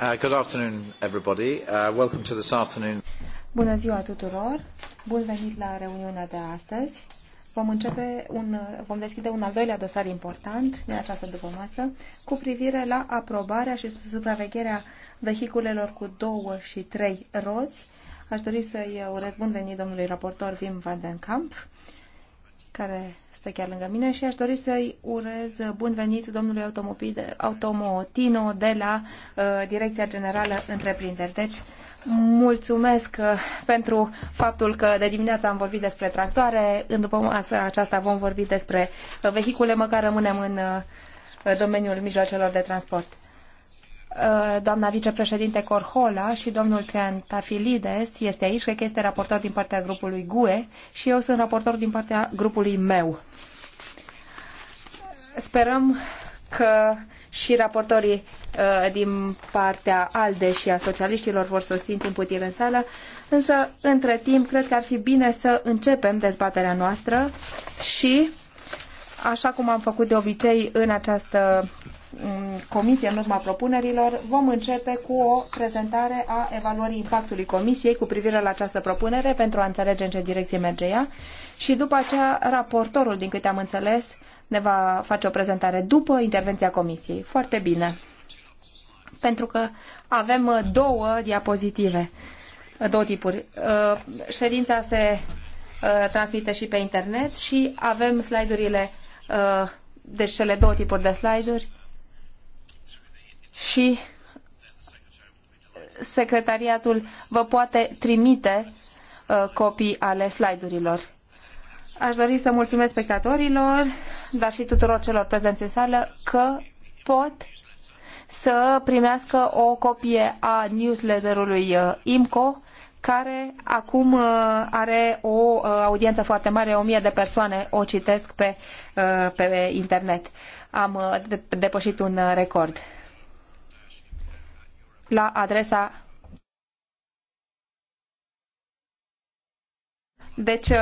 Uh, good afternoon, everybody. Uh, welcome to this afternoon. Bună ziua tuturor. Bun venit la reuniunea de astăzi. Vom începe un, vom deschide un al doilea dosar important de această dupămasă cu privire la aprobarea și supravegherea vehiculelor cu două și trei roți. Aș dori să-i urez bun venit domnului raportor Wim van den Uh, care stă chiar lângă mine și aș dori să-i urez bun venit domnului Automotino de la uh, Direcția Generală Întreprinderi. Deci, mulțumesc uh, pentru faptul că de dimineață am vorbit despre tractoare, în după aceasta vom vorbi despre uh, vehicule, măcar rămânem în uh, domeniul mijloacelor de transport. Uh, doamna vicepreședinte Corhola și domnul Tafilides este aici, cred că este raportor din partea grupului GUE și eu sunt raportor din partea grupului meu. Sperăm că și raportorii uh, din partea ALDE și a socialiștilor vor simt în timp în sală, însă între timp cred că ar fi bine să începem dezbaterea noastră și așa cum am făcut de obicei în această Comisie în urma propunerilor, vom începe cu o prezentare a evaluării impactului Comisiei cu privire la această propunere pentru a înțelege în ce direcție merge ea și după aceea raportorul, din câte am înțeles, ne va face o prezentare după intervenția Comisiei. Foarte bine, pentru că avem uh, două diapozitive, uh, două tipuri. Uh, ședința se transmite și pe internet și avem slide-urile, deci cele două tipuri de slide-uri și secretariatul vă poate trimite uh, copii ale slide-urilor. Aș dori să mulțumesc spectatorilor, dar și tuturor celor prezenți în sală, că pot să primească o copie a newsletterului uh, IMCO, care acum uh, are o audiență foarte mare, o mie de persoane o citesc pe, pe internet. Am depășit un record la adresa Deci, uh,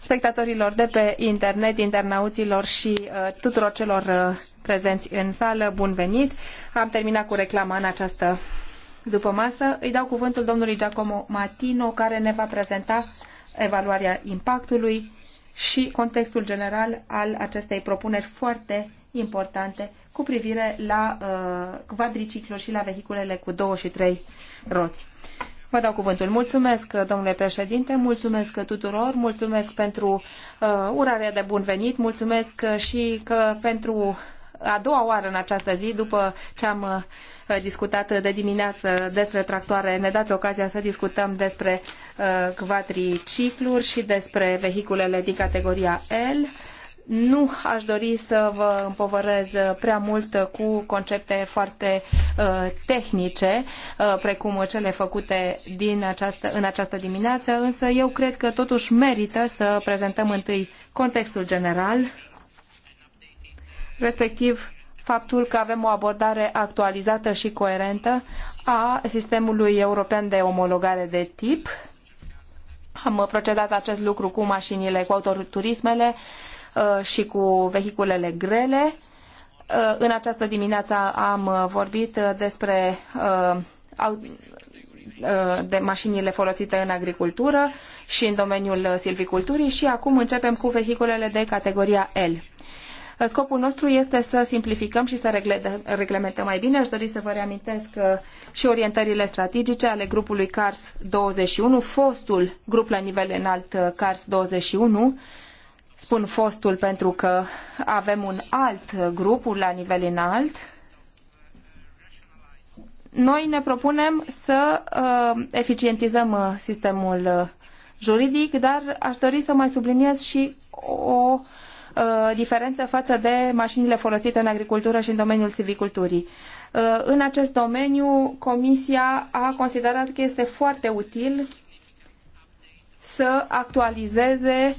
spectatorilor de pe internet, internauților și uh, tuturor celor uh, prezenți în sală, bun venit! Am terminat cu reclama în această după masă. Îi dau cuvântul domnului Giacomo Matino, care ne va prezenta evaluarea impactului și contextul general al acestei propuneri foarte importante cu privire la uh, și la vehiculele cu două și trei roți. Vă dau cuvântul. Mulțumesc, domnule președinte, mulțumesc tuturor, mulțumesc pentru uh, urarea de bun venit, mulțumesc și că pentru a doua oară în această zi, după ce am uh, discutat de dimineață despre tractoare, ne dați ocazia să discutăm despre uh, quadricicluri și despre vehiculele din categoria L nu aș dori să vă împovărez prea mult cu concepte foarte uh, tehnice, uh, precum cele făcute din această, în această dimineață, însă eu cred că totuși merită să prezentăm întâi contextul general, respectiv faptul că avem o abordare actualizată și coerentă a sistemului european de omologare de tip. Am procedat acest lucru cu mașinile, cu autoturismele, uh, Uh, și cu vehiculele grele. Uh, în această dimineață am uh, vorbit despre de mașinile folosite în agricultură și în domeniul silviculturii și acum începem cu vehiculele de categoria L. Scopul nostru este să simplificăm și să reglementăm mai bine. Aș dori să vă reamintesc și orientările strategice ale grupului CARS 21, fostul grup la nivel înalt CARS 21, Spun fostul pentru că avem un alt grup la nivel înalt. Noi ne propunem să uh, eficientizăm uh, sistemul uh, juridic, dar aș dori să mai subliniez și o diferență față de mașinile folosite în agricultură și în domeniul silviculturii. În acest domeniu, Comisia a considerat că este foarte util să actualizeze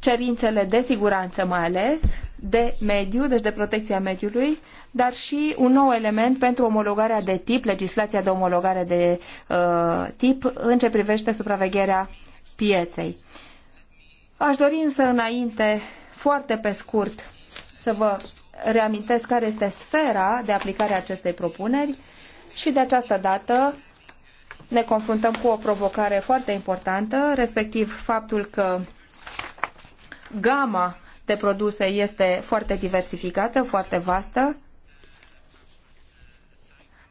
cerințele de siguranță mai ales, de mediu, deci de protecția mediului, dar și un nou element pentru omologarea de tip, legislația de omologare de uh, tip în ce privește supravegherea pieței. Aș dori însă înainte, foarte pe scurt, să vă reamintesc care este sfera de aplicare a acestei propuneri și de această dată ne confruntăm cu o provocare foarte importantă, respectiv faptul că gama de produse este foarte diversificată, foarte vastă.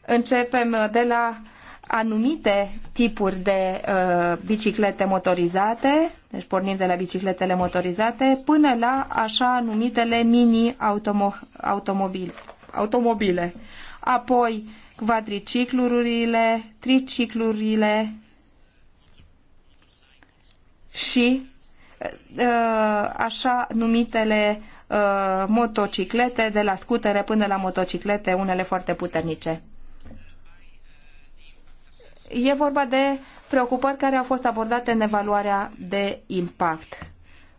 Începem uh, de la anumite tipuri de uh, biciclete motorizate, deci pornim de la bicicletele motorizate, până la așa numitele mini-automobile. Automobil, Apoi quadriciclurile, triciclurile și Uh, așa numitele uh, motociclete, de la scutere până la motociclete, unele foarte puternice. E vorba de preocupări care au fost abordate în evaluarea de impact.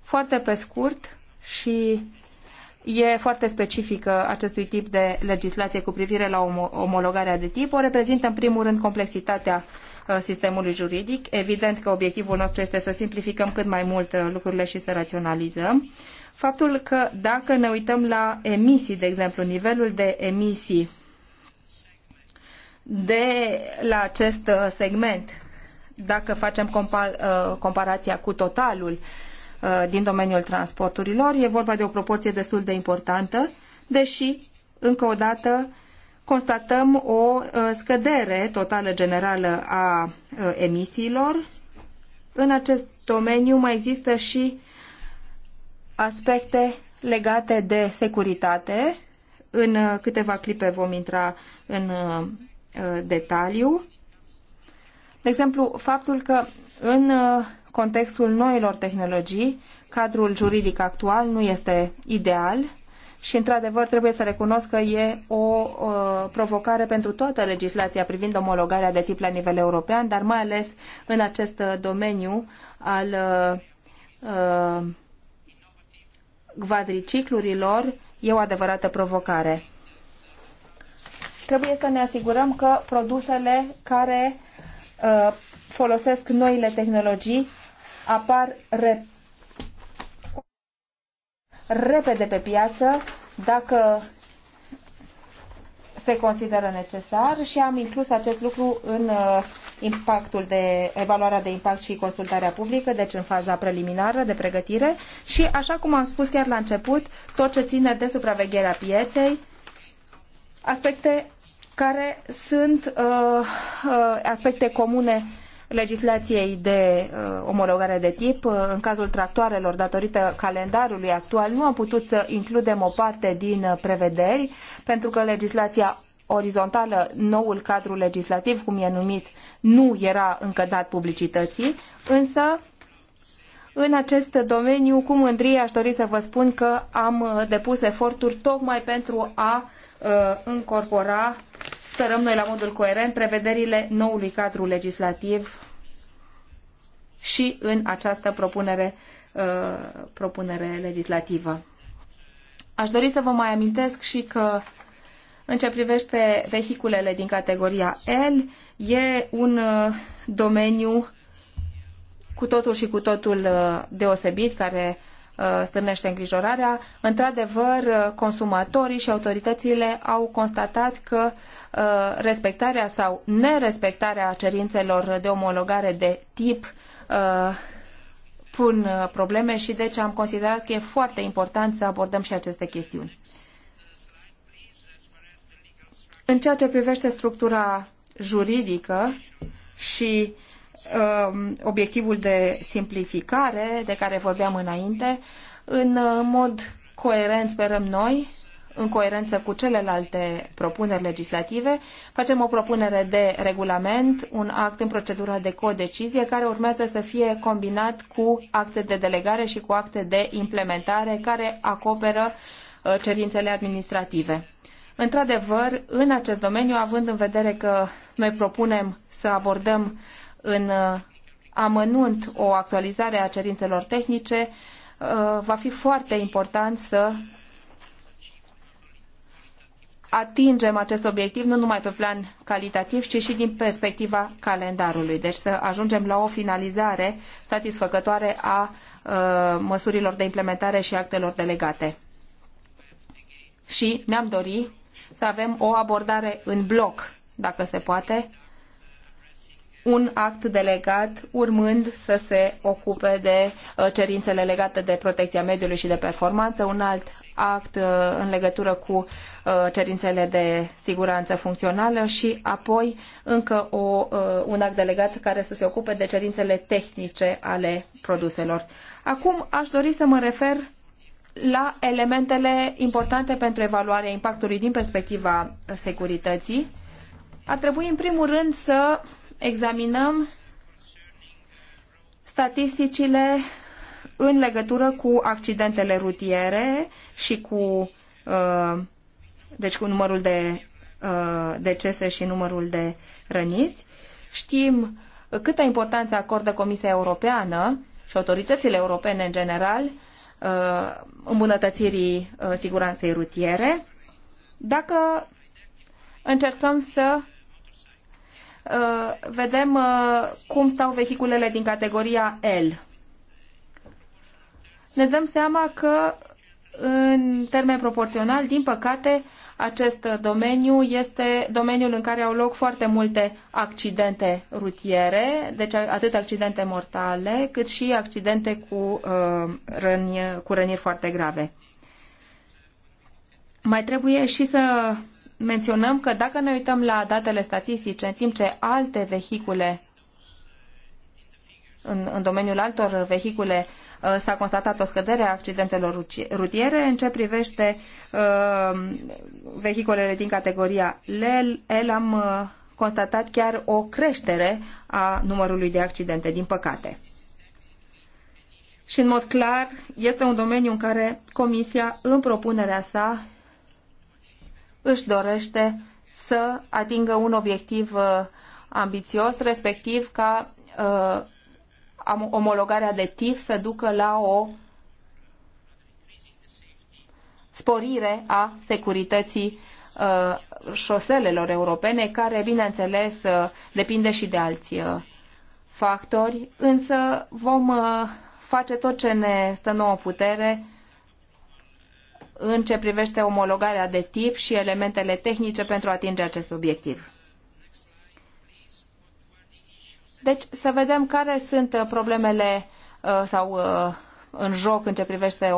Foarte pe scurt și e foarte specifică acestui tip de legislație cu privire la omologarea de tip. O reprezintă în primul rând complexitatea uh, sistemului juridic. Evident că obiectivul nostru este să simplificăm cât mai mult uh, lucrurile și să raționalizăm. Faptul că dacă ne uităm la emisii, de exemplu, nivelul de emisii de la acest uh, segment, dacă facem compar, comparația cu totalul, uh, Uh, din domeniul transporturilor. E vorba de o proporție destul de importantă, deși, încă o dată, constatăm o uh, scădere totală generală a uh, emisiilor. În acest domeniu mai există și aspecte legate de securitate. În câteva clipe vom intra în detaliu. De exemplu, faptul că în contextul noilor tehnologii, cadrul juridic actual nu este ideal și, într-adevăr, trebuie să recunosc că e o uh, provocare pentru toată legislația privind omologarea de tip la nivel european, dar mai ales în acest domeniu al uh, quadriciclurilor e o adevărată provocare. Trebuie să ne asigurăm că produsele care uh, folosesc noile tehnologii apar rep repede pe piață dacă se consideră necesar și am inclus acest lucru în uh, impactul de evaluarea de impact și consultarea publică, deci în faza preliminară de pregătire și așa cum am spus chiar la început, tot ce ține de supravegherea pieței, aspecte care sunt uh, uh aspecte comune legislației de uh, omologare de tip, uh, în cazul tractoarelor, datorită calendarului actual, nu am putut să includem o parte din uh, prevederi, pentru că legislația orizontală, noul cadru legislativ, cum e numit, nu era încă dat publicității, însă în acest domeniu, cu mândrie aș dori să vă spun că am uh, depus eforturi tocmai pentru a uh, încorpora transferăm noi la modul coerent prevederile noului cadru legislativ și în această propunere, uh, propunere legislativă. Aș dori să vă mai amintesc și că în ce privește vehiculele din categoria L, e un uh, domeniu cu totul și cu totul uh, deosebit, care uh, stârnește îngrijorarea. Într-adevăr, uh, consumatorii și autoritățile au constatat că Uh, respectarea sau nerespectarea cerințelor de omologare de tip uh, pun uh, probleme și deci am considerat că e foarte important să abordăm și aceste chestiuni. În ceea ce privește structura juridică și uh, obiectivul de simplificare de care vorbeam înainte, în mod coerent, sperăm noi, în coerență cu celelalte propuneri legislative. Facem o propunere de regulament, un act în procedura de codecizie, care urmează să fie combinat cu acte de delegare și cu acte de implementare care acoperă uh, cerințele administrative. Într-adevăr, în acest domeniu, având în vedere că noi propunem să abordăm în uh, amănunt o actualizare a cerințelor tehnice, uh, va fi foarte important să atingem acest obiectiv nu numai pe plan calitativ, ci și din perspectiva calendarului. Deci să ajungem la o finalizare satisfăcătoare a uh, măsurilor de implementare și actelor delegate. Și ne-am dori să avem o abordare în bloc, dacă se poate, un act delegat urmând să se ocupe de uh, cerințele legate de protecția mediului și de performanță, un alt act uh, în legătură cu uh, cerințele de siguranță funcțională și apoi încă o, un act delegat care să se ocupe de cerințele tehnice ale produselor. Acum aș dori să mă refer la elementele importante pentru evaluarea impactului din perspectiva securității. Ar trebui în primul rând să examinăm statisticile în legătură cu accidentele rutiere și cu, uh, deci cu numărul de uh, decese și numărul de răniți. Știm câtă importanță acordă Comisia Europeană și autoritățile europene în general uh, îmbunătățirii siguranței rutiere. Dacă încercăm să Uh, vedem uh, cum stau vehiculele din categoria L. Ne dăm seama că în termen proporțional, din păcate, acest domeniu este domeniul în care au loc foarte multe accidente rutiere, deci atât accidente mortale, cât și accidente cu, uh, răni, cu răniri foarte grave. Mai trebuie și să menționăm că dacă ne uităm la datele statistice, în timp ce alte vehicule în, în domeniul altor vehicule uh, s-a constatat o scădere a accidentelor rutiere în ce privește uh, vehiculele din categoria L, am uh, constatat chiar o creștere a numărului de accidente, din păcate. Și în mod clar, este un domeniu în care Comisia, în propunerea sa, își dorește să atingă un obiectiv uh, ambițios, respectiv ca uh, omologarea de TIF să ducă la o sporire a securității uh, șoselelor europene, care, bineînțeles, depinde și de alți factori, însă vom face tot ce ne stă nouă putere în ce privește omologarea de tip și elementele tehnice pentru a atinge acest obiectiv. Deci să vedem care sunt uh, problemele uh, sau uh, în joc în ce privește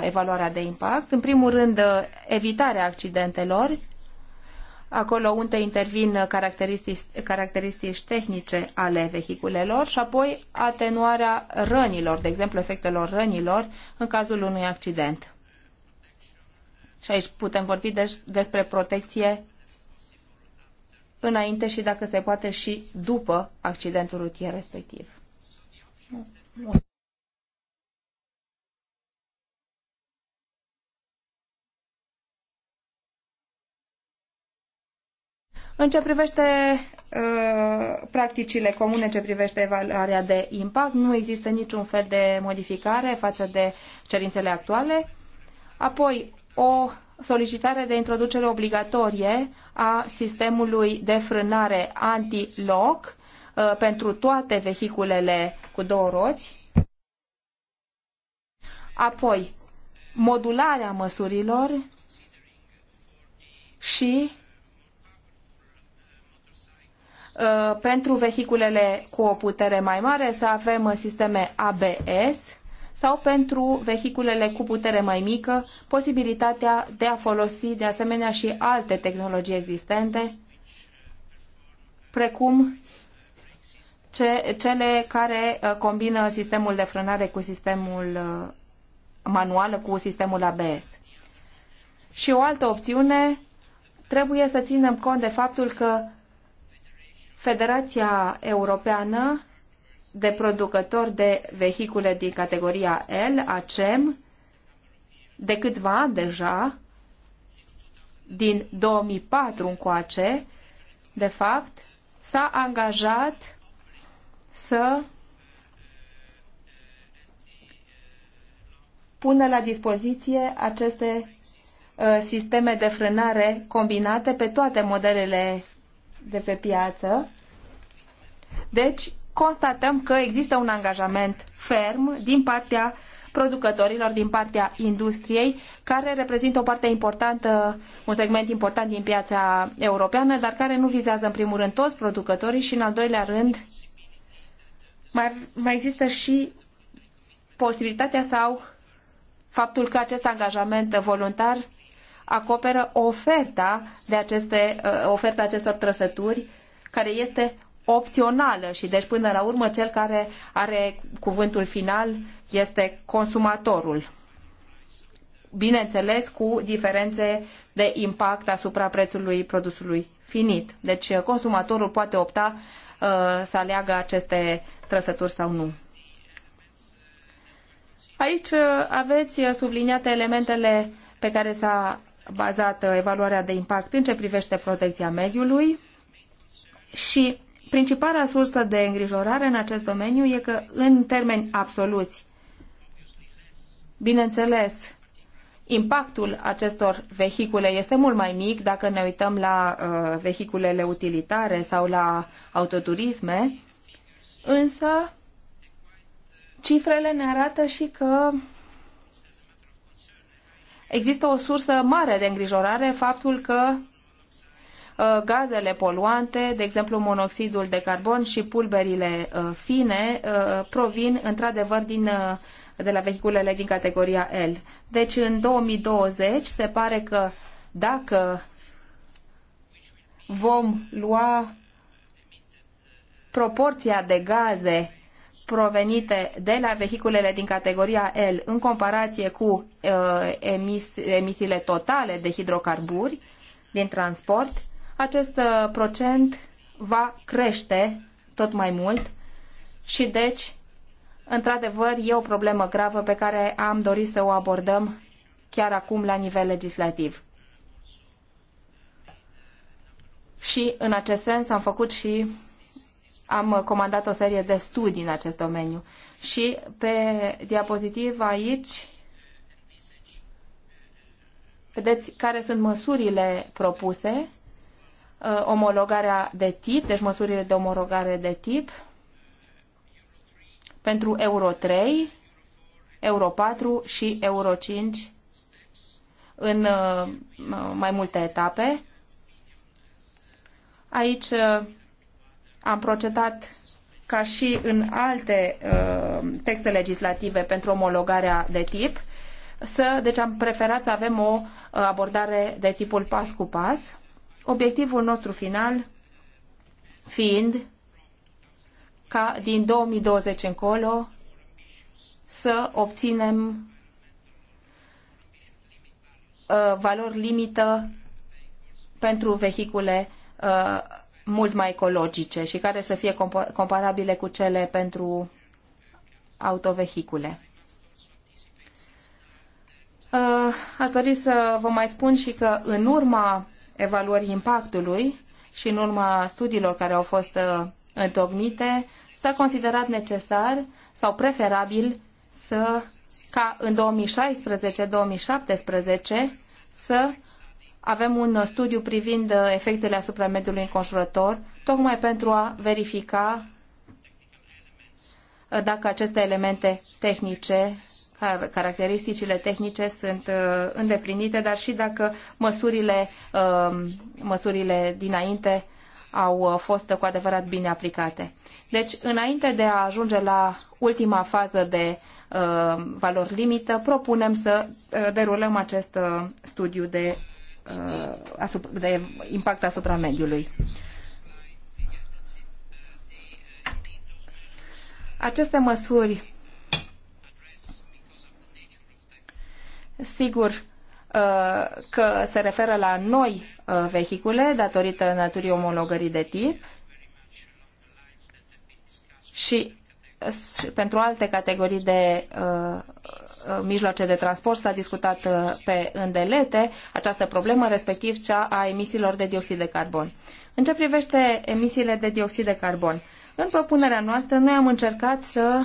evaluarea de impact. În primul rând, evitarea accidentelor, acolo unde intervin caracteristici, caracteristici tehnice ale vehiculelor și apoi atenuarea rănilor, de exemplu efectelor rănilor în cazul unui accident. Și aici putem vorbi de- despre protecție înainte și dacă se poate și după accidentul rutier respectiv. În ce privește uh, practicile comune, ce privește evaluarea de impact, nu există niciun fel de modificare față de cerințele actuale. Apoi, o solicitare de introducere obligatorie a sistemului de frânare anti-lock uh, pentru toate vehiculele cu două roți. Apoi, modularea măsurilor și uh, pentru vehiculele cu o putere mai mare să avem sisteme ABS sau pentru vehiculele cu putere mai mică, posibilitatea de a folosi de asemenea și alte tehnologii existente, precum ce, cele care uh, combină sistemul de frânare cu sistemul uh, manual cu sistemul ABS. Și o altă opțiune, trebuie să ținem cont de faptul că Federația Europeană de producători de vehicule din categoria L, ACEM, de câțiva ani deja, din 2004 încoace, de fapt, s-a angajat să pună la dispoziție aceste uh, sisteme de frânare combinate pe toate modelele de pe piață. Deci, constatăm că există un angajament ferm din partea producătorilor, din partea industriei, care reprezintă o parte importantă, un segment important din piața europeană, dar care nu vizează în primul rând toți producătorii și în al doilea rând mai, mai există și posibilitatea sau faptul că acest angajament voluntar acoperă oferta de aceste, uh, oferta acestor trăsături, care este opțională și deci până la urmă cel care are cuvântul final este consumatorul. Bineînțeles cu diferențe de impact asupra prețului produsului finit. Deci consumatorul poate opta uh, să aleagă aceste trăsături sau nu. Aici uh, aveți subliniate elementele pe care s-a bazat uh, evaluarea de impact în ce privește protecția mediului și Principala sursă de îngrijorare în acest domeniu e că, în termeni absoluți, bineînțeles, impactul acestor vehicule este mult mai mic dacă ne uităm la uh, vehiculele utilitare sau la autoturisme, însă cifrele ne arată și că există o sursă mare de îngrijorare faptul că Uh, gazele poluante, de exemplu monoxidul de carbon și pulberile uh, fine, uh, provin într-adevăr din de la vehiculele din categoria L. Deci în 2020 se pare că dacă vom lua proporția de gaze provenite de la vehiculele din categoria L în comparație cu uh, emisiile totale de hidrocarburi din transport, acest uh, procent va crește tot mai mult și deci, într-adevăr, e o problemă gravă pe care am dorit să o abordăm chiar acum la nivel legislativ. Și în acest sens am făcut și am comandat o serie de studii în acest domeniu. Și pe diapozitiv aici vedeți care sunt măsurile propuse Uh, omologarea de tip, deci măsurile de omologare de tip pentru Euro 3, Euro 4 și Euro 5 în uh, mai multe etape. Aici uh, am procedat ca și în alte texte legislative pentru omologarea de tip. Să, deci am preferat să avem o abordare de tipul pas cu pas obiectivul nostru final fiind ca din 2020 încolo să obținem uh, valori limită pentru vehicule uh, mult mai ecologice și care să fie comparabile cu cele pentru autovehicule. Uh, aș dori să vă mai spun și că în urma evaluării impactului și în urma studiilor care au fost uh, întocmite, s-a considerat necesar sau preferabil să, ca în 2016-2017 să avem un studiu privind uh, efectele asupra mediului înconjurător, tocmai pentru a verifica uh, dacă aceste elemente tehnice caracteristicile tehnice sunt uh, îndeplinite, dar și dacă măsurile, um, măsurile dinainte au uh, fost cu adevărat bine aplicate. Deci, înainte de a ajunge la ultima fază de uh, valori limită, propunem să uh, derulăm acest uh, studiu de, uh, de impact asupra mediului. Aceste măsuri Sigur uh, că se referă la noi uh, vehicule datorită naturii omologării de tip și pentru alte categorii de uh, uh, mijloace de transport s-a discutat uh, pe îndelete această problemă, respectiv cea a emisiilor de dioxid de carbon. În ce privește emisiile de dioxid de carbon, în propunerea noastră noi am încercat să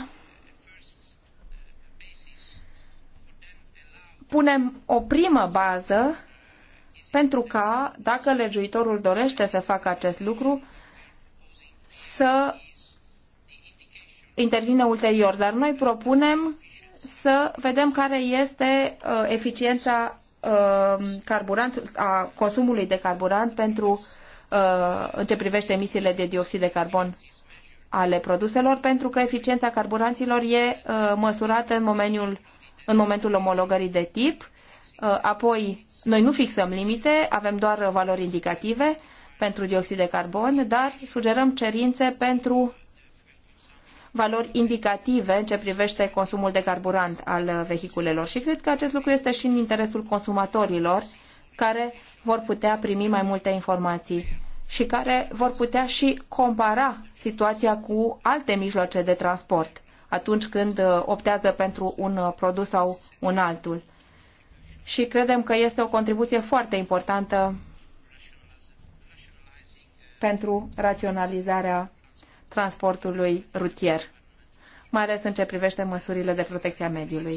punem o primă bază pentru ca, dacă legiuitorul dorește să facă acest lucru, să intervine ulterior. Dar noi propunem să vedem care este uh, eficiența uh, carburant, a consumului de carburant pentru uh, în ce privește emisiile de dioxid de carbon ale produselor, pentru că eficiența carburanților e măsurată în momentul în momentul omologării de tip. Uh, apoi, noi nu fixăm limite, avem doar valori indicative pentru dioxid de carbon, dar sugerăm cerințe pentru valori indicative în ce privește consumul de carburant al vehiculelor și cred că acest lucru este și în interesul consumatorilor care vor putea primi mai multe informații și care vor putea și compara situația cu alte mijloace de transport atunci când uh, optează pentru un uh, produs sau un altul. Și credem că este o contribuție foarte importantă pentru raționalizarea transportului rutier, mai ales în ce privește măsurile de protecție a mediului.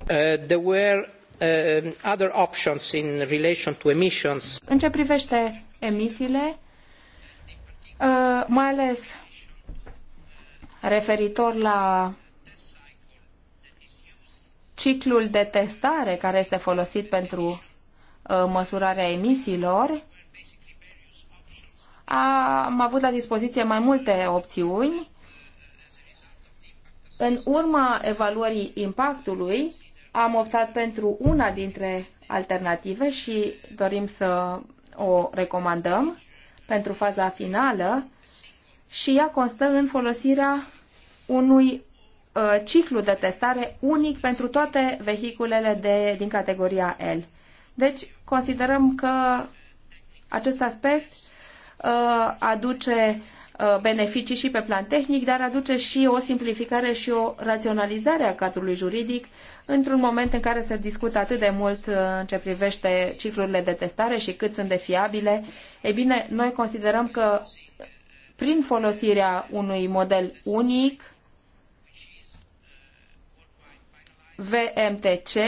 Uh, there were uh, other options in relation to emissions. În ce privește emisiile, uh, mai ales referitor la ciclul de testare care este folosit pentru uh, măsurarea emisiilor, am avut la dispoziție mai multe opțiuni. În urma evaluării impactului, am optat pentru una dintre alternative și dorim să o recomandăm pentru faza finală și ea constă în folosirea unui uh, ciclu de testare unic pentru toate vehiculele de, din categoria L. Deci, considerăm că acest aspect uh, aduce uh, beneficii și pe plan tehnic, dar aduce și o simplificare și o raționalizare a cadrului juridic într-un moment în care se discută atât de mult uh, în ce privește ciclurile de testare și cât sunt de fiabile. E bine, noi considerăm că prin folosirea unui model unic VMTC,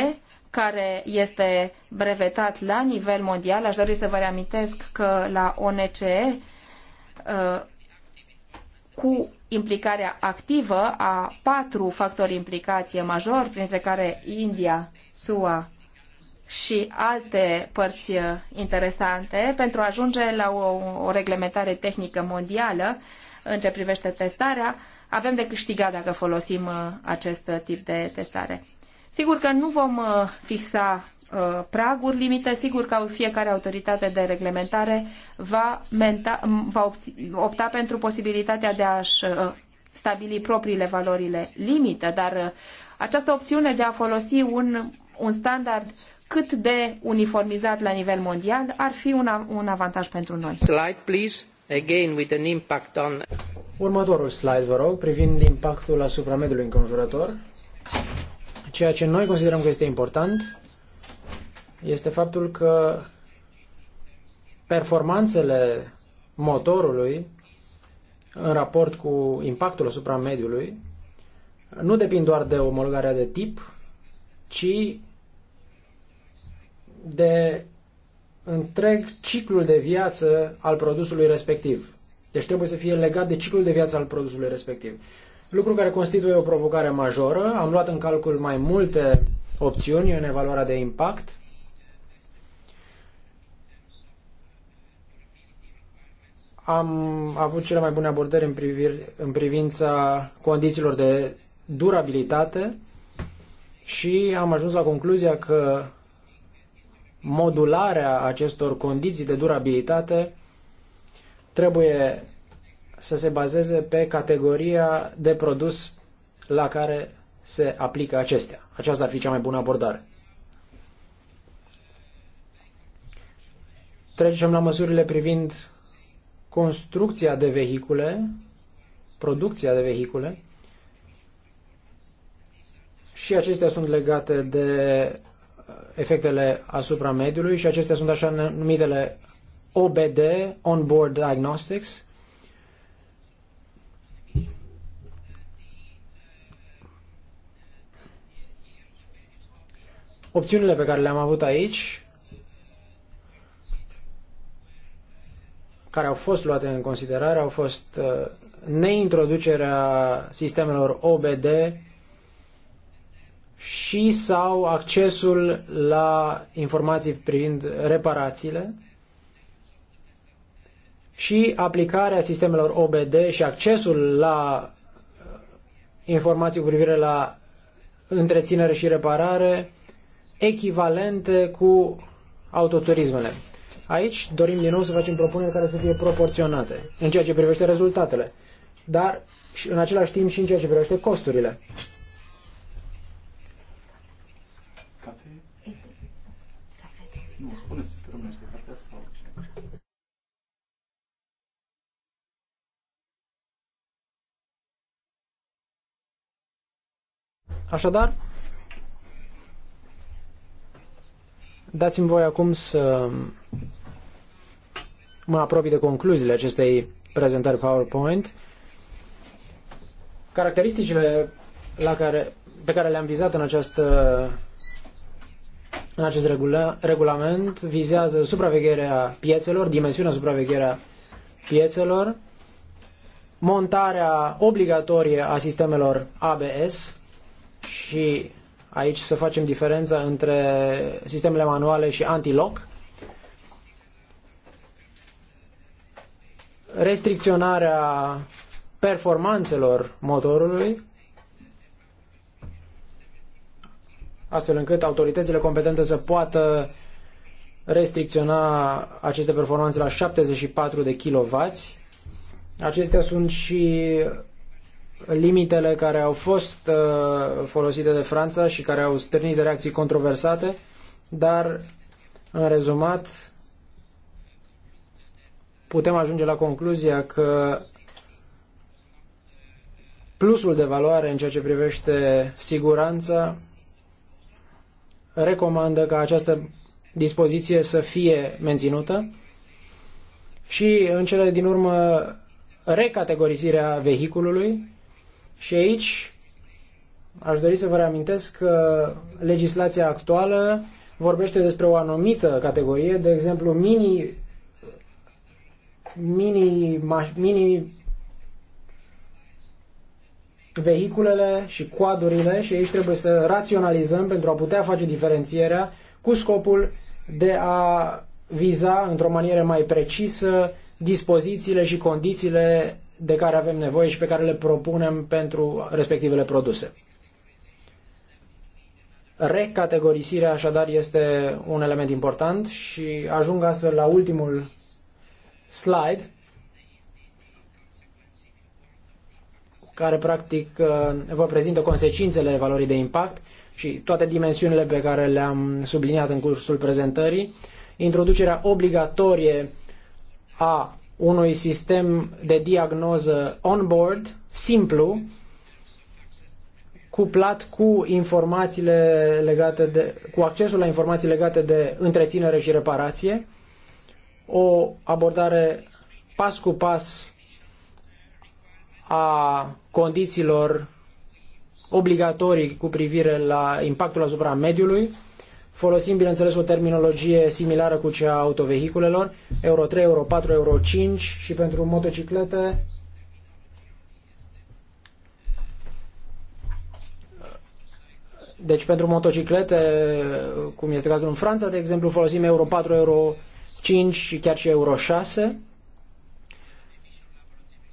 care este brevetat la nivel mondial. Aș dori să vă reamintesc că la ONCE, uh, cu implicarea activă a patru factori implicație majori, printre care India, SUA, și alte părți uh, interesante pentru a ajunge la o, o reglementare tehnică mondială în ce privește testarea, avem de câștigat dacă folosim uh, acest uh, tip de testare. Sigur că nu vom fixa praguri limite, sigur că fiecare autoritate de reglementare va, menta, va opta pentru posibilitatea de a-și stabili propriile valorile limită, dar această opțiune de a folosi un, un standard cât de uniformizat la nivel mondial ar fi un, un avantaj pentru noi. Slide, please. Again, with an impact on... Următorul slide, vă rog, privind impactul asupra mediului înconjurător. Ceea ce noi considerăm că este important este faptul că performanțele motorului în raport cu impactul asupra mediului nu depind doar de omologarea de tip, ci de întreg ciclul de viață al produsului respectiv. Deci trebuie să fie legat de ciclul de viață al produsului respectiv. Lucru care constituie o provocare majoră. Am luat în calcul mai multe opțiuni în evaluarea de impact. Am avut cele mai bune abordări în, privir, în privința condițiilor de durabilitate și am ajuns la concluzia că modularea acestor condiții de durabilitate trebuie să se bazeze pe categoria de produs la care se aplică acestea. Aceasta ar fi cea mai bună abordare. Trecem la măsurile privind construcția de vehicule, producția de vehicule și acestea sunt legate de efectele asupra mediului și acestea sunt așa numitele OBD, On-Board Diagnostics. Opțiunile pe care le-am avut aici, care au fost luate în considerare, au fost uh, neintroducerea sistemelor OBD și sau accesul la informații privind reparațiile și aplicarea sistemelor OBD și accesul la uh, informații cu privire la întreținere și reparare echivalente cu autoturismele. Aici dorim din nou să facem propuneri care să fie proporționate în ceea ce privește rezultatele, dar în același timp și în ceea ce privește costurile. Nu, spuneți pe românește, parcă sau ce. Așadar, dați-mi voi acum să mă apropii de concluziile acestei prezentări PowerPoint. Caracteristicile la care, pe care le-am vizat în această în acest regula, regulament vizează supravegherea piețelor, dimensiunea supravegherea piețelor, montarea obligatorie a sistemelor ABS și aici să facem diferența între sistemele manuale și anti-lock, restricționarea performanțelor motorului, astfel încât autoritățile competente să poată restricționa aceste performanțe la 74 de kW. Acestea sunt și limitele care au fost uh, folosite de Franța și care au stârnit reacții controversate, dar în rezumat putem ajunge la concluzia că plusul de valoare în ceea ce privește siguranța recomandă ca această dispoziție să fie menținută și în cele din urmă recategorizirea vehiculului și aici aș dori să vă reamintesc că legislația actuală vorbește despre o anumită categorie, de exemplu mini mini, mini vehiculele și coadurile și aici trebuie să raționalizăm pentru a putea face diferențierea cu scopul de a viza într-o manieră mai precisă dispozițiile și condițiile de care avem nevoie și pe care le propunem pentru respectivele produse. Recategorisirea așadar este un element important și ajung astfel la ultimul slide care practic uh, vă prezintă consecințele valorii de impact și toate dimensiunile pe care le-am subliniat în cursul prezentării, introducerea obligatorie a unui sistem de diagnoză on-board, simplu, cuplat cu informațiile legate de, cu accesul la informații legate de întreținere și reparație, o abordare pas cu pas a condițiilor obligatorii cu privire la impactul asupra mediului, folosim, bineînțeles, o terminologie similară cu cea a autovehiculelor, Euro 3, Euro 4, Euro 5 și pentru motociclete Deci pentru motociclete, cum este cazul în Franța, de exemplu, folosim Euro 4, Euro 5 și chiar și Euro 6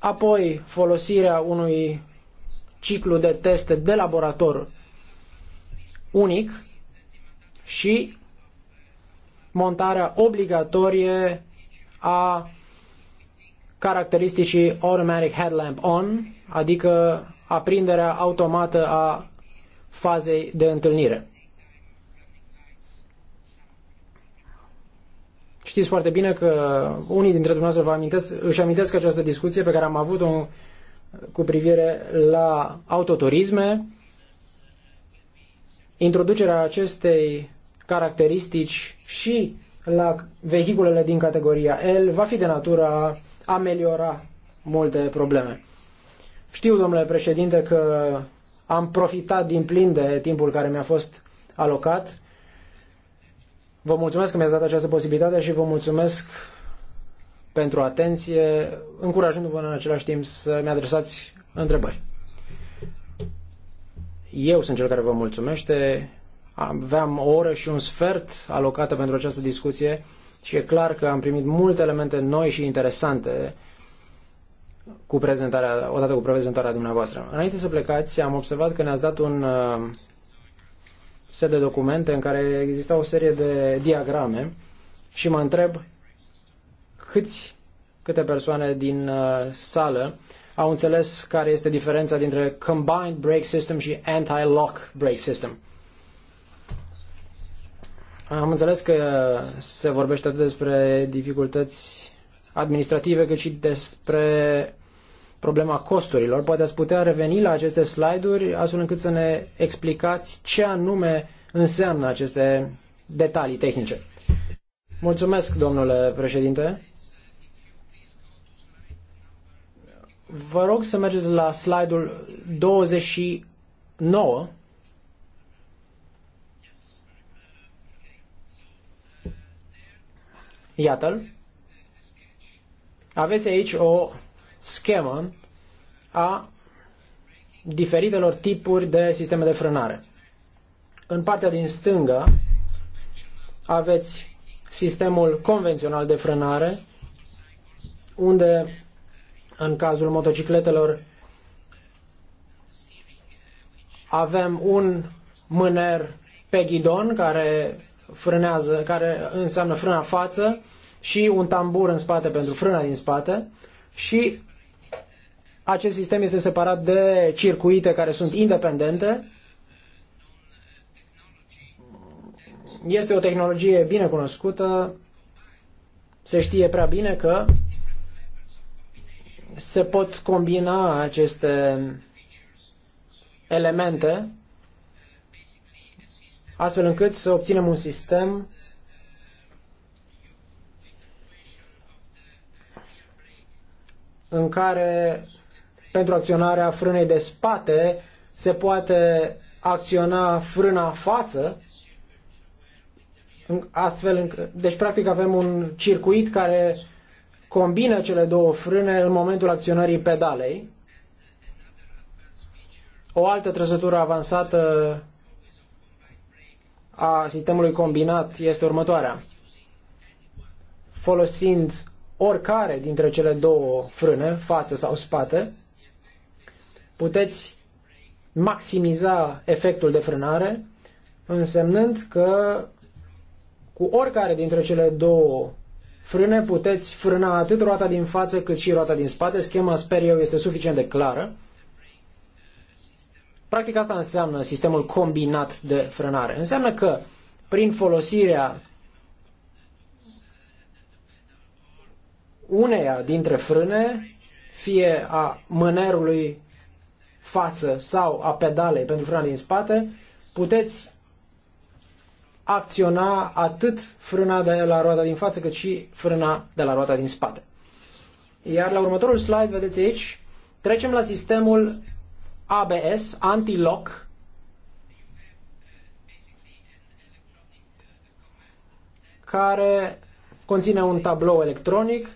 apoi folosirea unui ciclu de teste de laborator unic și montarea obligatorie a caracteristicii Automatic Headlamp On, adică aprinderea automată a fazei de întâlnire. Știți foarte bine că unii dintre dumneavoastră vă amintesc, își amintesc această discuție pe care am avut-o cu privire la autoturisme, introducerea acestei caracteristici și la vehiculele din categoria L va fi de natură a ameliora multe probleme. Știu, domnule președinte, că am profitat din plin de timpul care mi-a fost alocat Vă mulțumesc că mi-ați dat această posibilitate și vă mulțumesc pentru atenție, încurajându-vă în același timp să-mi adresați întrebări. Eu sunt cel care vă mulțumește. Aveam o oră și un sfert alocată pentru această discuție și e clar că am primit multe elemente noi și interesante cu prezentarea, odată cu prezentarea dumneavoastră. Înainte să plecați, am observat că ne-ați dat un uh, set de documente în care exista o serie de diagrame și mă întreb câți, câte persoane din uh, sală au înțeles care este diferența dintre Combined Brake System și Anti-Lock Brake System. Am înțeles că se vorbește atât despre dificultăți administrative cât și despre problema costurilor. Poate ați putea reveni la aceste slide-uri astfel încât să ne explicați ce anume înseamnă aceste detalii tehnice. Mulțumesc, domnule președinte. Vă rog să mergeți la slide-ul 29. Iată-l. Aveți aici o schemă a diferitelor tipuri de sisteme de frânare. În partea din stângă aveți sistemul convențional de frânare, unde în cazul motocicletelor avem un mâner pe ghidon care frânează, care înseamnă frâna față și un tambur în spate pentru frâna din spate și acest sistem este separat de circuite care sunt independente. Este o tehnologie bine cunoscută. Se știe prea bine că se pot combina aceste elemente astfel încât să obținem un sistem în care pentru acționarea frânei de spate se poate acționa frâna față, astfel încă, deci practic avem un circuit care combină cele două frâne în momentul acționării pedalei. O altă trăsătură avansată a sistemului combinat este următoarea. Folosind oricare dintre cele două frâne, față sau spate, puteți maximiza efectul de frânare, însemnând că cu oricare dintre cele două frâne puteți frâna atât roata din față cât și roata din spate. Schema, sper eu, este suficient de clară. Practic asta înseamnă sistemul combinat de frânare. Înseamnă că prin folosirea uneia dintre frâne, fie a mânerului, față sau a pedalei pentru frâna din spate, puteți acționa atât frâna de la roata din față, cât și frâna de la roata din spate. Iar la următorul slide, vedeți aici, trecem la sistemul ABS, anti-lock. care conține un tablou electronic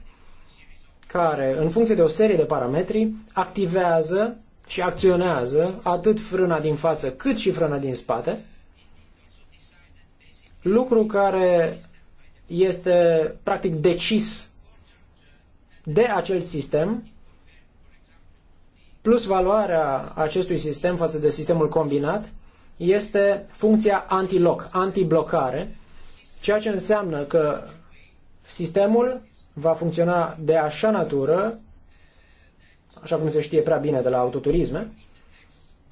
care, în funcție de o serie de parametri, activează și acționează atât frâna din față cât și frâna din spate, lucru care este practic decis de acel sistem, plus valoarea acestui sistem față de sistemul combinat este funcția anti-lock, anti blocare, ceea ce înseamnă că sistemul va funcționa de așa natură așa cum se știe prea bine de la autoturisme,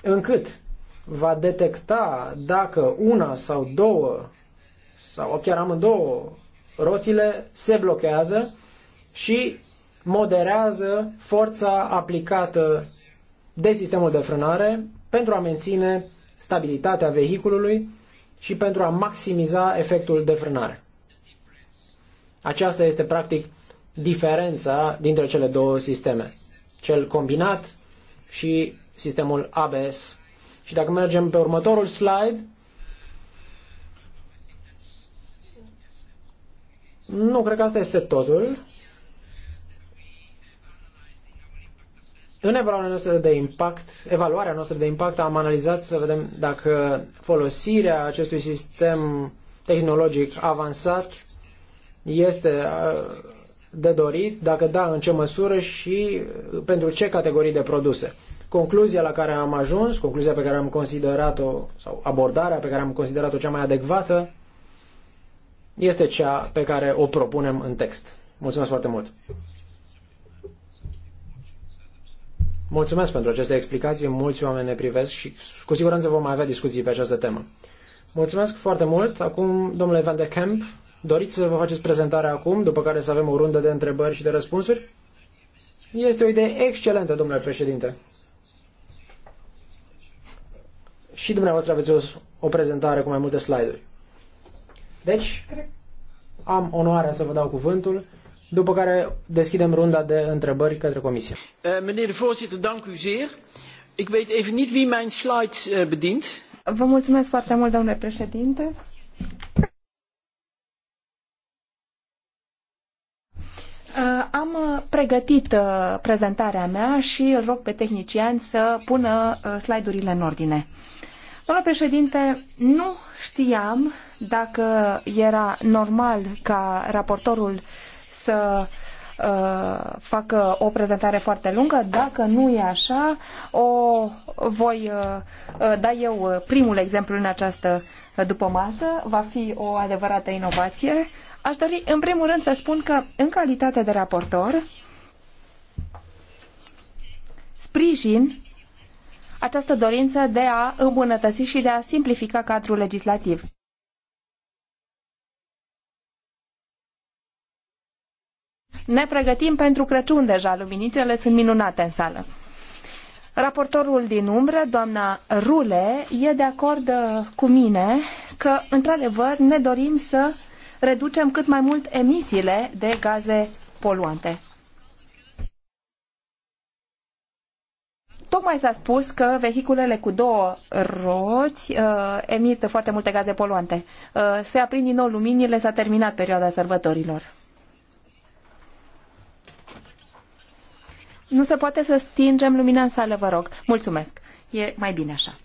încât va detecta dacă una sau două sau chiar amândouă roțile se blochează și moderează forța aplicată de sistemul de frânare pentru a menține stabilitatea vehiculului și pentru a maximiza efectul de frânare. Aceasta este practic diferența dintre cele două sisteme cel combinat și sistemul ABS. Și dacă mergem pe următorul slide, nu cred că asta este totul. În evaluarea noastră de impact, evaluarea noastră de impact am analizat să vedem dacă folosirea acestui sistem tehnologic avansat este uh, de dorit, dacă da, în ce măsură și uh, pentru ce categorii de produse. Concluzia la care am ajuns, concluzia pe care am considerat-o, sau abordarea pe care am considerat-o cea mai adecvată, este cea pe care o propunem în text. Mulțumesc foarte mult! Mulțumesc pentru aceste explicații, mulți oameni ne privesc și cu siguranță vom mai avea discuții pe această temă. Mulțumesc foarte mult. Acum, domnule Van de Camp, Doriți să vă faceți prezentarea acum, după care să avem o rundă de întrebări și de răspunsuri? Este o idee excelentă, domnule președinte. Și dumneavoastră aveți o, o prezentare cu mai multe slide-uri. Deci, am onoarea să vă dau cuvântul, după care deschidem runda de întrebări către comisie. Eh, meneer voorzitter, dank u zeer. Ik weet even niet wie mijn slides eh, bedient. Vă mulțumesc foarte mult, domnule președinte. Uh, am uh, pregătit uh, prezentarea mea și îl rog pe tehnician să pună slide-urile în ordine. Domnul președinte, nu știam dacă era normal ca raportorul să facă o prezentare foarte lungă. Dacă nu e așa, o voi da eu primul exemplu în această masă. Va fi o adevărată inovație. Aș dori, în primul rând, să spun că, în calitate de raportor, sprijin această dorință de a îmbunătăți și de a simplifica cadrul legislativ. Ne pregătim pentru Crăciun deja, luminițele sunt minunate în sală. Raportorul din umbră, doamna Rule, e de acord uh, cu mine că, într-adevăr, ne dorim să reducem cât mai mult emisiile de gaze poluante. Tocmai s-a spus că vehiculele cu două roți uh, emit foarte multe gaze poluante. Uh, se aprind din nou luminile, s-a terminat perioada sărbătorilor. Nu se poate să stingem lumina în sală, vă rog. Mulțumesc. E mai bine așa.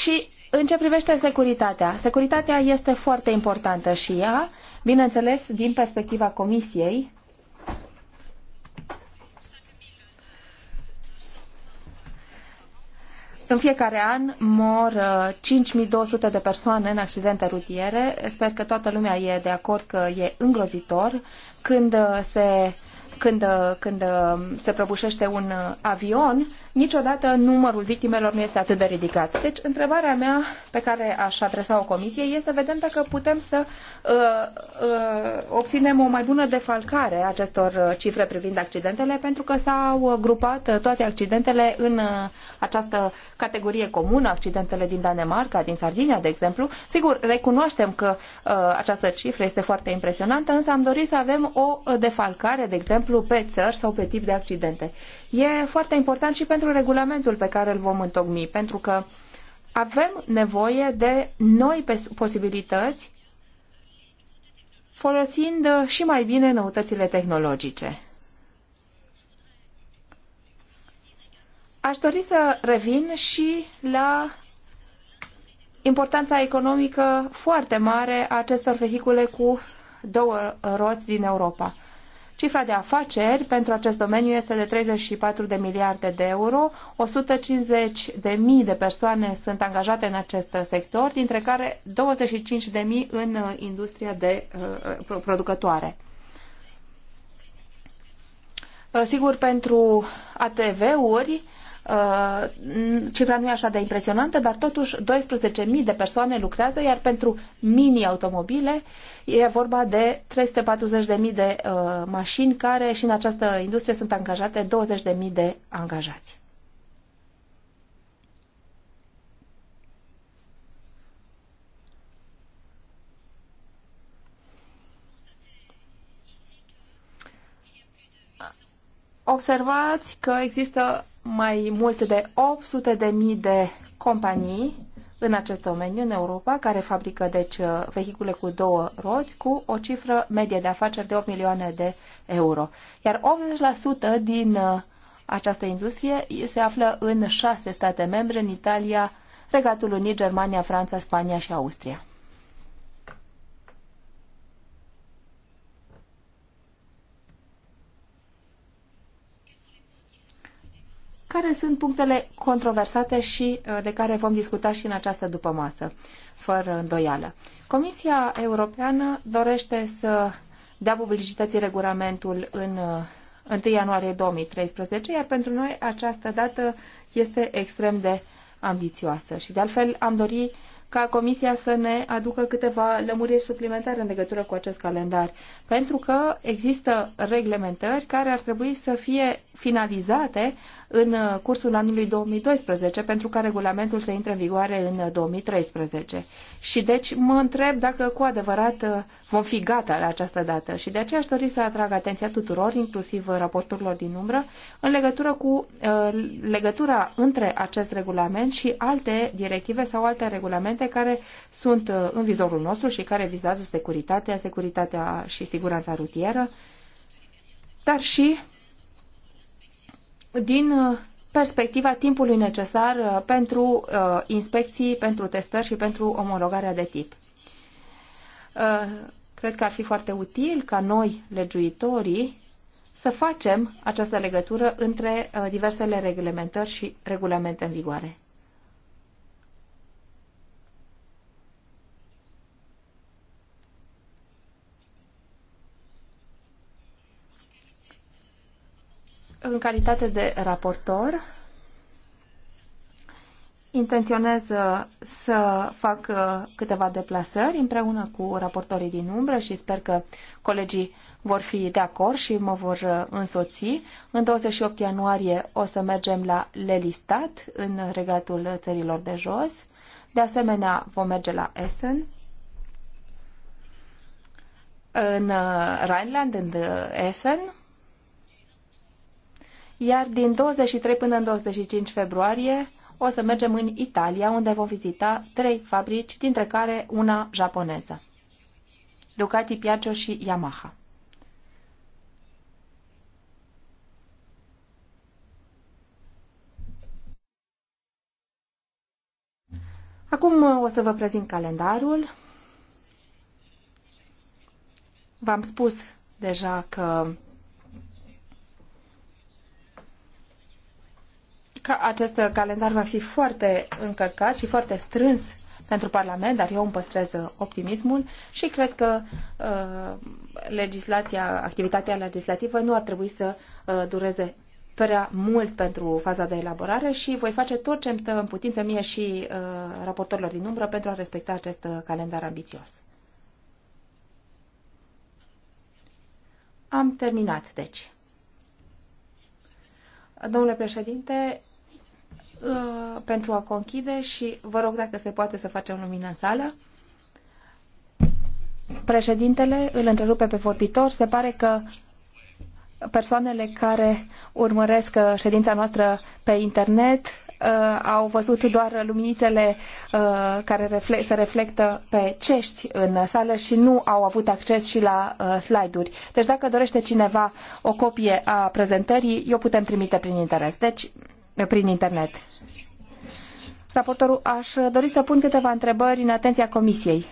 Și în ce privește securitatea, securitatea este foarte importantă și ea, bineînțeles, din perspectiva Comisiei, În fiecare an mor 5200 uh, de persoane în accidente rutiere. Sper că toată lumea e de acord că e îngrozitor când uh, se, când, uh, când se prăbușește un avion niciodată numărul victimelor nu este atât de ridicat. Deci, întrebarea mea pe care aș adresa-o comisiei este să vedem dacă putem să uh, uh, obținem o mai bună defalcare a acestor uh, cifre privind accidentele, pentru că s-au uh, grupat uh, toate accidentele în uh, această categorie comună, accidentele din Danemarca, din Sardinia, de exemplu. Sigur, recunoaștem că uh, această cifră este foarte impresionantă, însă am dorit să avem o defalcare, de exemplu, pe țări sau pe tip de accidente. E foarte important și pentru pentru regulamentul pe care îl vom întocmi, pentru că avem nevoie de noi posibilități folosind și mai bine noutățile tehnologice. Aș dori să revin și la importanța economică foarte mare a acestor vehicule cu două roți din Europa. Cifra de afaceri pentru acest domeniu este de 34 de miliarde de euro, 150 de mii de persoane sunt angajate în acest sector, dintre care 25 de mii în uh, industria de uh, uh, producătoare. Sigur, pentru ATV-uri, cifra nu e așa de impresionantă, dar totuși 12.000 de persoane lucrează, iar pentru mini-automobile E vorba de 340.000 de uh, mașini care și în această industrie sunt angajate 20.000 de angajați. Observați că există mai mult de 800.000 de companii în acest domeniu în Europa, care fabrică deci uh, vehicule cu două roți cu o cifră medie de afaceri de 8 milioane de euro. Iar 80% din uh, această industrie se află în șase state membre, în Italia, Regatul Unit, Germania, Franța, Spania și Austria. care sunt punctele controversate și uh, de care vom discuta și în această dupămasă, fără îndoială. Comisia Europeană dorește să dea publicității regulamentul în 1 uh, ianuarie 2013, iar pentru noi această dată este extrem de ambițioasă. Și de altfel am dorit ca Comisia să ne aducă câteva lămuriri suplimentare în legătură cu acest calendar, pentru că există reglementări care ar trebui să fie finalizate în uh, cursul anului 2012, pentru ca regulamentul să intre în vigoare în 2013. Uh, și deci mă întreb dacă cu adevărat uh, vom fi gata la această dată. Și de aceea aș dori să atrag atenția tuturor, inclusiv raporturilor din umbră, în legătură cu legătura între acest regulament și alte directive sau alte regulamente care sunt în vizorul nostru și care vizează securitatea, securitatea și siguranța rutieră, dar și din uh, perspectiva timpului necesar uh, pentru uh, inspecții, pentru testări și pentru omologarea de tip. Cred că ar fi foarte util ca noi, legiuitorii, să facem această legătură între diversele reglementări și regulamente în vigoare. În calitate de raportor, intenționez uh, să fac uh, câteva deplasări împreună cu raportorii din umbră și sper că colegii vor fi de acord și mă vor uh, însoți. În 28 ianuarie o să mergem la Lelistat, în regatul țărilor de jos. De asemenea, vom merge la Essen, în Rhineland, în Essen, iar din 23 până în 25 februarie o să mergem în Italia, unde vom vizita trei fabrici, dintre care una japoneză, Ducati, Piaggio și Yamaha. Acum uh, o să vă prezint calendarul. V-am spus deja că că acest calendar va fi foarte încărcat și foarte strâns pentru Parlament, dar eu îmi păstrez optimismul și cred că uh, legislația, activitatea legislativă nu ar trebui să uh, dureze prea mult pentru faza de elaborare și voi face tot ce îmi stă în putință mie și uh, raportorilor din umbră pentru a respecta acest calendar ambițios. Am terminat, deci. Domnule președinte, Uh, pentru a conchide și vă rog dacă se poate să facem lumină în sală. Președintele îl întrerupe pe vorbitor. Se pare că persoanele care urmăresc uh, ședința noastră pe internet uh, au văzut doar luminițele uh, care refle- se reflectă pe cești în sală și nu au avut acces și la uh, slide-uri. Deci dacă dorește cineva o copie a prezentării, eu putem trimite prin interes. Deci prin internet. Raportorul, aș dori să pun câteva întrebări în atenția Comisiei.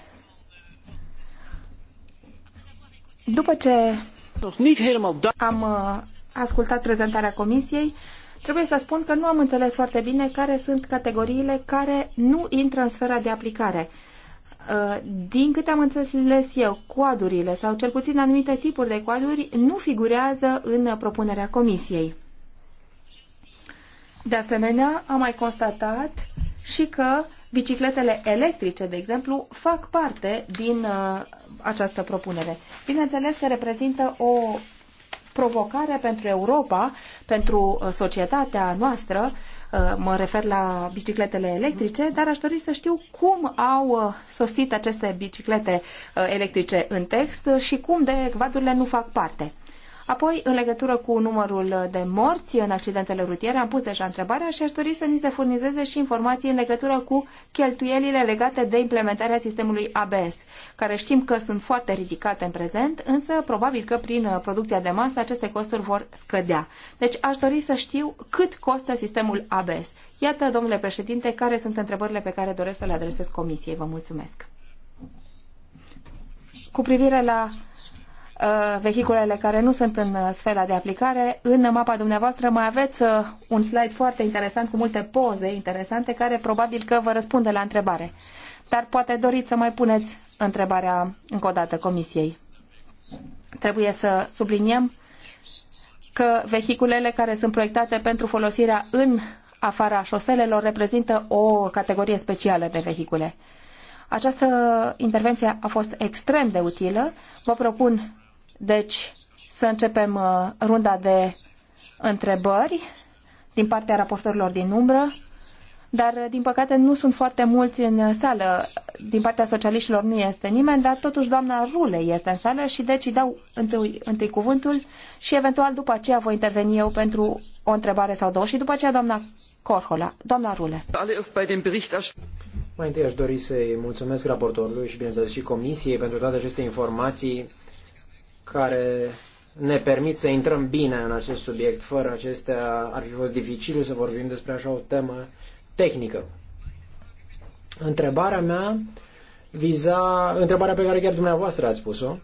După ce am uh, ascultat prezentarea Comisiei, trebuie să spun că nu am înțeles foarte bine care sunt categoriile care nu intră în sfera de aplicare. Uh, din câte am înțeles eu, coadurile sau cel puțin anumite tipuri de coaduri nu figurează în propunerea Comisiei. De asemenea, am mai constatat și că bicicletele electrice, de exemplu, fac parte din uh, această propunere. Bineînțeles că reprezintă o provocare pentru Europa, pentru uh, societatea noastră, uh, mă refer la bicicletele electrice, dar aș dori să știu cum au uh, sosit aceste biciclete uh, electrice în text și cum de vadurile nu fac parte. Apoi, în legătură cu numărul de morți în accidentele rutiere, am pus deja întrebarea și aș dori să ni se furnizeze și informații în legătură cu cheltuielile legate de implementarea sistemului ABS, care știm că sunt foarte ridicate în prezent, însă probabil că prin uh, producția de masă aceste costuri vor scădea. Deci aș dori să știu cât costă sistemul ABS. Iată, domnule președinte, care sunt întrebările pe care doresc să le adresez comisiei. Vă mulțumesc. Cu privire la Uh, vehiculele care nu sunt în uh, sfera de aplicare. În mapa dumneavoastră mai aveți uh, un slide foarte interesant cu multe poze interesante care probabil că vă răspunde la întrebare. Dar poate doriți să mai puneți întrebarea încă o dată comisiei. Trebuie să subliniem că vehiculele care sunt proiectate pentru folosirea în afara șoselelor reprezintă o categorie specială de vehicule. Această intervenție a fost extrem de utilă. Vă propun deci, să începem uh, runda de întrebări din partea raportorilor din umbră, dar, uh, din păcate, nu sunt foarte mulți în uh, sală. Din partea socialiștilor nu este nimeni, dar totuși doamna Rule este în sală și deci îi dau întâi, întâi cuvântul și eventual după aceea voi interveni eu pentru o întrebare sau două și după aceea doamna Corhola. Doamna Rule. Mai întâi aș dori să-i mulțumesc raportorului și, bineînțeles, și comisiei pentru toate aceste informații care ne permit să intrăm bine în acest subiect. Fără acestea ar fi fost dificil să vorbim despre așa o temă tehnică. Întrebarea mea viza întrebarea pe care chiar dumneavoastră ați pus-o.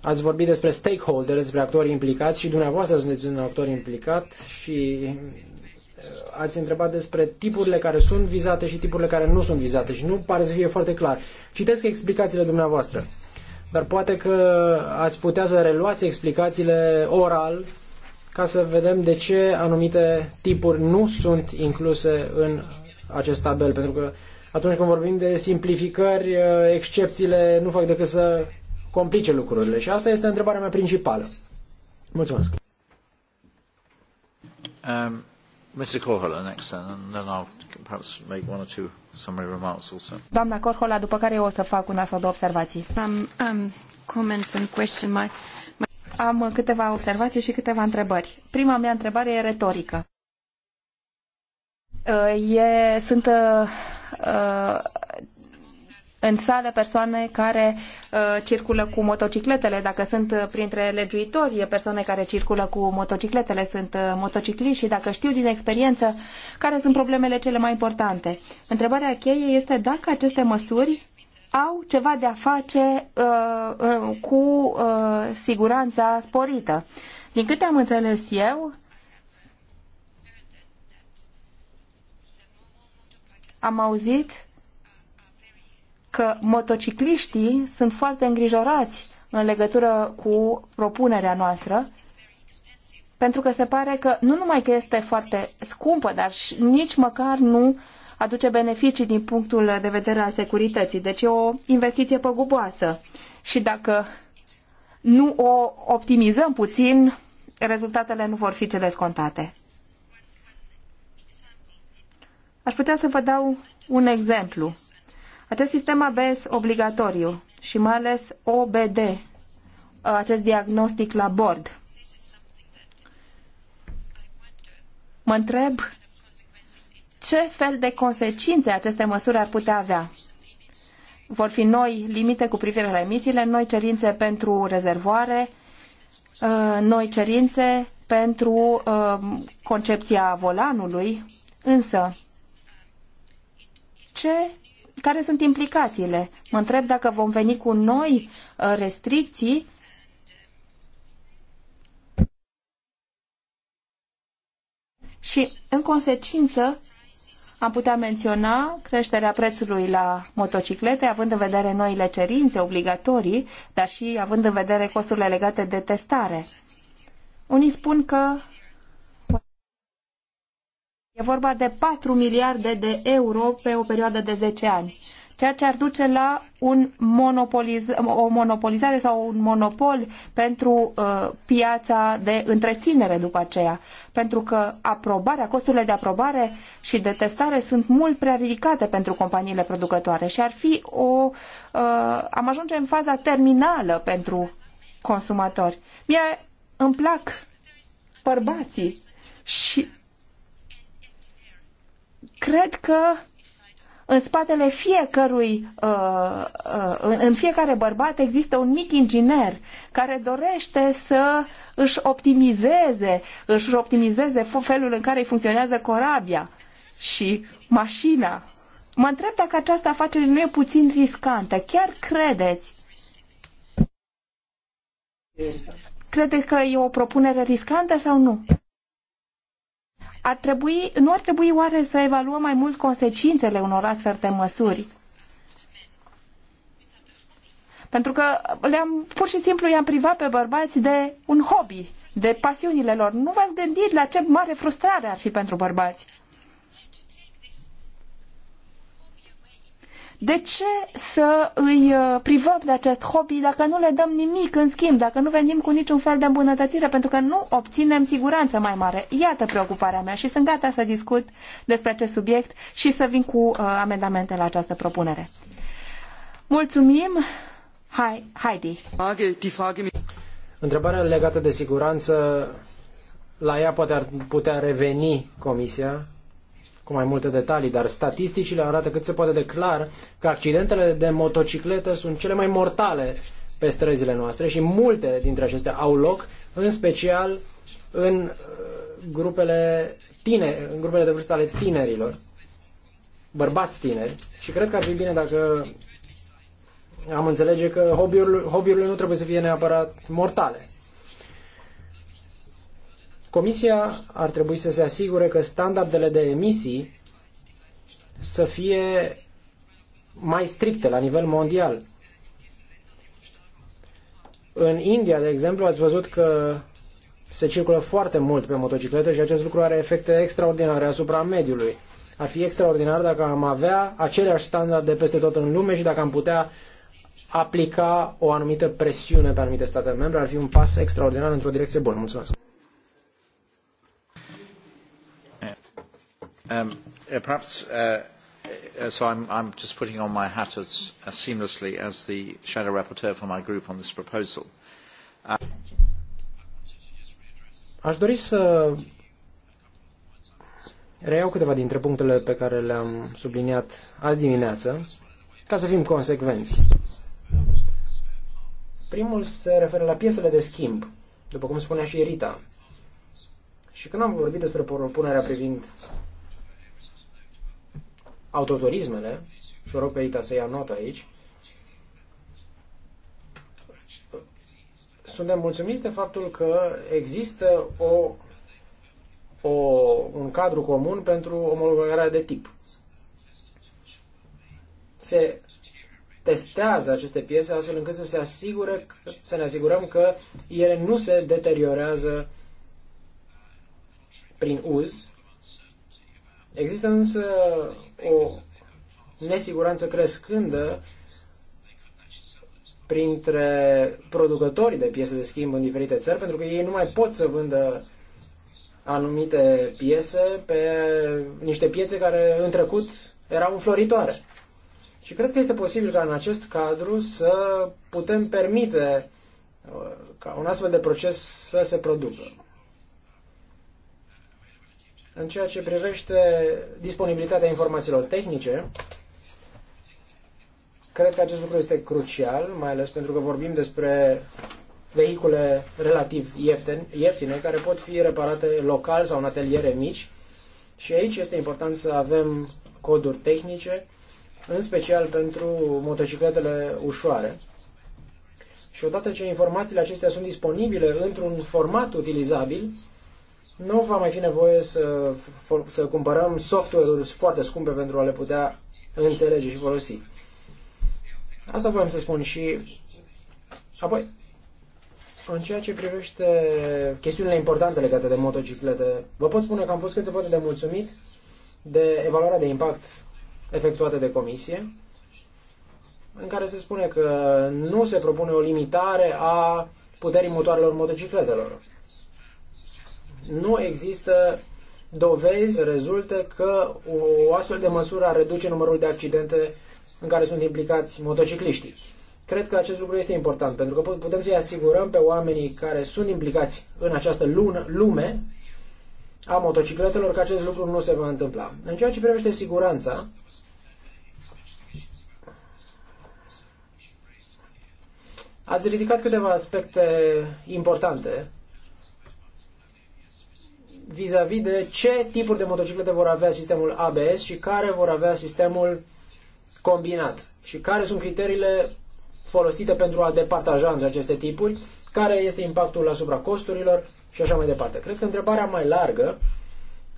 Ați vorbit despre stakeholder, despre actori implicați și dumneavoastră sunteți un actor implicat și uh, ați întrebat despre tipurile care sunt vizate și tipurile care nu sunt vizate și nu pare să fie foarte clar. Citesc explicațiile dumneavoastră dar poate că ați putea să reluați explicațiile oral ca să vedem de ce anumite tipuri nu sunt incluse în acest tabel, pentru că atunci când vorbim de simplificări, uh, excepțiile nu fac decât să complice lucrurile și asta este întrebarea mea principală. Mulțumesc. Um, Mr. Corhola, next, and then I'll perhaps make one or two summary remarks also. Doamna Corhola, după care eu o să fac una sau două observații. Some um, comments and question my, my... Am câteva observații și câteva întrebări. Prima mea întrebare e retorică. Uh, e, sunt uh, uh în sală persoane care uh, circulă cu motocicletele, dacă sunt uh, printre legiuitori persoane care circulă cu motocicletele, sunt uh, motocicliști și dacă știu din experiență care sunt problemele cele mai importante. Întrebarea cheie este dacă aceste măsuri au ceva de a face uh, uh cu uh, siguranța sporită. Din câte am înțeles eu, am auzit că motocicliștii sunt foarte îngrijorați în legătură cu propunerea noastră, pentru că se pare că nu numai că este foarte scumpă, dar și nici măcar nu aduce beneficii din punctul de vedere al securității. Deci e o investiție păguboasă. Și dacă nu o optimizăm puțin, rezultatele nu vor fi cele scontate. Aș putea să vă dau un exemplu acest sistem ABS obligatoriu și mai ales OBD, uh, acest diagnostic la bord, mă întreb ce fel de consecințe aceste măsuri ar putea avea. Vor fi noi limite cu privire la emisiile, noi cerințe pentru rezervoare, uh, noi cerințe pentru uh, concepția volanului, însă ce care sunt implicațiile. Mă întreb dacă vom veni cu noi uh, restricții și, în consecință, am putea menționa creșterea prețului la motociclete, având în vedere noile cerințe obligatorii, dar și având în vedere costurile legate de testare. Unii spun că E vorba de 4 miliarde de euro pe o perioadă de 10 ani, ceea ce ar duce la un monopoliz o monopolizare sau un monopol pentru uh, piața de întreținere după aceea. Pentru că aprobarea, costurile de aprobare și de testare sunt mult prea ridicate pentru companiile producătoare și ar fi o... Uh, am ajunge în faza terminală pentru consumatori. Mie îmi plac bărbații și Cred că în spatele fiecărui, uh, uh, în fiecare bărbat există un mic inginer care dorește să își optimizeze, își optimizeze felul în care îi funcționează corabia și mașina. Mă întreb dacă această afacere nu e puțin riscantă. Chiar credeți? Credeți că e o propunere riscantă sau nu? Ar trebui, nu ar trebui oare să evaluăm mai mult consecințele unor astfel de măsuri? Pentru că le-am, pur și simplu i-am privat pe bărbați de un hobby, de pasiunile lor. Nu v-ați gândit la ce mare frustrare ar fi pentru bărbați. De ce să îi uh, privăm de acest hobby dacă nu le dăm nimic în schimb, dacă nu venim cu niciun fel de îmbunătățire, pentru că nu obținem siguranță mai mare? Iată preocuparea mea și sunt gata să discut despre acest subiect și să vin cu uh, amendamente la această propunere. Mulțumim! Hai, Heidi! Întrebarea legată de siguranță, la ea poate ar putea reveni Comisia, cu mai multe detalii, dar statisticile arată cât se poate de clar că accidentele de motocicletă sunt cele mai mortale pe străzile noastre și multe dintre acestea au loc, în special în uh, grupele tine, în grupele de vârstă ale tinerilor, bărbați tineri. Și cred că ar fi bine dacă am înțelege că hobby-urile, nu trebuie să fie neapărat mortale. Comisia ar trebui să se asigure că standardele de emisii să fie mai stricte la nivel mondial. În India, de exemplu, ați văzut că se circulă foarte mult pe motociclete și acest lucru are efecte extraordinare asupra mediului. Ar fi extraordinar dacă am avea aceleași standarde peste tot în lume și dacă am putea aplica o anumită presiune pe anumite state membre. Ar fi un pas extraordinar într-o direcție bună. Mulțumesc! Um, uh, perhaps, uh, uh, so I'm, I'm just putting on my hat as, as seamlessly as the shadow rapporteur for my group on this proposal. Uh... Aș dori să reiau câteva dintre punctele pe care le-am subliniat azi dimineață, ca să fim consecvenți. Primul se referă la piesele de schimb, după cum spunea și Rita. Și când am vorbit despre propunerea privind autoturismele, și rog pe Ita să ia notă aici, suntem mulțumiți de faptul că există o, o, un cadru comun pentru omologarea de tip. Se testează aceste piese astfel încât să, se asigure, să ne asigurăm că ele nu se deteriorează prin uz. Există însă o nesiguranță crescândă printre producătorii de piese de schimb în diferite țări, pentru că ei nu mai pot să vândă anumite piese pe niște piețe care în trecut erau înfloritoare. Și cred că este posibil ca în acest cadru să putem permite uh, ca un astfel de proces să se producă. În ceea ce privește disponibilitatea informațiilor tehnice, cred că acest lucru este crucial, mai ales pentru că vorbim despre vehicule relativ ieftine, ieftine care pot fi reparate local sau în ateliere mici. Și aici este important să avem coduri tehnice, în special pentru motocicletele ușoare. Și odată ce informațiile acestea sunt disponibile într-un format utilizabil, nu va mai fi nevoie să, să cumpărăm software-uri foarte scumpe pentru a le putea înțelege și folosi. Asta voiam să spun și apoi în ceea ce privește chestiunile importante legate de motociclete, vă pot spune că am fost cât se poate de mulțumit de evaluarea de impact efectuată de comisie, în care se spune că nu se propune o limitare a puterii motoarelor motocicletelor. Nu există dovezi, rezultă că o astfel de măsură ar reduce numărul de accidente în care sunt implicați motocicliștii. Cred că acest lucru este important, pentru că putem să-i asigurăm pe oamenii care sunt implicați în această lună, lume a motocicletelor că acest lucru nu se va întâmpla. În ceea ce privește siguranța, ați ridicat câteva aspecte importante vis-a-vis -vis de ce tipuri de motociclete vor avea sistemul ABS și care vor avea sistemul combinat și care sunt criteriile folosite pentru a departaja între aceste tipuri, care este impactul asupra costurilor și așa mai departe. Cred că întrebarea mai largă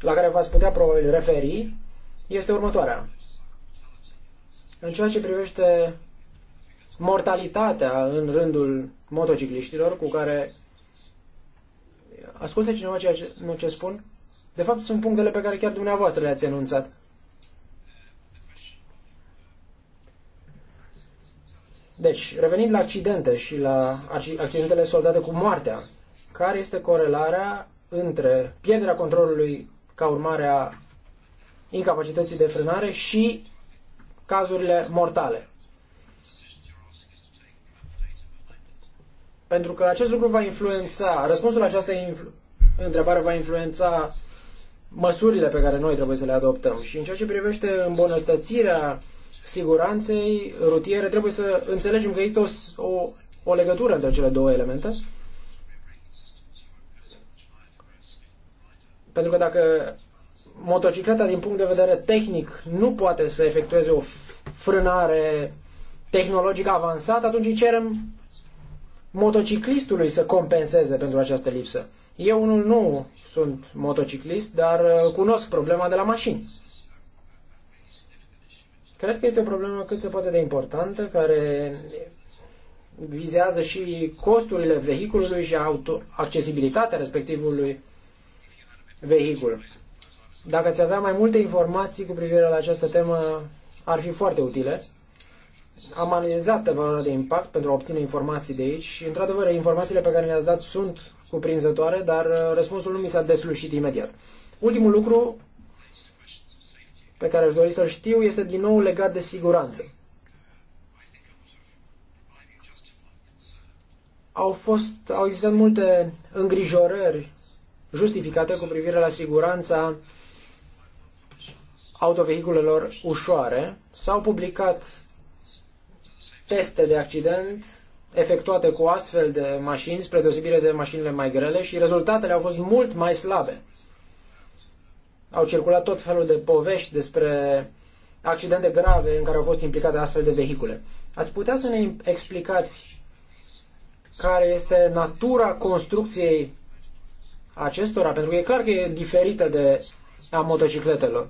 la care v-ați putea probabil referi este următoarea. În ceea ce privește mortalitatea în rândul motocicliștilor cu care asculte cineva ceea ce, nu ce spun? De fapt, sunt punctele pe care chiar dumneavoastră le-ați enunțat. Deci, revenind la accidente și la accidentele soldate cu moartea, care este corelarea între pierderea controlului ca urmare a incapacității de frânare și cazurile mortale? Pentru că acest lucru va influența, răspunsul la această întrebare va influența măsurile pe care noi trebuie să le adoptăm. Și în ceea ce privește îmbunătățirea siguranței rutiere, trebuie să înțelegem că există o, o, o legătură între cele două elemente. Pentru că dacă motocicleta din punct de vedere tehnic nu poate să efectueze o frânare tehnologică avansată, atunci îi cerem motociclistului să compenseze pentru această lipsă. Eu unul nu sunt motociclist, dar uh, cunosc problema de la mașini. Cred că este o problemă cât se poate de importantă, care vizează și costurile vehiculului și auto- accesibilitatea respectivului vehicul. Dacă ți avea mai multe informații cu privire la această temă, ar fi foarte utile. Am analizat evaluarea de impact pentru a obține informații de aici și, într-adevăr, informațiile pe care le-ați dat sunt cuprinzătoare, dar uh, răspunsul nu mi s-a deslușit imediat. Ultimul lucru pe care aș dori să-l știu este din nou legat de siguranță. Au, fost, au existat multe îngrijorări justificate cu privire la siguranța autovehiculelor ușoare. S-au publicat teste de accident efectuate cu astfel de mașini, spre deosebire de mașinile mai grele, și rezultatele au fost mult mai slabe. Au circulat tot felul de povești despre accidente grave în care au fost implicate astfel de vehicule. Ați putea să ne explicați care este natura construcției acestora? Pentru că e clar că e diferită de a motocicletelor.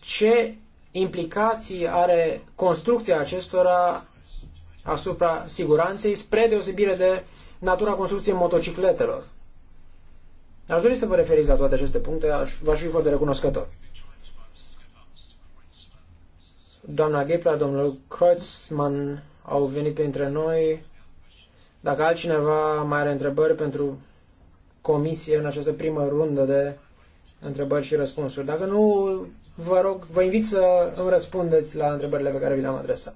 Ce implicații are construcția acestora asupra siguranței, spre deosebire de natura construcției motocicletelor. Aș dori să vă referiți la toate aceste puncte, aș, v-aș fi foarte recunoscător. Doamna Gepla, domnul Kreutzmann au venit printre noi. Dacă altcineva mai are întrebări pentru comisie în această primă rundă de întrebări și răspunsuri. Dacă nu, vă rog, vă invit să îmi răspundeți la întrebările pe care vi le-am adresat.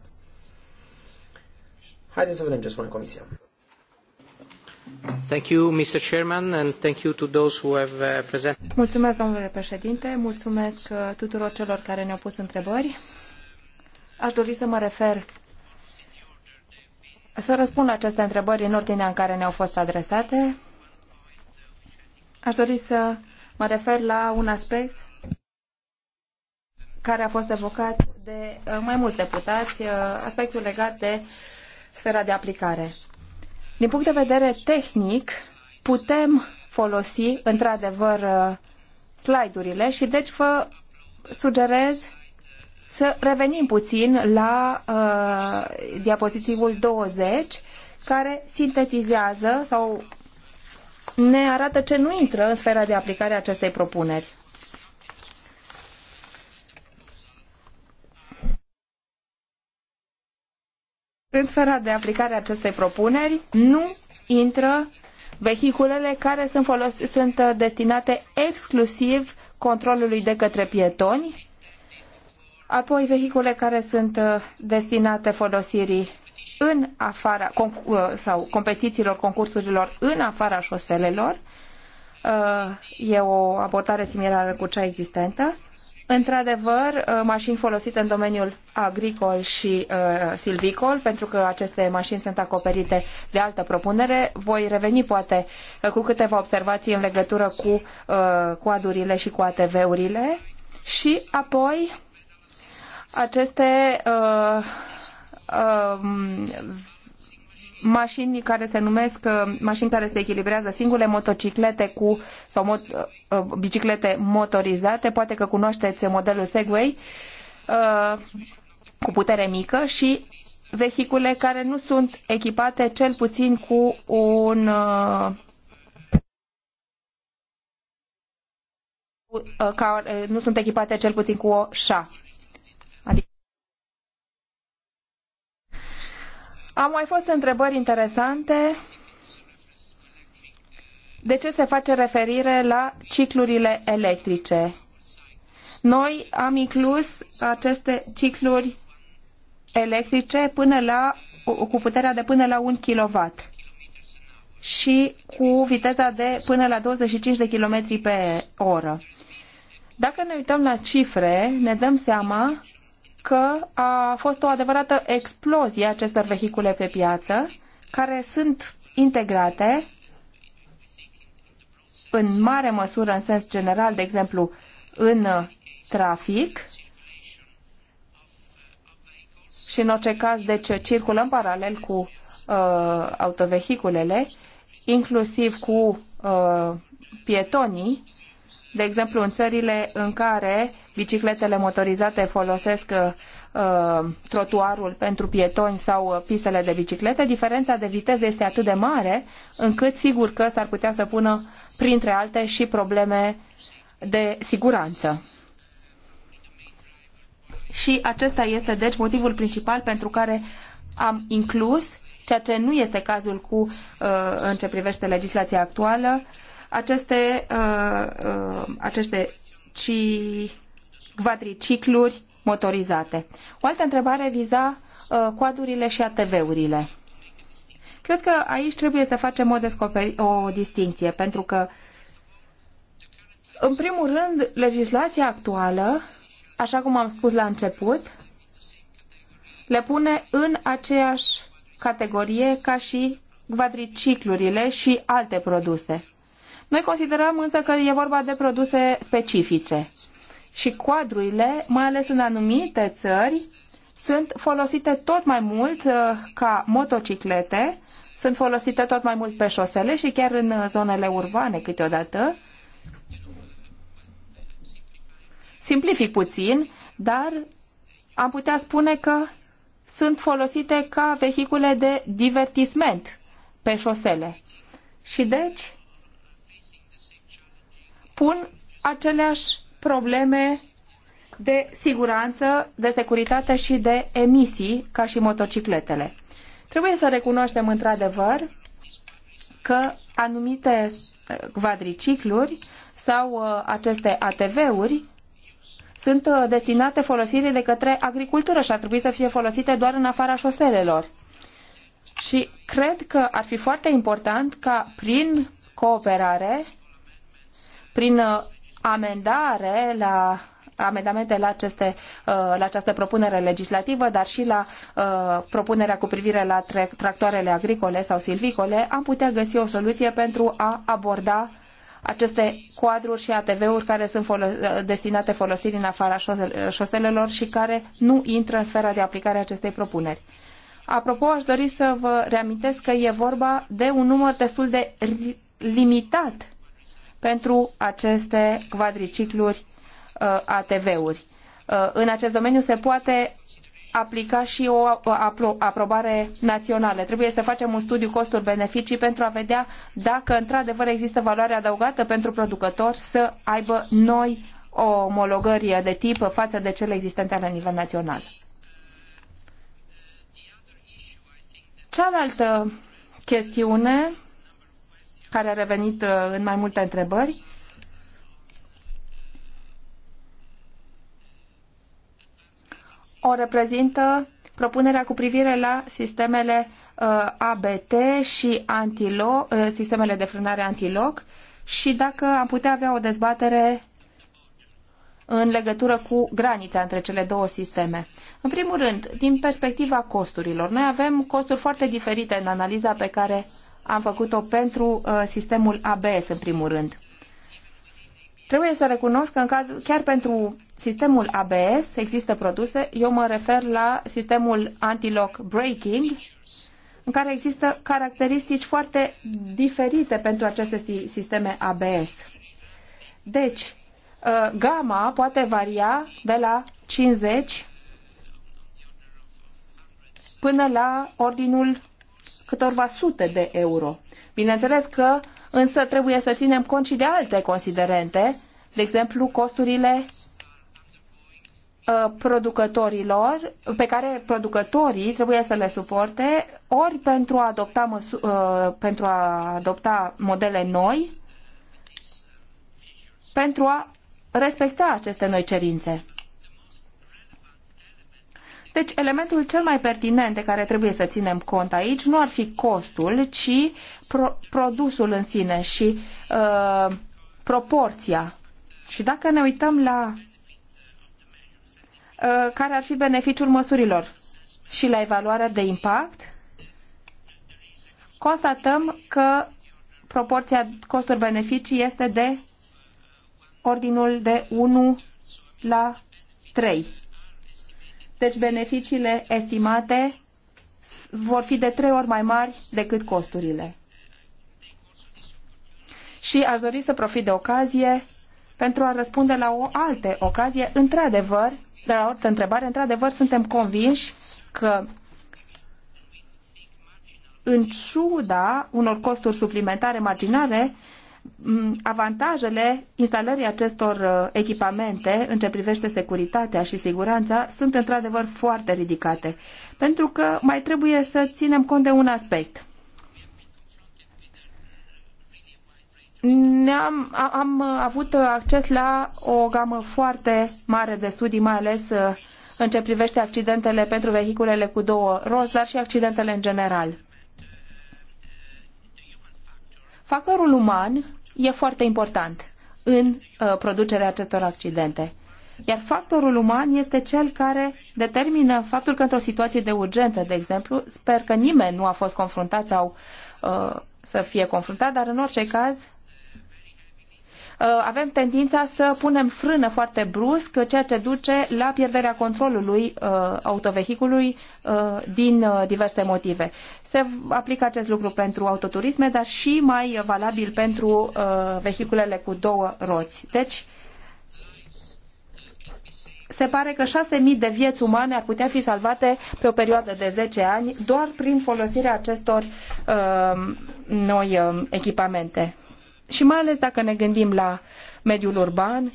Haideți să vedem ce spune Comisia. Thank you, Mr. Chairman, and thank you to those who have uh, presented. Mulțumesc, domnule președinte, mulțumesc uh, tuturor celor care ne-au pus întrebări. Aș dori să mă refer să răspund la aceste întrebări în ordinea în care ne-au fost adresate. Aș dori să mă refer la un aspect care a fost evocat de uh, mai mulți deputați, uh, aspectul legat de sfera de aplicare. Din punct de vedere tehnic, putem folosi într-adevăr uh, slide-urile și deci vă sugerez să revenim puțin la uh, diapozitivul 20 care sintetizează sau ne arată ce nu intră în sfera de aplicare a acestei propuneri. În sfera de aplicare a acestei propuneri nu intră vehiculele care sunt, folos- sunt uh, destinate exclusiv controlului de către pietoni, apoi vehicule care sunt uh, destinate folosirii în afara uh, sau competițiilor, concursurilor în afara șoselelor. E o abordare similară cu cea existentă. Într-adevăr, uh, mașini folosite în domeniul agricol și uh, silvicol, pentru că aceste mașini sunt acoperite de altă propunere. Voi reveni poate uh, cu câteva observații în legătură cu uh, coadurile și cu ATV-urile și apoi aceste uh, um, mașini care se numesc uh, mașini care se echilibrează singure, motociclete cu sau mot, uh, uh, biciclete motorizate, poate că cunoașteți modelul Segway cu putere mică și vehicule care nu sunt echipate cel puțin cu un nu sunt echipate cel puțin cu o șa. Au mai fost întrebări interesante. De ce se face referire la ciclurile electrice? Noi am inclus aceste cicluri electrice până la, cu puterea de până la 1 kW și cu viteza de până la 25 de km pe oră. Dacă ne uităm la cifre, ne dăm seama că a fost o adevărată explozie acestor vehicule pe piață, care sunt integrate în mare măsură, în sens general, de exemplu, în trafic și în orice caz, deci circulăm paralel cu uh, autovehiculele, inclusiv cu uh, pietonii de exemplu, în țările în care bicicletele motorizate folosesc uh, trotuarul pentru pietoni sau uh, pistele de biciclete, diferența de viteză este atât de mare încât sigur că s-ar putea să pună, printre alte, și probleme de siguranță. Și acesta este, deci, motivul principal pentru care am inclus, ceea ce nu este cazul cu, uh, în ce privește legislația actuală, aceste, uh, uh, aceste ci, quadricicluri motorizate. O altă întrebare viza uh, coadurile și ATV-urile. Cred că aici trebuie să facem o, o distinție, pentru că, în primul rând, legislația actuală, așa cum am spus la început, le pune în aceeași categorie ca și quadriciclurile și alte produse. Noi considerăm însă că e vorba de produse specifice și quadrurile, mai ales în anumite țări, sunt folosite tot mai mult uh, ca motociclete, sunt folosite tot mai mult pe șosele și chiar în uh, zonele urbane câteodată. Simplific puțin, dar am putea spune că sunt folosite ca vehicule de divertisment pe șosele. Și deci pun aceleași probleme de siguranță, de securitate și de emisii, ca și motocicletele. Trebuie să recunoaștem într-adevăr că anumite eh, quadricicluri sau eh, aceste ATV-uri sunt eh, destinate folosirii de către agricultură și ar trebui să fie folosite doar în afara șoselelor. Și cred că ar fi foarte important ca prin cooperare prin uh, amendare la amendamente la, aceste, uh, la această propunere legislativă, dar și la uh, propunerea cu privire la tractoarele agricole sau silvicole, am putea găsi o soluție pentru a aborda aceste cuadruri și ATV-uri care sunt folo- destinate folosirii în afara șoselelor și care nu intră în sfera de aplicare a acestei propuneri. Apropo, aș dori să vă reamintesc că e vorba de un număr destul de limitat pentru aceste quadricicluri uh, ATV-uri. Uh, în acest domeniu se poate aplica și o uh, aprobare națională. Trebuie să facem un studiu costuri-beneficii pentru a vedea dacă într-adevăr există valoare adăugată pentru producători să aibă noi omologări de tip față de cele existente la nivel național. Cealaltă chestiune care a revenit uh, în mai multe întrebări. O reprezintă propunerea cu privire la sistemele uh, ABT și antilo, uh, sistemele de frânare antiloc și dacă am putea avea o dezbatere în legătură cu granița între cele două sisteme. În primul rând, din perspectiva costurilor, noi avem costuri foarte diferite în analiza pe care am făcut-o pentru uh, sistemul ABS în primul rând. Trebuie să recunosc că în caz, chiar pentru sistemul ABS există produse, eu mă refer la sistemul anti-lock braking, în care există caracteristici foarte diferite pentru aceste sisteme ABS. Deci, uh, gama poate varia de la 50 până la ordinul câtorva sute de euro. Bineînțeles că însă trebuie să ținem cont și de alte considerente, de exemplu costurile uh, producătorilor pe care producătorii trebuie să le suporte ori pentru a adopta, măsu- uh, pentru a adopta modele noi pentru a respecta aceste noi cerințe. Deci, elementul cel mai pertinent de care trebuie să ținem cont aici nu ar fi costul, ci pro produsul în sine și uh, proporția. Și dacă ne uităm la uh, care ar fi beneficiul măsurilor și la evaluarea de impact, constatăm că proporția costuri-beneficii este de ordinul de 1 la 3. Deci beneficiile estimate vor fi de trei ori mai mari decât costurile. Și aș dori să profit de ocazie pentru a răspunde la o altă ocazie. Într-adevăr, de la altă întrebare, într-adevăr suntem convinși că în ciuda unor costuri suplimentare marginale, Mm, avantajele instalării acestor uh, echipamente în ce privește securitatea și siguranța sunt într-adevăr foarte ridicate, pentru că mai trebuie să ținem cont de un aspect. Ne-am, am avut acces la o gamă foarte mare de studii, mai ales uh, în ce privește accidentele pentru vehiculele cu două roți, dar și accidentele în general. Factorul uman e foarte important în uh, producerea acestor accidente. Iar factorul uman este cel care determină faptul că într-o situație de urgență, de exemplu, sper că nimeni nu a fost confruntat sau uh, să fie confruntat, dar în orice caz Uh, avem tendința să punem frână foarte brusc, ceea ce duce la pierderea controlului uh, autovehicului uh, din diverse motive. Se aplică acest lucru pentru autoturisme, dar și mai valabil pentru vehiculele cu două roți. Deci, se pare că 6.000 de vieți umane ar putea fi salvate pe o perioadă de 10 ani doar prin folosirea acestor uh, noi uh, echipamente și mai ales dacă ne gândim la mediul urban,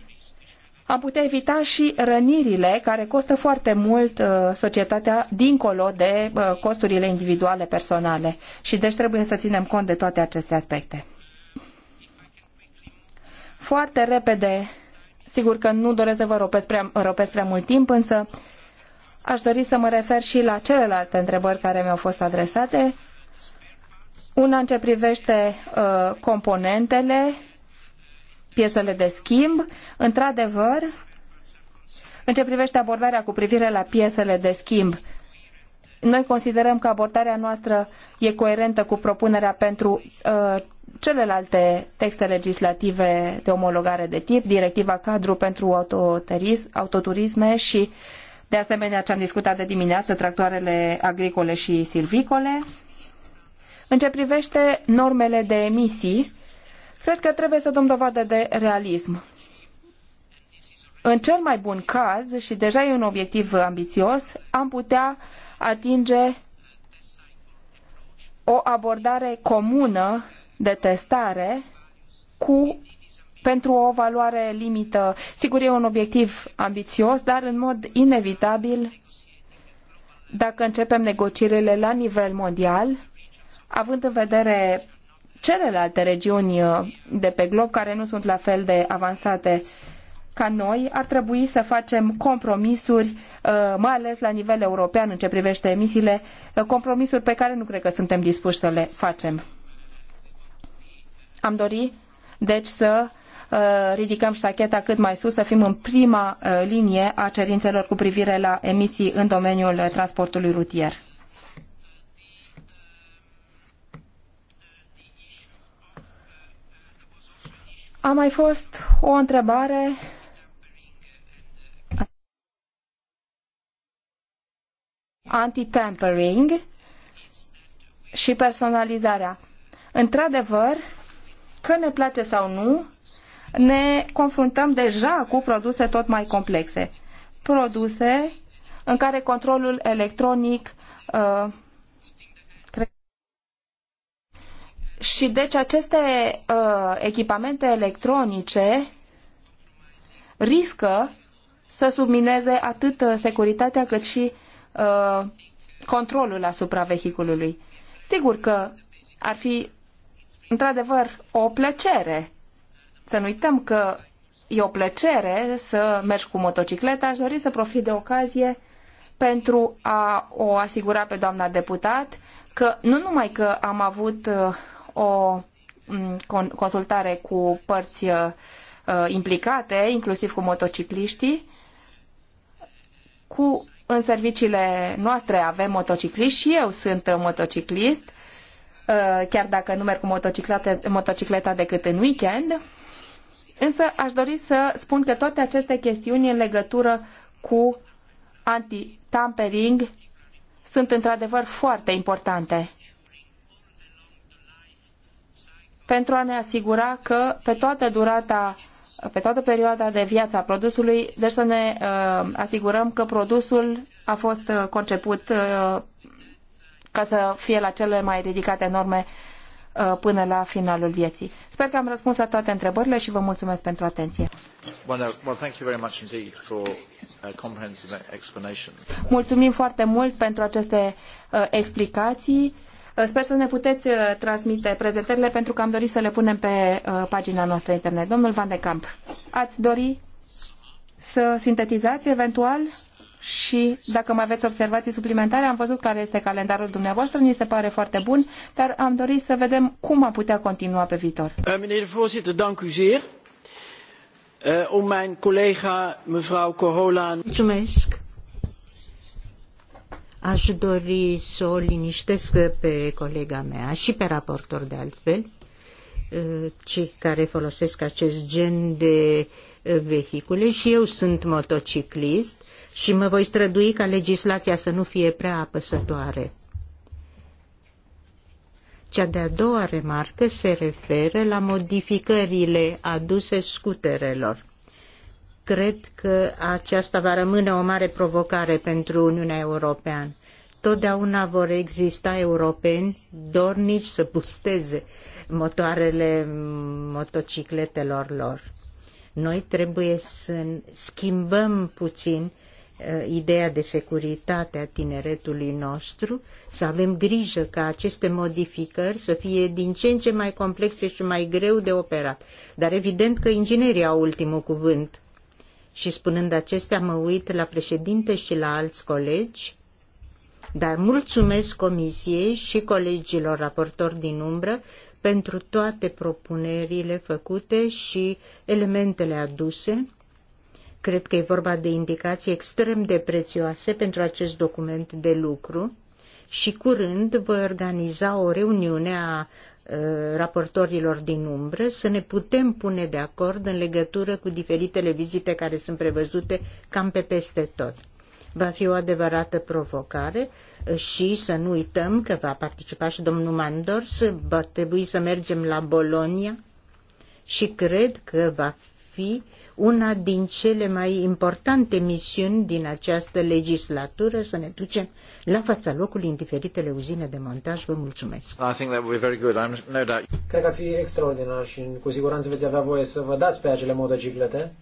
am putea evita și rănirile care costă foarte mult uh, societatea dincolo de uh, costurile individuale personale și deci trebuie să ținem cont de toate aceste aspecte. Foarte repede, sigur că nu doresc să vă ropesc prea, ropesc prea mult timp, însă aș dori să mă refer și la celelalte întrebări care mi-au fost adresate una în ce privește uh, componentele, piesele de schimb. Într-adevăr, în ce privește abordarea cu privire la piesele de schimb, noi considerăm că abordarea noastră e coerentă cu propunerea pentru uh, celelalte texte legislative de omologare de tip, directiva cadru pentru autoturism, autoturisme și, de asemenea, ce am discutat de dimineață, tractoarele agricole și silvicole. În ce privește normele de emisii, cred că trebuie să dăm dovadă de realism. În cel mai bun caz, și deja e un obiectiv ambițios, am putea atinge o abordare comună de testare cu pentru o valoare limită. Sigur, e un obiectiv ambițios, dar în mod inevitabil, dacă începem negocierile la nivel mondial, având în vedere celelalte regiuni uh, de pe glob care nu sunt la fel de avansate ca noi, ar trebui să facem compromisuri, uh, mai ales la nivel european în ce privește emisiile, uh, compromisuri pe care nu cred că suntem dispuși să le facem. Am dori, deci, să ridicăm ștacheta cât mai sus, să fim în prima linie a cerințelor cu privire la emisii în domeniul transportului rutier. A mai fost o întrebare anti-tampering și personalizarea. Într-adevăr, că ne place sau nu, ne confruntăm deja cu produse tot mai complexe. Produse în care controlul electronic uh, Și deci aceste uh, echipamente electronice riscă să submineze atât uh, securitatea cât și uh, controlul asupra vehiculului. Sigur că ar fi într-adevăr o plăcere. Să nu uităm că e o plăcere să mergi cu motocicleta. Aș dori să profit de ocazie pentru a o asigura pe doamna deputat că nu numai că am avut uh, o mm, consultare cu părți uh, implicate, inclusiv cu motocicliștii. Cu, în serviciile noastre avem motocicliști și eu sunt motociclist, uh, chiar dacă nu merg cu motocicleta, decât în weekend. Însă aș dori să spun că toate aceste chestiuni în legătură cu anti-tampering sunt într-adevăr foarte importante pentru a ne asigura că pe toată durata pe toată perioada de viață a produsului, deci să ne uh, asigurăm că produsul a fost uh, conceput uh, ca să fie la cele mai ridicate norme uh, până la finalul vieții. Sper că am răspuns la toate întrebările și vă mulțumesc pentru atenție. Uh, Mulțumim foarte mult pentru aceste uh, explicații. Uh, sper să ne puteți uh, transmite prezentările pentru că am dorit să le punem pe uh, pagina noastră internet. Domnul Van de Camp, ați dori să sintetizați eventual și dacă mai aveți observații suplimentare, am văzut care este calendarul dumneavoastră, ni se pare foarte bun, dar am dorit să vedem cum am putea continua pe viitor. Eh, meneer de voorzitter, dank u zeer. Eh, om mijn collega mevrouw Corola... Mulțumesc. Aș dori să o liniștesc pe colega mea și pe raportor de altfel, cei care folosesc acest gen de vehicule și eu sunt motociclist și mă voi strădui ca legislația să nu fie prea apăsătoare. Cea de-a doua remarcă se referă la modificările aduse scuterelor cred că aceasta va rămâne o mare provocare pentru Uniunea Europeană. Totdeauna vor exista europeni dornici să pusteze motoarele motocicletelor lor. Noi trebuie să schimbăm puțin uh, ideea de securitate a tineretului nostru, să avem grijă ca aceste modificări să fie din ce în ce mai complexe și mai greu de operat. Dar evident că inginerii au ultimul cuvânt și spunând acestea, mă uit la președinte și la alți colegi, dar mulțumesc comisiei și colegilor raportori din umbră pentru toate propunerile făcute și elementele aduse. Cred că e vorba de indicații extrem de prețioase pentru acest document de lucru și curând voi organiza o reuniune a Uh, raportorilor din umbră să ne putem pune de acord în legătură cu diferitele vizite care sunt prevăzute cam pe peste tot. Va fi o adevărată provocare și să nu uităm că va participa și domnul Mandors, va trebui să mergem la Bolonia și cred că va fi una din cele mai importante misiuni din această legislatură, să ne ducem la fața locului în diferitele uzine de montaj. Vă mulțumesc! Cred că ar fi extraordinar și cu siguranță veți avea voie să vă dați pe acele motociclete.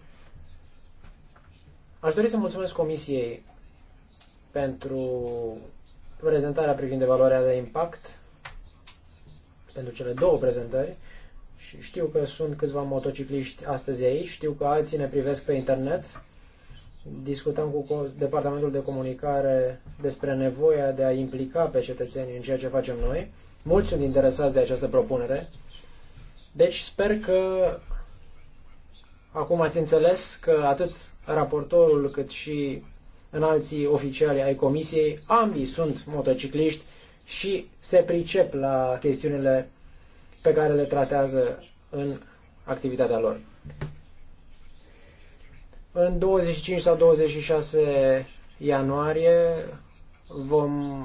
Aș dori să mulțumesc Comisiei pentru prezentarea privind evaluarea de impact, pentru cele două prezentări. Și știu că sunt câțiva motocicliști astăzi aici, știu că alții ne privesc pe internet. Discutăm cu Departamentul de Comunicare despre nevoia de a implica pe cetățenii în ceea ce facem noi. Mulți sunt interesați de această propunere. Deci sper că acum ați înțeles că atât raportorul cât și în alții oficiali ai comisiei, ambii sunt motocicliști și se pricep la chestiunile pe care le tratează în activitatea lor. În 25 sau 26 ianuarie vom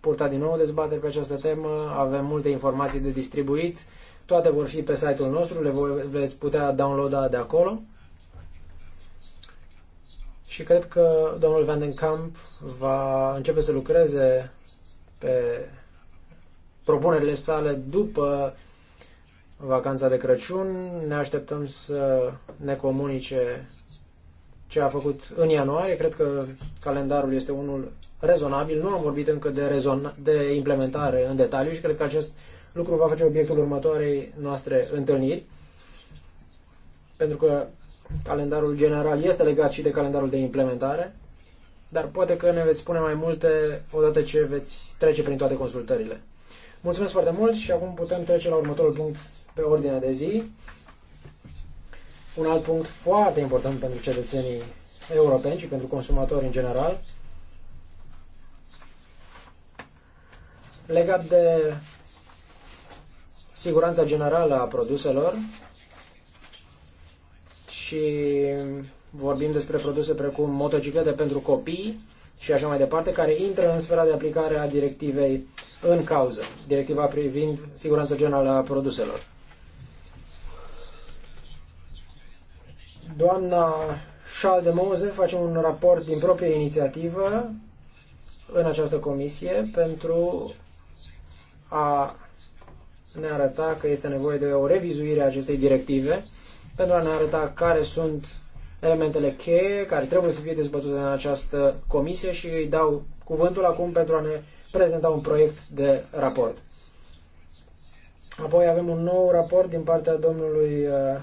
purta din nou dezbateri pe această temă, avem multe informații de distribuit, toate vor fi pe site-ul nostru, le veți putea downloada de acolo. Și cred că domnul Van den va începe să lucreze pe propunerile sale după vacanța de Crăciun. Ne așteptăm să ne comunice ce a făcut în ianuarie. Cred că calendarul este unul rezonabil. Nu am vorbit încă de, de implementare în detaliu și cred că acest lucru va face obiectul următoarei noastre întâlniri. Pentru că calendarul general este legat și de calendarul de implementare, dar poate că ne veți spune mai multe odată ce veți trece prin toate consultările. Mulțumesc foarte mult și acum putem trece la următorul punct pe ordinea de zi. Un alt punct foarte important pentru cetățenii europeni și pentru consumatori în general, legat de siguranța generală a produselor și vorbim despre produse precum motociclete pentru copii și așa mai departe, care intră în sfera de aplicare a directivei în cauză, directiva privind siguranța generală a produselor. Doamna Schaldemose face un raport din proprie inițiativă în această comisie pentru a ne arăta că este nevoie de o revizuire a acestei directive pentru a ne arăta care sunt elementele cheie care trebuie să fie dezbătute în această comisie și îi dau cuvântul acum pentru a ne prezenta un proiect de raport. Apoi avem un nou raport din partea domnului uh,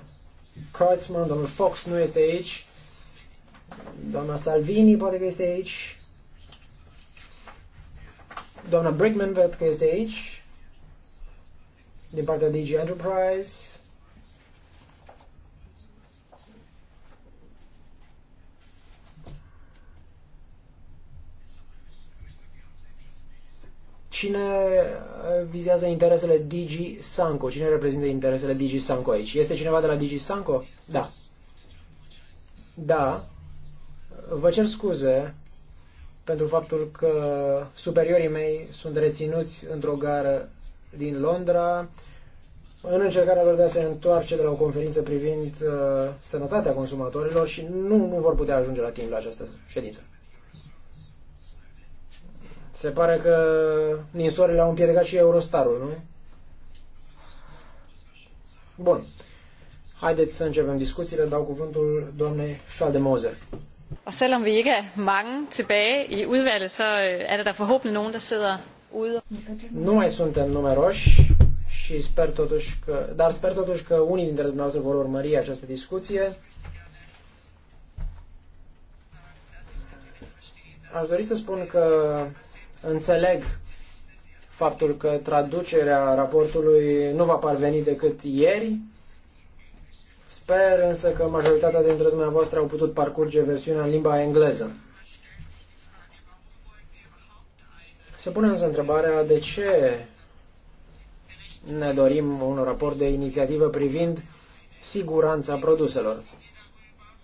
Kurtzman, domnul Fox nu este aici, doamna Salvini poate că este aici, doamna Brickman văd că este aici, din partea DG Enterprise, cine uh, vizează interesele Digi Sanco? Cine reprezintă interesele Digi Sanco aici? Este cineva de la Digi Sanco? Da. Da. Vă cer scuze pentru faptul că superiorii mei sunt reținuți într-o gară din Londra în încercarea lor de a se întoarce de la o conferință privind uh, sănătatea consumatorilor și nu, nu vor putea ajunge la timp la această ședință. Se pare că ninsoarele au împiedicat și Eurostarul, nu? Bun. Haideți să începem discuțiile. Dau cuvântul doamnei Schalde Schaldemose. Og selvom vi ikke er mange tilbage i udvalget, så øh, er der da forhåbentlig nogen, der sidder ude. Nu mai suntem numeroși și sper totuși că, dar sper totuși că unii dintre dumneavoastră vor urmări această discuție. Aș dori să spun că Înțeleg faptul că traducerea raportului nu va parveni decât ieri. Sper însă că majoritatea dintre dumneavoastră au putut parcurge versiunea în limba engleză. Se pune însă întrebarea de ce ne dorim un raport de inițiativă privind siguranța produselor.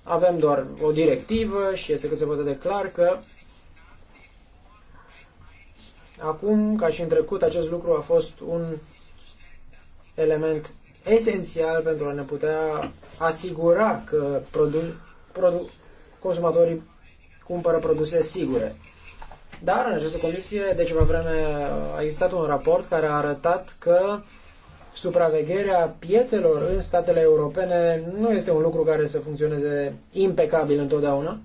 Avem doar o directivă și este cât se poate de clar că Acum, ca și în trecut, acest lucru a fost un element esențial pentru a ne putea asigura că produ- produ- consumatorii cumpără produse sigure. Dar în această comisie de ceva vreme a existat un raport care a arătat că supravegherea piețelor în statele europene nu este un lucru care să funcționeze impecabil întotdeauna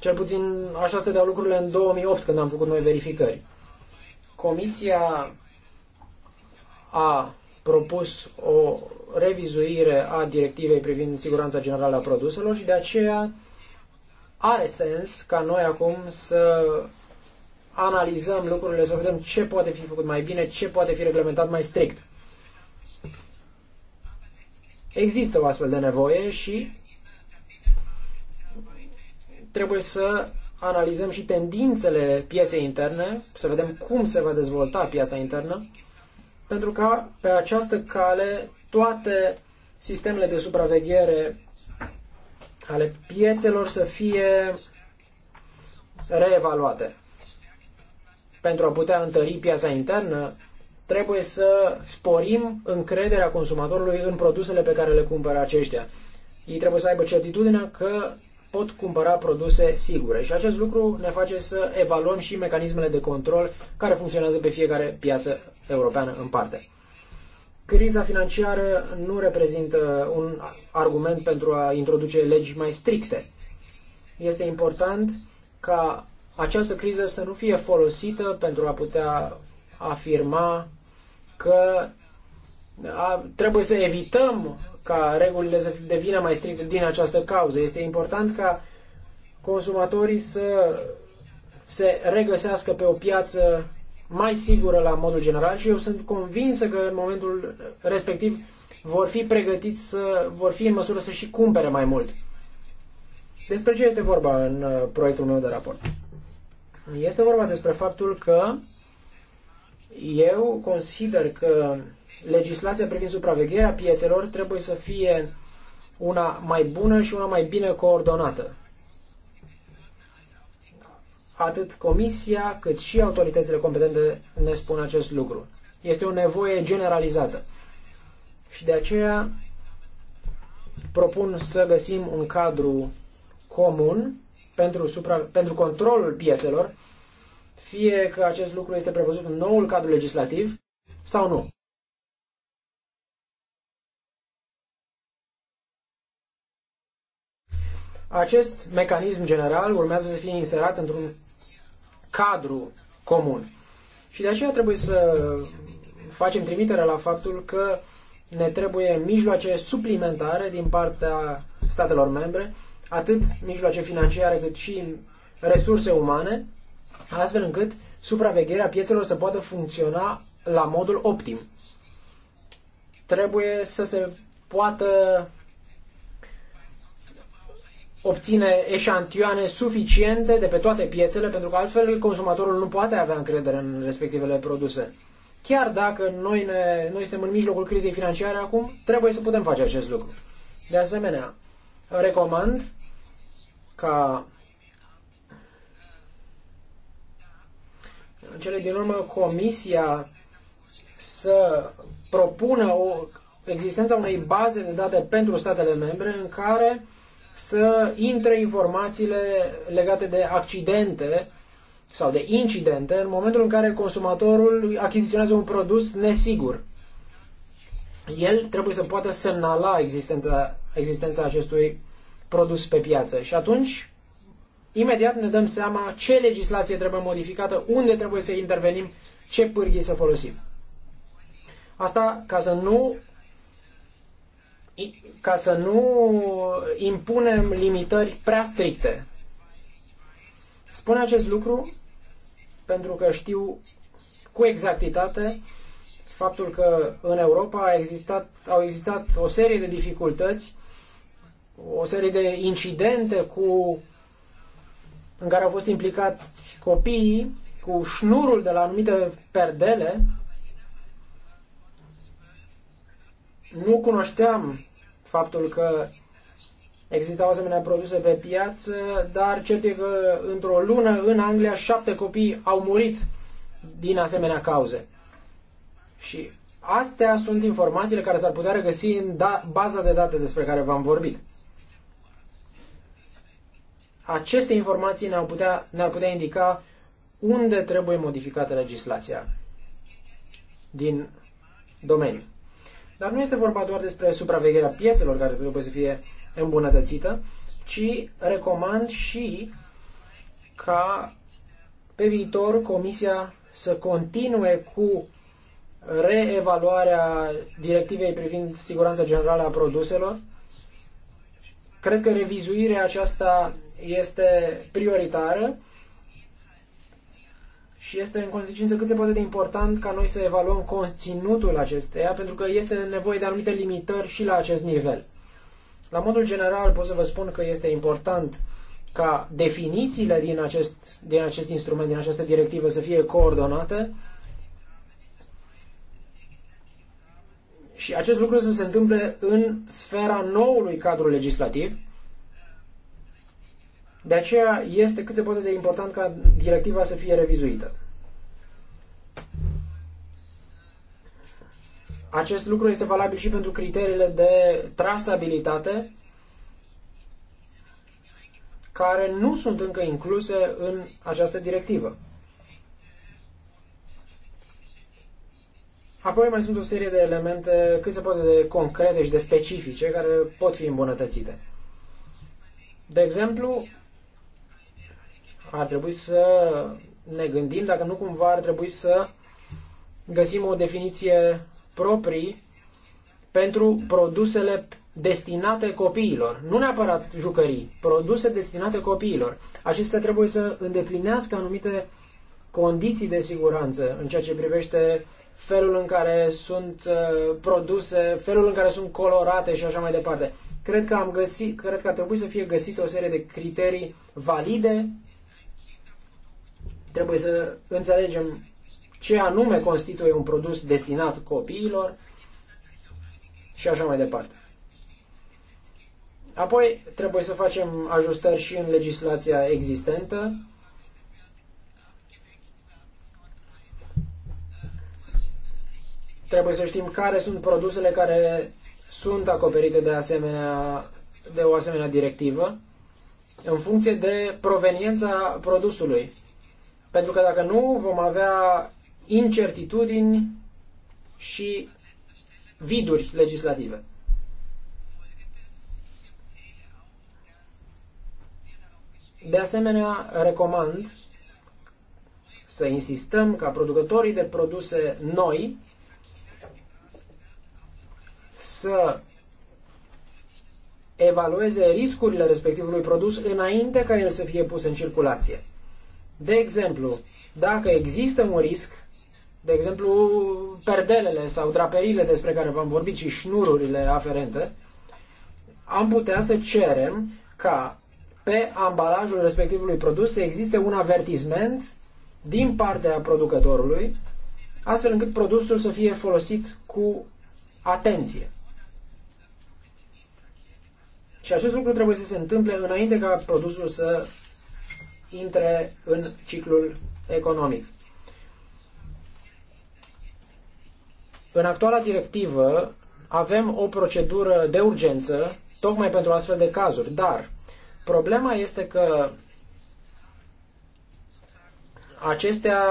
cel puțin așa stăteau lucrurile în 2008 când am făcut noi verificări. Comisia a propus o revizuire a directivei privind siguranța generală a produselor și de aceea are sens ca noi acum să analizăm lucrurile, să vedem ce poate fi făcut mai bine, ce poate fi reglementat mai strict. Există o astfel de nevoie și trebuie să analizăm și tendințele pieței interne, să vedem cum se va dezvolta piața internă, pentru că pe această cale toate sistemele de supraveghere ale piețelor să fie reevaluate. Pentru a putea întări piața internă, trebuie să sporim încrederea consumatorului în produsele pe care le cumpără aceștia. Ei trebuie să aibă certitudinea că pot cumpăra produse sigure și acest lucru ne face să evaluăm și mecanismele de control care funcționează pe fiecare piață europeană în parte. Criza financiară nu reprezintă un argument pentru a introduce legi mai stricte. Este important ca această criză să nu fie folosită pentru a putea afirma că a, trebuie să evităm ca regulile să devină mai stricte din această cauză. Este important ca consumatorii să se regăsească pe o piață mai sigură la modul general și eu sunt convinsă că în momentul respectiv vor fi pregătiți să vor fi în măsură să și cumpere mai mult. Despre ce este vorba în uh, proiectul meu de raport? Este vorba despre faptul că eu consider că legislația privind supravegherea piețelor trebuie să fie una mai bună și una mai bine coordonată. Atât Comisia cât și autoritățile competente ne spun acest lucru. Este o nevoie generalizată. Și de aceea propun să găsim un cadru comun pentru, supra, pentru controlul piețelor, fie că acest lucru este prevăzut în noul cadru legislativ sau nu. Acest mecanism general urmează să fie inserat într-un cadru comun. Și de aceea trebuie să facem trimitere la faptul că ne trebuie mijloace suplimentare din partea statelor membre, atât mijloace financiare cât și resurse umane, astfel încât supravegherea piețelor să poată funcționa la modul optim. Trebuie să se poată obține eșantioane suficiente de pe toate piețele, pentru că altfel consumatorul nu poate avea încredere în respectivele produse. Chiar dacă noi, ne, noi suntem în mijlocul crizei financiare acum, trebuie să putem face acest lucru. De asemenea, recomand ca în cele din urmă Comisia să propună o existența unei baze de date pentru statele membre în care uh, să intre informațiile legate de accidente sau de incidente în momentul în care consumatorul achiziționează un produs nesigur. El trebuie să poată semnala existența, existența acestui produs pe piață și atunci imediat ne dăm seama ce legislație trebuie modificată, unde trebuie să intervenim, ce pârghii să folosim. Asta ca să nu ca să nu impunem limitări prea stricte. Spun acest lucru pentru că știu cu exactitate faptul că în Europa a existat, au existat o serie de dificultăți, o serie de incidente cu, în care au fost implicați copiii cu șnurul de la anumite perdele Nu cunoșteam faptul că existau asemenea produse pe piață, dar cert e că într-o lună în Anglia șapte copii au murit din asemenea cauze. Și astea sunt informațiile care s-ar putea regăsi în da- baza de date despre care v-am vorbit. Aceste informații ne-ar putea, ne putea indica unde trebuie modificată legislația din domeniu. Dar nu este vorba doar despre supravegherea piețelor care trebuie să fie îmbunătățită, ci recomand și ca pe viitor Comisia să continue cu reevaluarea directivei privind siguranța generală a produselor. Cred că revizuirea aceasta este prioritară și este în consecință cât se poate de important ca noi să evaluăm conținutul acesteia, pentru că este nevoie de anumite limitări și la acest nivel. La modul general pot să vă spun că este important ca definițiile din acest, din acest instrument, din această directivă să fie coordonate și acest lucru să se întâmple în sfera noului cadru legislativ, de aceea este cât se poate de important ca directiva să fie revizuită. Acest lucru este valabil și pentru criteriile de trasabilitate care nu sunt încă incluse în această directivă. Apoi mai sunt o serie de elemente cât se poate de concrete și de specifice care pot fi îmbunătățite. De exemplu, ar trebui să ne gândim dacă nu cumva ar trebui să găsim o definiție proprii pentru produsele destinate copiilor, nu neapărat jucării, produse destinate copiilor. Acestea trebuie să îndeplinească anumite condiții de siguranță în ceea ce privește felul în care sunt uh, produse, felul în care sunt colorate și așa mai departe. Cred că am găsit, cred că ar trebui să fie găsit o serie de criterii valide Trebuie să înțelegem ce anume constituie un produs destinat copiilor și așa mai departe. Apoi trebuie să facem ajustări și în legislația existentă. Trebuie să știm care sunt produsele care sunt acoperite de, asemenea, de o asemenea directivă în funcție de proveniența produsului. Pentru că dacă nu, vom avea incertitudini și viduri legislative. De asemenea, recomand să insistăm ca producătorii de produse noi să evalueze riscurile respectivului produs înainte ca el să fie pus în circulație. De exemplu, dacă există un risc, de exemplu, perdelele sau draperiile despre care v-am vorbit și șnururile aferente, am putea să cerem ca pe ambalajul respectivului produs să existe un avertisment din partea producătorului, astfel încât produsul să fie folosit cu atenție. Și acest lucru trebuie să se întâmple înainte ca produsul să intre în ciclul economic. În actuala directivă avem o procedură de urgență tocmai pentru astfel de cazuri, dar problema este că acestea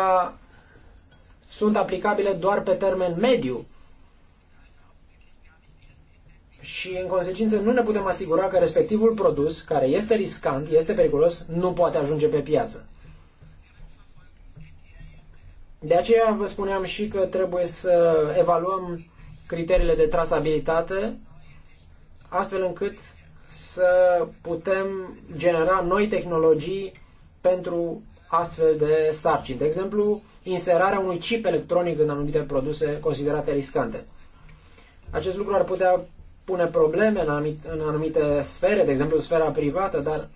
sunt aplicabile doar pe termen mediu și, în consecință, nu ne putem asigura că respectivul produs, care este riscant, este periculos, nu poate ajunge pe piață. De aceea vă spuneam și că trebuie să evaluăm criteriile de trasabilitate astfel încât să putem genera noi tehnologii pentru astfel de sarcini. De exemplu, inserarea unui chip electronic în anumite produse considerate riscante. Acest lucru ar putea pune probleme în anumite, în anumite sfere, de exemplu sfera privată, dar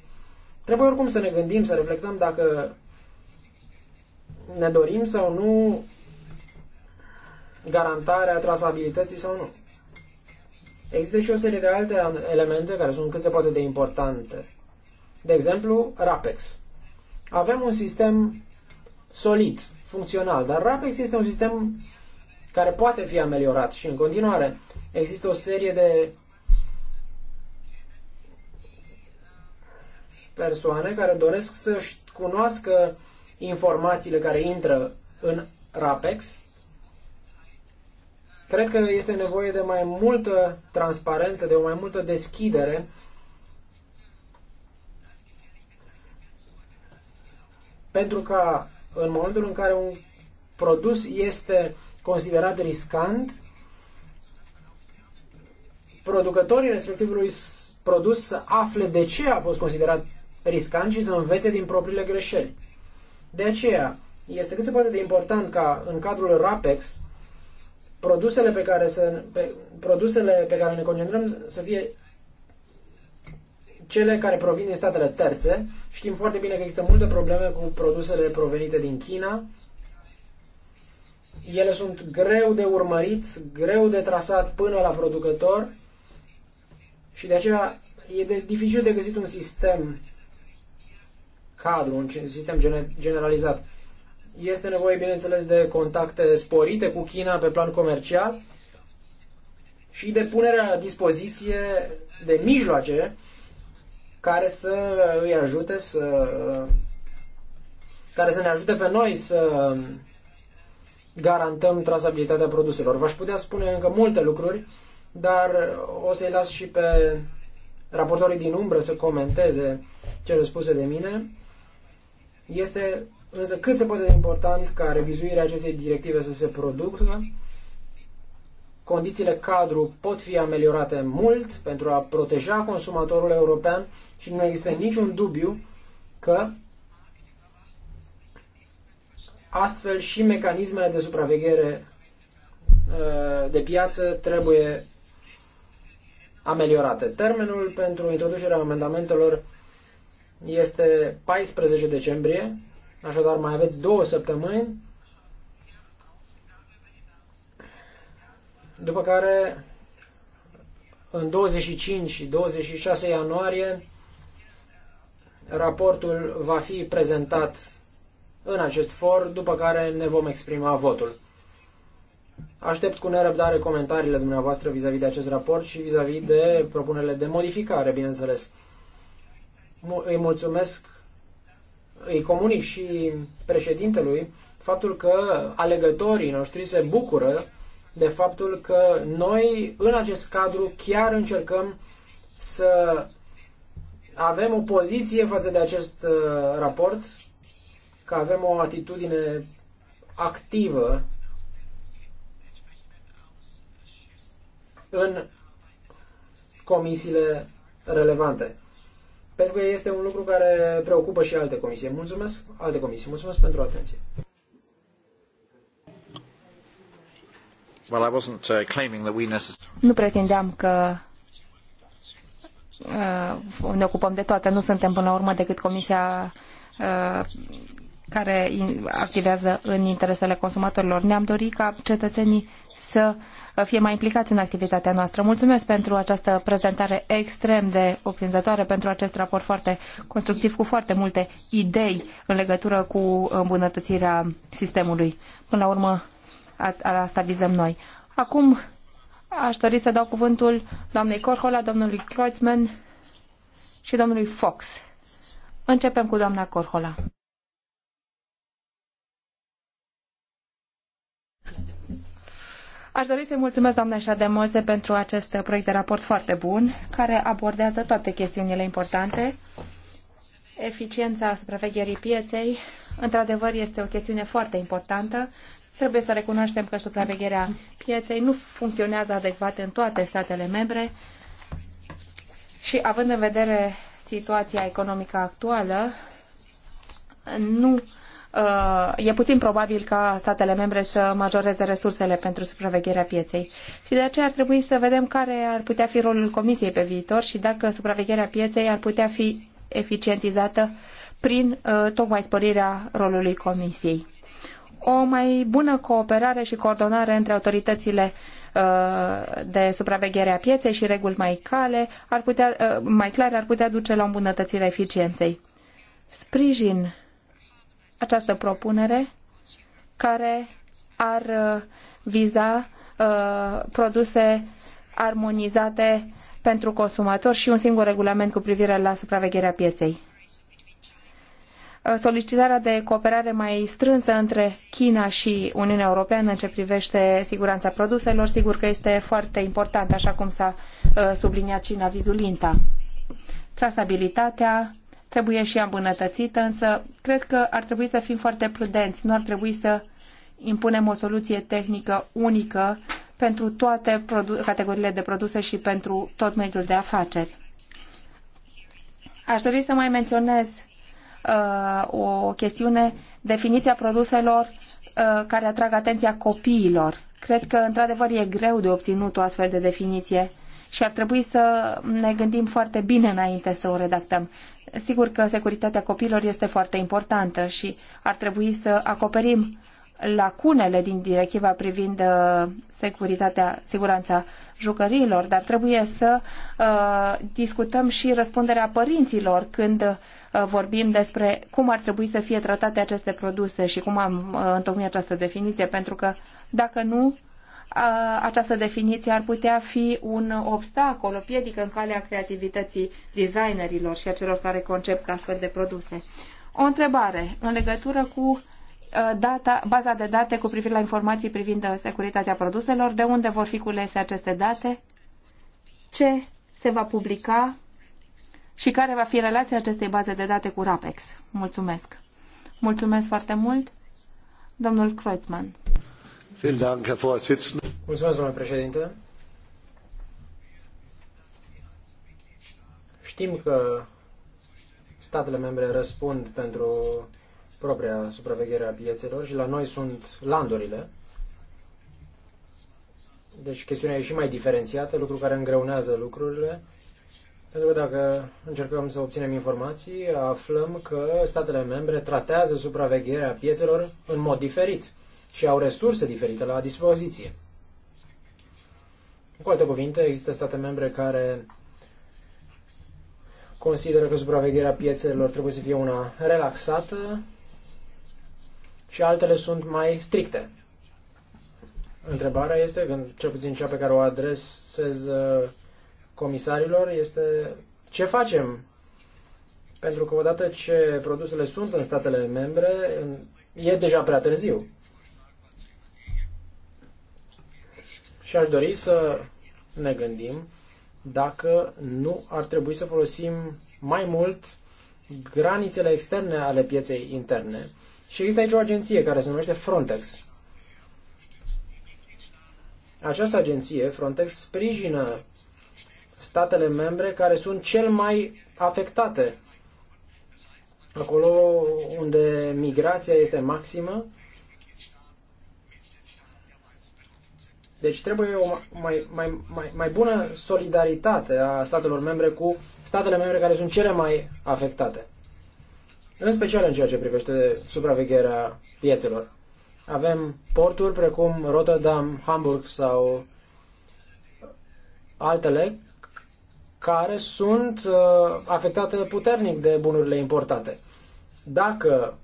trebuie oricum să ne gândim, să reflectăm dacă ne dorim sau nu garantarea trasabilității sau nu. Există și o serie de alte elemente care sunt cât se poate de importante. De exemplu, RAPEX. Avem un sistem solid, funcțional, dar RAPEX este un sistem care poate fi ameliorat și în continuare. Există o serie de persoane care doresc să cunoască informațiile care intră în RAPEX. Cred că este nevoie de mai multă transparență, de o mai multă deschidere pentru ca în momentul în care un produs este considerat riscant, producătorii respectivului produs să afle de ce a fost considerat riscant și să învețe din propriile greșeli. De aceea, este cât se poate de important ca în cadrul RAPEX produsele pe care, să, pe, produsele pe care ne concentrăm să fie cele care provin din statele terțe. Știm foarte bine că există multe probleme cu produsele provenite din China ele sunt greu de urmărit, greu de trasat până la producător și de aceea e de, dificil de găsit un sistem cadru, un sistem generalizat. Este nevoie, bineînțeles, de contacte sporite cu China pe plan comercial și de punerea la dispoziție de mijloace care să îi ajute să care să ne ajute pe noi să garantăm trasabilitatea produselor. V-aș putea spune încă multe lucruri, dar o să-i las și pe raportorii din umbră să comenteze cele spuse de mine. Este însă cât se poate de important ca revizuirea acestei directive să se producă. Condițiile cadru pot fi ameliorate mult pentru a proteja consumatorul european și nu există niciun dubiu că Astfel și mecanismele de supraveghere uh, de piață trebuie ameliorate. Termenul pentru introducerea amendamentelor este 14 decembrie, așadar mai aveți două săptămâni, după care în 25 și 26 ianuarie raportul va fi prezentat în acest for, după care ne vom exprima votul. Aștept cu nerăbdare comentariile dumneavoastră vis-a-vis -vis de acest raport și vis-a-vis -vis de propunerile de modificare, bineînțeles. Îi mulțumesc, îi comunic și președintelui faptul că alegătorii noștri se bucură de faptul că noi, în acest cadru, chiar încercăm să avem o poziție față de acest uh, raport că avem o atitudine activă în comisiile relevante. Pentru că este un lucru care preocupă și alte comisii. Mulțumesc, alte comisii. Mulțumesc pentru atenție. Well, I wasn't, uh, claiming that we Nu pretindeam că uh, ne ocupăm de toate. Nu suntem până la urmă decât comisia uh, care activează în interesele consumatorilor. Ne-am dorit ca cetățenii să fie mai implicați în activitatea noastră. Mulțumesc pentru această prezentare extrem de oprinzătoare, pentru acest raport foarte constructiv, cu foarte multe idei în legătură cu îmbunătățirea sistemului. Până la urmă, asta vizăm noi. Acum aș dori să dau cuvântul doamnei Corhola, domnului Kreutzmann și domnului Fox. Începem cu doamna Corhola. Aș dori să-i mulțumesc doamnei Șademose pentru acest proiect de raport foarte bun, care abordează toate chestiunile importante. Eficiența supravegherii pieței, într-adevăr, este o chestiune foarte importantă. Trebuie să recunoaștem că supravegherea pieței nu funcționează adecvat în toate statele membre și, având în vedere situația economică actuală, nu Uh, e puțin probabil ca statele membre să majoreze resursele pentru supravegherea pieței. Și de aceea ar trebui să vedem care ar putea fi rolul Comisiei pe viitor și dacă supravegherea pieței ar putea fi eficientizată prin uh, tocmai spărirea rolului Comisiei. O mai bună cooperare și coordonare între autoritățile uh, de supraveghere a pieței și reguli mai, cale, ar putea, mai clare ar putea duce la îmbunătățirea eficienței. Sprijin această propunere care ar uh, viza uh, produse armonizate pentru consumatori și un singur regulament cu privire la supravegherea pieței. Uh, solicitarea de cooperare mai strânsă între China și Uniunea Europeană în ce privește siguranța produselor, sigur că este foarte important, așa cum s-a uh, subliniat și în avizul INTA. Trasabilitatea, trebuie și îmbunătățită, însă cred că ar trebui să fim foarte prudenți. Nu ar trebui să impunem o soluție tehnică unică pentru toate categoriile de produse și pentru tot mediul de afaceri. Aș dori să mai menționez uh, o chestiune, definiția produselor uh, care atrag atenția copiilor. Cred că, într-adevăr, e greu de obținut o astfel de definiție și ar trebui să ne gândim foarte bine înainte să o redactăm. Sigur că securitatea copiilor este foarte importantă și ar trebui să acoperim lacunele din directiva privind uh, securitatea, siguranța jucăriilor, dar trebuie să uh, discutăm și răspunderea părinților când uh, vorbim despre cum ar trebui să fie tratate aceste produse și cum am uh, întocmit această definiție, pentru că dacă nu, această definiție ar putea fi un obstacol, o piedică în calea creativității designerilor și a celor care concep astfel de produse. O întrebare în legătură cu data, baza de date cu privire la informații privind securitatea produselor, de unde vor fi culese aceste date, ce se va publica și care va fi relația acestei baze de date cu RAPEX. Mulțumesc! Mulțumesc foarte mult, domnul Kreutzmann. Mulțumesc, domnule președinte. Știm că statele membre răspund pentru propria supraveghere a piețelor și la noi sunt landurile. Deci chestiunea e și mai diferențiată, lucru care îngreunează lucrurile. Pentru că dacă încercăm să obținem informații, aflăm că statele membre tratează supravegherea piețelor în mod diferit și au resurse diferite la dispoziție. Cu alte cuvinte, există state membre care consideră că supravegherea piețelor trebuie să fie una relaxată și altele sunt mai stricte. Întrebarea este, când cel puțin cea pe care o adresez uh, comisarilor, este ce facem? Pentru că odată ce produsele sunt în statele membre, e deja prea târziu. Și aș dori să ne gândim dacă nu ar trebui să folosim mai mult granițele externe ale pieței interne. Și există aici o agenție care se numește Frontex. Această agenție, Frontex, sprijină statele membre care sunt cel mai afectate. Acolo unde migrația este maximă Deci trebuie o mai, mai, mai, mai bună solidaritate a statelor membre cu statele membre care sunt cele mai afectate. În special în ceea ce privește supravegherea piețelor. Avem porturi precum Rotterdam, Hamburg sau altele care sunt uh, afectate puternic de bunurile importate. Dacă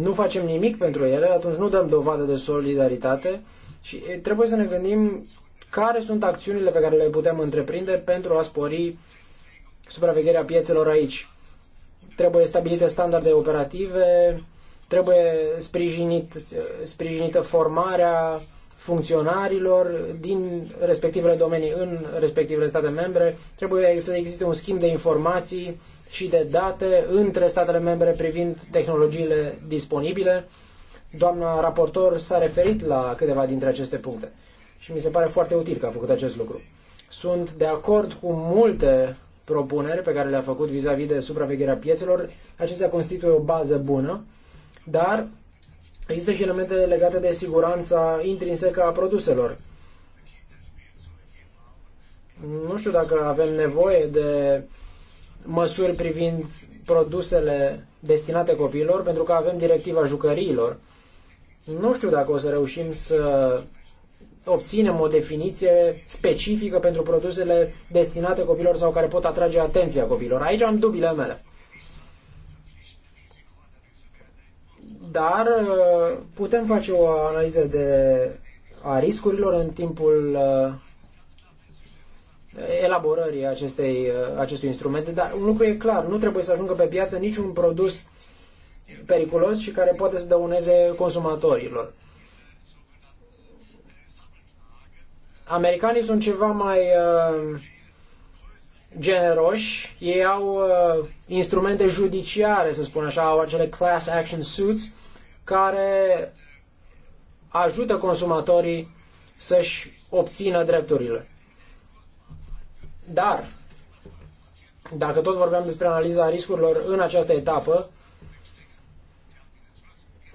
nu facem nimic pentru ele, atunci nu dăm dovadă de solidaritate și trebuie să ne gândim care sunt acțiunile pe care le putem întreprinde pentru a spori supravegherea piețelor aici. Trebuie stabilite standarde operative, trebuie sprijinit, sprijinită formarea funcționarilor din respectivele domenii în respectivele state membre. Trebuie să existe un schimb de informații și de date între statele membre privind tehnologiile disponibile. Doamna raportor s-a referit la câteva dintre aceste puncte și mi se pare foarte util că a făcut acest lucru. Sunt de acord cu multe propuneri pe care le-a făcut vis-a-vis de supravegherea piețelor. Acestea constituie o bază bună, dar Există și elemente legate de siguranța intrinsecă a produselor. Nu știu dacă avem nevoie de măsuri privind produsele destinate copiilor, pentru că avem directiva jucăriilor. Nu știu dacă o să reușim să obținem o definiție specifică pentru produsele destinate copiilor sau care pot atrage atenția copiilor. Aici am dubile mele. dar uh, putem face o analiză de a riscurilor în timpul uh, elaborării acestei, uh, acestui instrument, dar un lucru e clar, nu trebuie să ajungă pe piață niciun produs periculos și care poate să dăuneze consumatorilor. Americanii sunt ceva mai uh, generoși, ei au uh, instrumente judiciare, să spun așa, au acele class action suits care ajută consumatorii să-și obțină drepturile. Dar, dacă tot vorbeam despre analiza riscurilor în această etapă,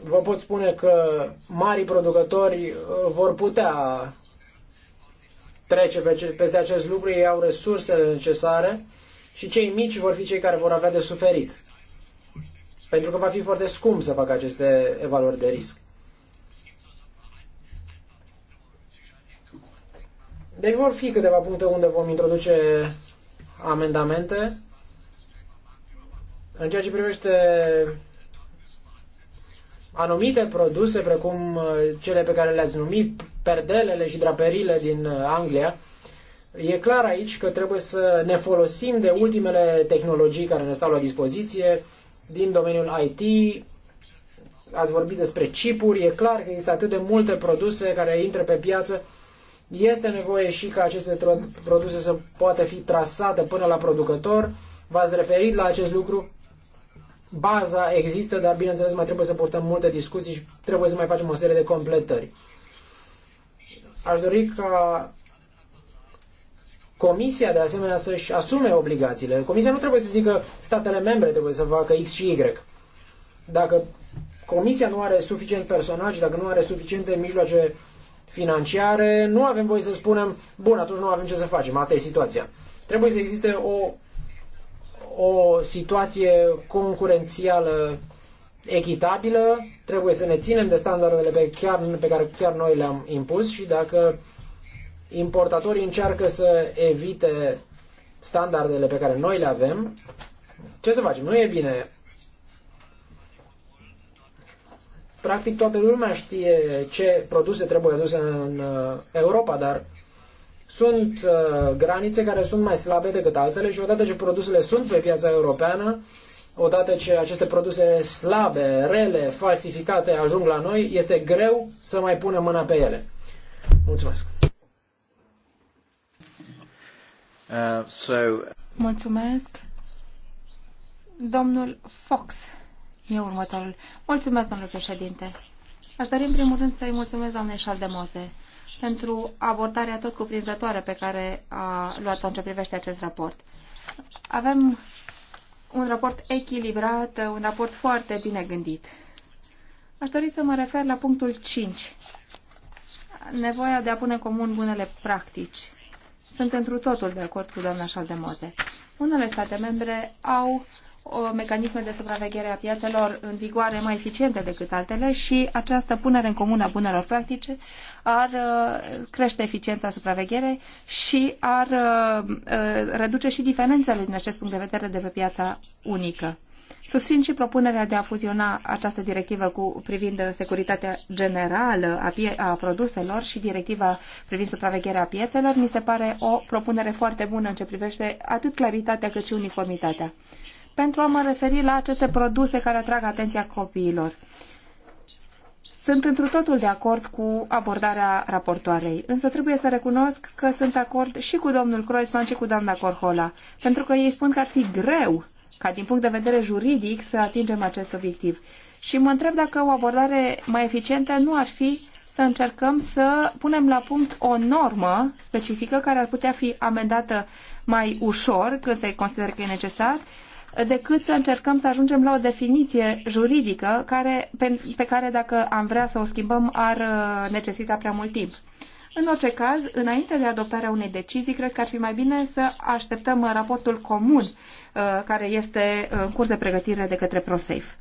vă pot spune că marii producători uh, vor putea trece peste acest lucru, ei au resursele necesare și cei mici vor fi cei care vor avea de suferit pentru că va fi foarte scump să facă aceste evaluări de risc. Deci vor fi câteva puncte unde vom introduce amendamente. În ceea ce privește anumite produse, precum uh, cele pe care le-ați numit, perdelele și draperile din uh, Anglia, e clar aici că trebuie să ne folosim de ultimele tehnologii care ne stau la dispoziție, din domeniul IT, ați vorbit despre chipuri, e clar că există atât de multe produse care intră pe piață, este nevoie și ca aceste produse să poată fi trasate până la producător. V-ați referit la acest lucru. Baza există, dar bineînțeles mai trebuie să purtăm multe discuții și trebuie să mai facem o serie de completări. Aș dori ca Comisia, de asemenea, să-și asume obligațiile. Comisia nu trebuie să zică statele membre trebuie să facă X și Y. Dacă Comisia nu are suficient personal și dacă nu are suficiente mijloace financiare, nu avem voie să spunem, bun, atunci nu avem ce să facem, asta e situația. Trebuie să existe o, o situație concurențială echitabilă, trebuie să ne ținem de standardele pe, chiar, pe care chiar noi le-am impus și dacă importatorii încearcă să evite standardele pe care noi le avem, ce să facem? Nu e bine. Practic toată lumea știe ce produse trebuie aduse în uh, Europa, dar sunt uh, granițe care sunt mai slabe decât altele și odată ce produsele sunt pe piața europeană, odată ce aceste produse slabe, rele, falsificate ajung la noi, este greu să mai punem mâna pe ele. Mulțumesc! Uh, mulțumesc. Domnul Fox e următorul. Mulțumesc, domnule președinte. Aș dori în primul rând să-i mulțumesc doamnei Șaldemoze pentru abordarea tot cuprinzătoare pe care a luat-o în ce privește acest raport. Avem un raport echilibrat, un raport foarte bine gândit. Aș dori să mă refer la punctul 5. Nevoia de a pune în comun bunele practici sunt întru totul de acord cu doamna Șaldemoze. Unele state membre au o mecanisme de supraveghere a piațelor în vigoare mai eficiente decât altele și această punere în comun a bunelor practice ar uh, crește eficiența supravegherei și ar uh, uh, reduce și diferențele din acest punct de vedere de pe piața unică. Susțin și propunerea de a fuziona această directivă cu privind securitatea generală a, pie- a produselor și directiva privind supravegherea piețelor. Mi se pare o propunere foarte bună în ce privește atât claritatea cât și uniformitatea. Pentru a mă referi la aceste produse care atrag atenția copiilor. Sunt întru totul de acord cu abordarea raportoarei, însă trebuie să recunosc că sunt acord și cu domnul Croisman și cu doamna Corhola, pentru că ei spun că ar fi greu ca din punct de vedere juridic să atingem acest obiectiv. Și mă întreb dacă o abordare mai eficientă nu ar fi să încercăm să punem la punct o normă specifică care ar putea fi amendată mai ușor când se consideră că e necesar, decât să încercăm să ajungem la o definiție juridică care, pe, pe care dacă am vrea să o schimbăm ar uh, necesita prea mult timp. În orice caz, înainte de adoptarea unei decizii, cred că ar fi mai bine să așteptăm uh, raportul comun uh, care este uh, în curs de pregătire de către ProSafe.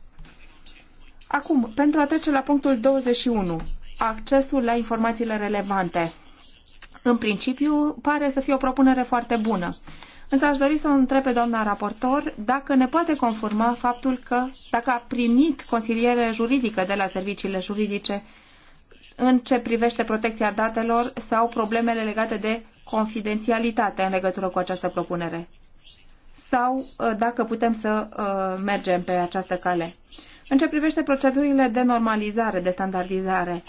Acum, pentru a trece la punctul 21, accesul la informațiile relevante. În principiu, pare să fie o propunere foarte bună. Însă aș dori să o întreb pe doamna raportor dacă ne poate confirma faptul că, dacă a primit consiliere juridică de la serviciile juridice în ce privește protecția datelor sau problemele legate de confidențialitate în legătură cu această propunere? Sau uh, dacă putem să uh, mergem pe această cale? În ce privește procedurile de normalizare, de standardizare,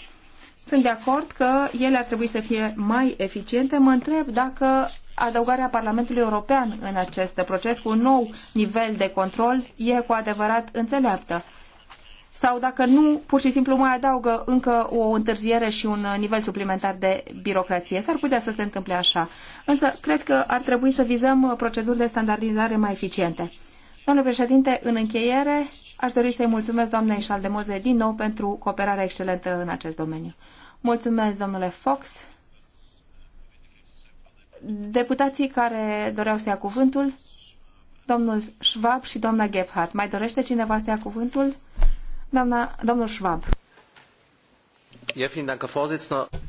sunt de acord că ele ar trebui să fie mai eficiente. Mă întreb dacă adăugarea Parlamentului European în acest proces cu un nou nivel de control e cu adevărat înțeleaptă sau dacă nu, pur și simplu mai adaugă încă o întârziere și un nivel suplimentar de birocrație. S-ar putea să se întâmple așa. Însă, cred că ar trebui să vizăm proceduri de standardizare mai eficiente. Domnule președinte, în încheiere, aș dori să-i mulțumesc doamnei Șaldemoze din nou pentru cooperarea excelentă în acest domeniu. Mulțumesc, domnule Fox. Deputații care doreau să ia cuvântul, domnul Schwab și doamna Gebhardt. Mai dorește cineva să ia cuvântul? Doamna, domnul Schwab.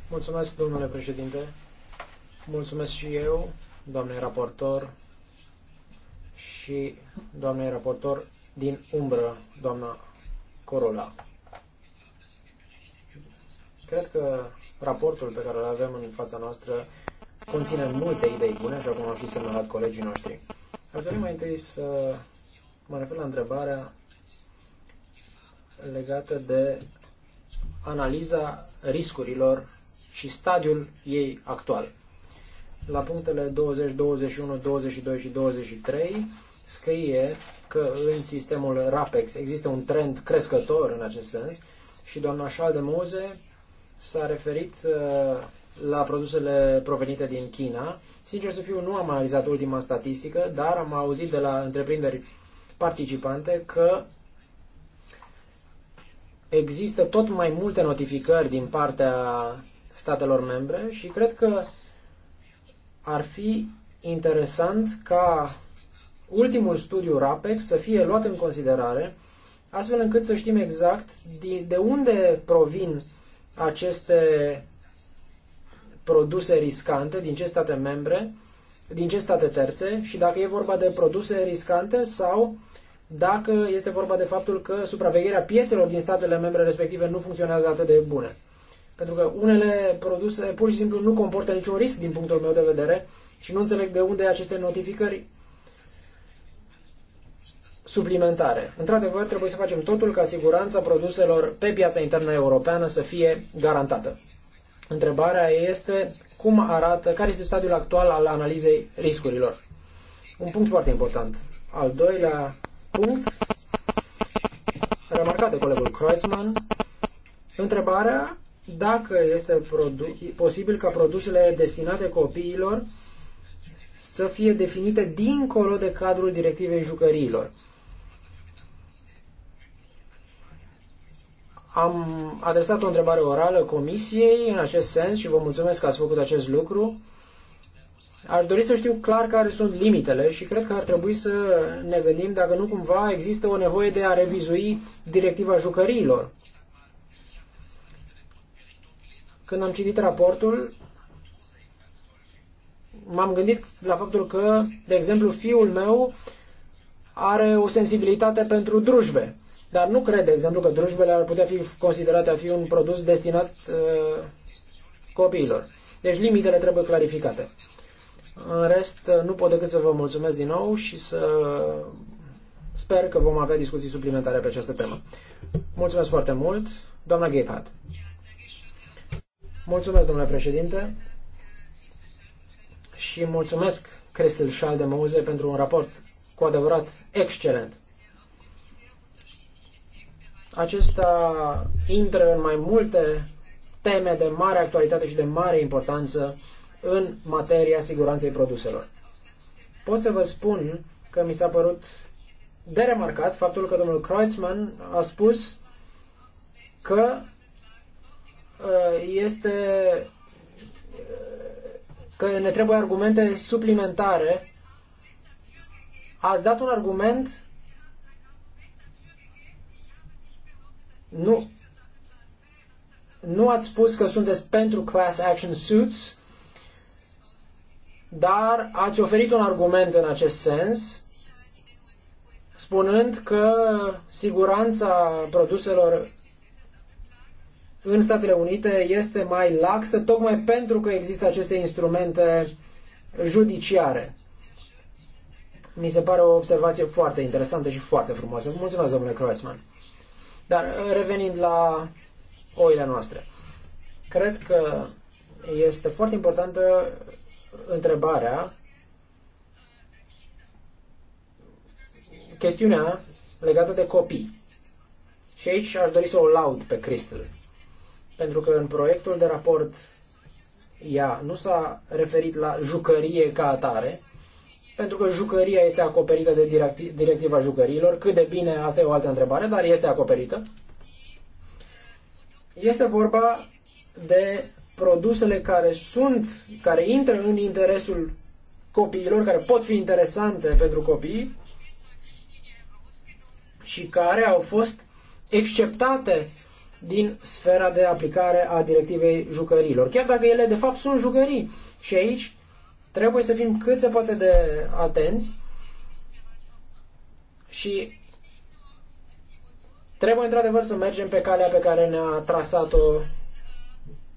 Mulțumesc, domnule președinte. Mulțumesc și eu, doamnei raportor și doamnei raportor din umbră, doamna Corola. Cred că raportul pe care îl avem în fața noastră conține multe idei bune, așa cum au și semnalat colegii noștri. Aș dori mai întâi să mă refer la întrebarea legată de analiza riscurilor și stadiul ei actual. La punctele 20, 21, 22 și 23 scrie că în sistemul RAPEX există un trend crescător în acest sens și doamna Schaldemose s-a referit uh, la produsele provenite din China. Sincer să fiu, nu am analizat ultima statistică, dar am auzit de la întreprinderi participante că există tot mai multe notificări din partea statelor membre și cred că ar fi interesant ca ultimul studiu RAPEX să fie luat în considerare, astfel încât să știm exact de unde provin aceste produse riscante, din ce state membre, din ce state terțe și dacă e vorba de produse riscante sau uh, dacă este vorba de faptul că supravegherea piețelor din statele membre respective nu funcționează atât de bune. Pentru că unele produse pur și simplu nu comportă niciun risc din punctul meu de vedere și nu înțeleg de unde aceste notificări suplimentare. Într-adevăr, trebuie să facem totul ca siguranța produselor pe piața internă europeană să fie garantată. Întrebarea este cum arată, care este stadiul actual al analizei riscurilor. Un punct foarte important. Al doilea punct remarcat de colegul Kreuzmann, întrebarea dacă este posibil ca produsele destinate copiilor să fie definite dincolo de cadrul directivei jucăriilor. Am adresat o întrebare orală comisiei în acest sens și vă mulțumesc că ați făcut acest lucru. Aș dori să știu clar care sunt limitele și cred că ar trebui să ne gândim dacă nu cumva există o nevoie de a revizui directiva jucăriilor. Când am citit raportul, m-am gândit la faptul că, de exemplu, fiul meu are o sensibilitate pentru drujbe, dar nu cred, de exemplu, că drujbele ar putea fi considerate a fi un produs destinat uh, copiilor. Deci limitele trebuie clarificate. În rest, nu pot decât să vă mulțumesc din nou și să sper că vom avea discuții suplimentare pe această temă. Mulțumesc foarte mult, doamna Gephardt. Mulțumesc, domnule președinte, și mulțumesc Cristel de Mouze, pentru un raport cu adevărat excelent. Acesta intră în mai multe teme de mare actualitate și de mare importanță în materia siguranței produselor. Pot să vă spun că mi s-a părut de remarcat faptul că domnul Kreutzmann a spus că uh, este uh, că ne trebuie argumente suplimentare. Ați dat un argument nu nu ați spus că sunteți pentru class action suits dar ați oferit un argument în acest sens, spunând că siguranța produselor în Statele Unite este mai laxă, tocmai pentru că există aceste instrumente judiciare. Mi se pare o observație foarte interesantă și foarte frumoasă. Mulțumesc, domnule Kreutzmann. Dar uh, revenind la oile noastre, cred că este foarte importantă întrebarea, chestiunea legată de copii. Și aici aș dori să o laud pe Crystal. Pentru că în proiectul de raport ea nu s-a referit la jucărie ca atare, pentru că jucăria este acoperită de directiva jucăriilor. Cât de bine, asta e o altă întrebare, dar este acoperită. Este vorba de produsele care sunt, care intră în interesul copiilor, care pot fi interesante pentru copii și care au fost exceptate din sfera de aplicare a directivei jucăriilor, chiar dacă ele de fapt sunt jucării. Și aici trebuie să fim cât se poate de atenți și trebuie într-adevăr să mergem pe calea pe care ne-a trasat-o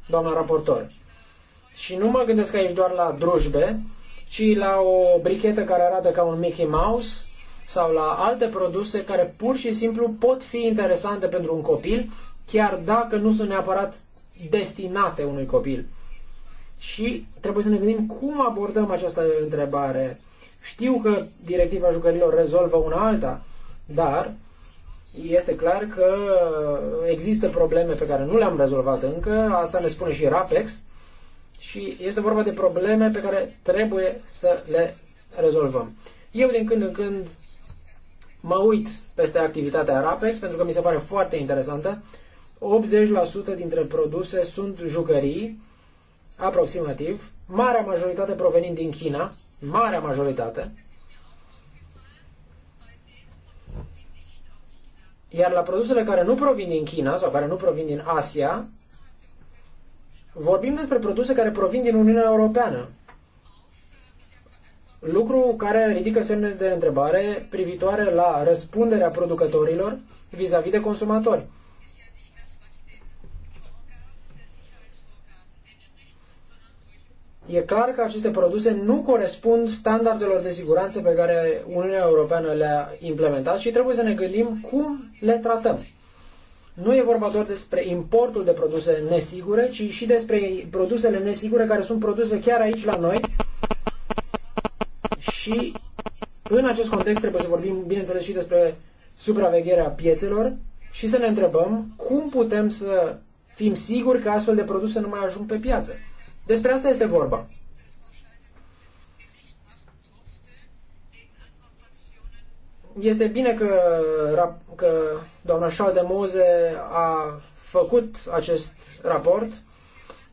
doamna raportor. Și nu mă gândesc aici doar la drujbe, ci la o brichetă care arată ca un Mickey Mouse sau la alte produse care pur și simplu pot fi interesante pentru un copil, chiar dacă nu sunt neapărat destinate unui copil. Și trebuie să ne gândim cum abordăm această întrebare. Știu că directiva jucărilor rezolvă una alta, dar este clar că există probleme pe care nu le-am rezolvat încă, asta ne spune și RAPEX, și este vorba de probleme pe care trebuie să le rezolvăm. Eu din când în când mă uit peste activitatea RAPEX pentru că mi se pare foarte interesantă. 80% dintre produse sunt jucării, aproximativ, marea majoritate provenind din China, marea majoritate, Iar la produsele care nu provin din China sau care nu provin din Asia, vorbim despre produse care provin din Uniunea Europeană. Lucru care ridică semne de întrebare privitoare la răspunderea producătorilor vis-a-vis -vis de consumatori. E clar că aceste produse nu corespund standardelor de siguranță pe care Uniunea Europeană le-a implementat și trebuie să ne gândim cum le tratăm. Nu e vorba doar despre importul de produse nesigure, ci și despre produsele nesigure care sunt produse chiar aici la noi. Și în acest context trebuie să vorbim, bineînțeles, și despre supravegherea piețelor și să ne întrebăm cum putem să fim siguri că astfel de produse nu mai ajung pe piață. Despre asta este vorba. Este bine că, că doamna Moze a făcut acest raport,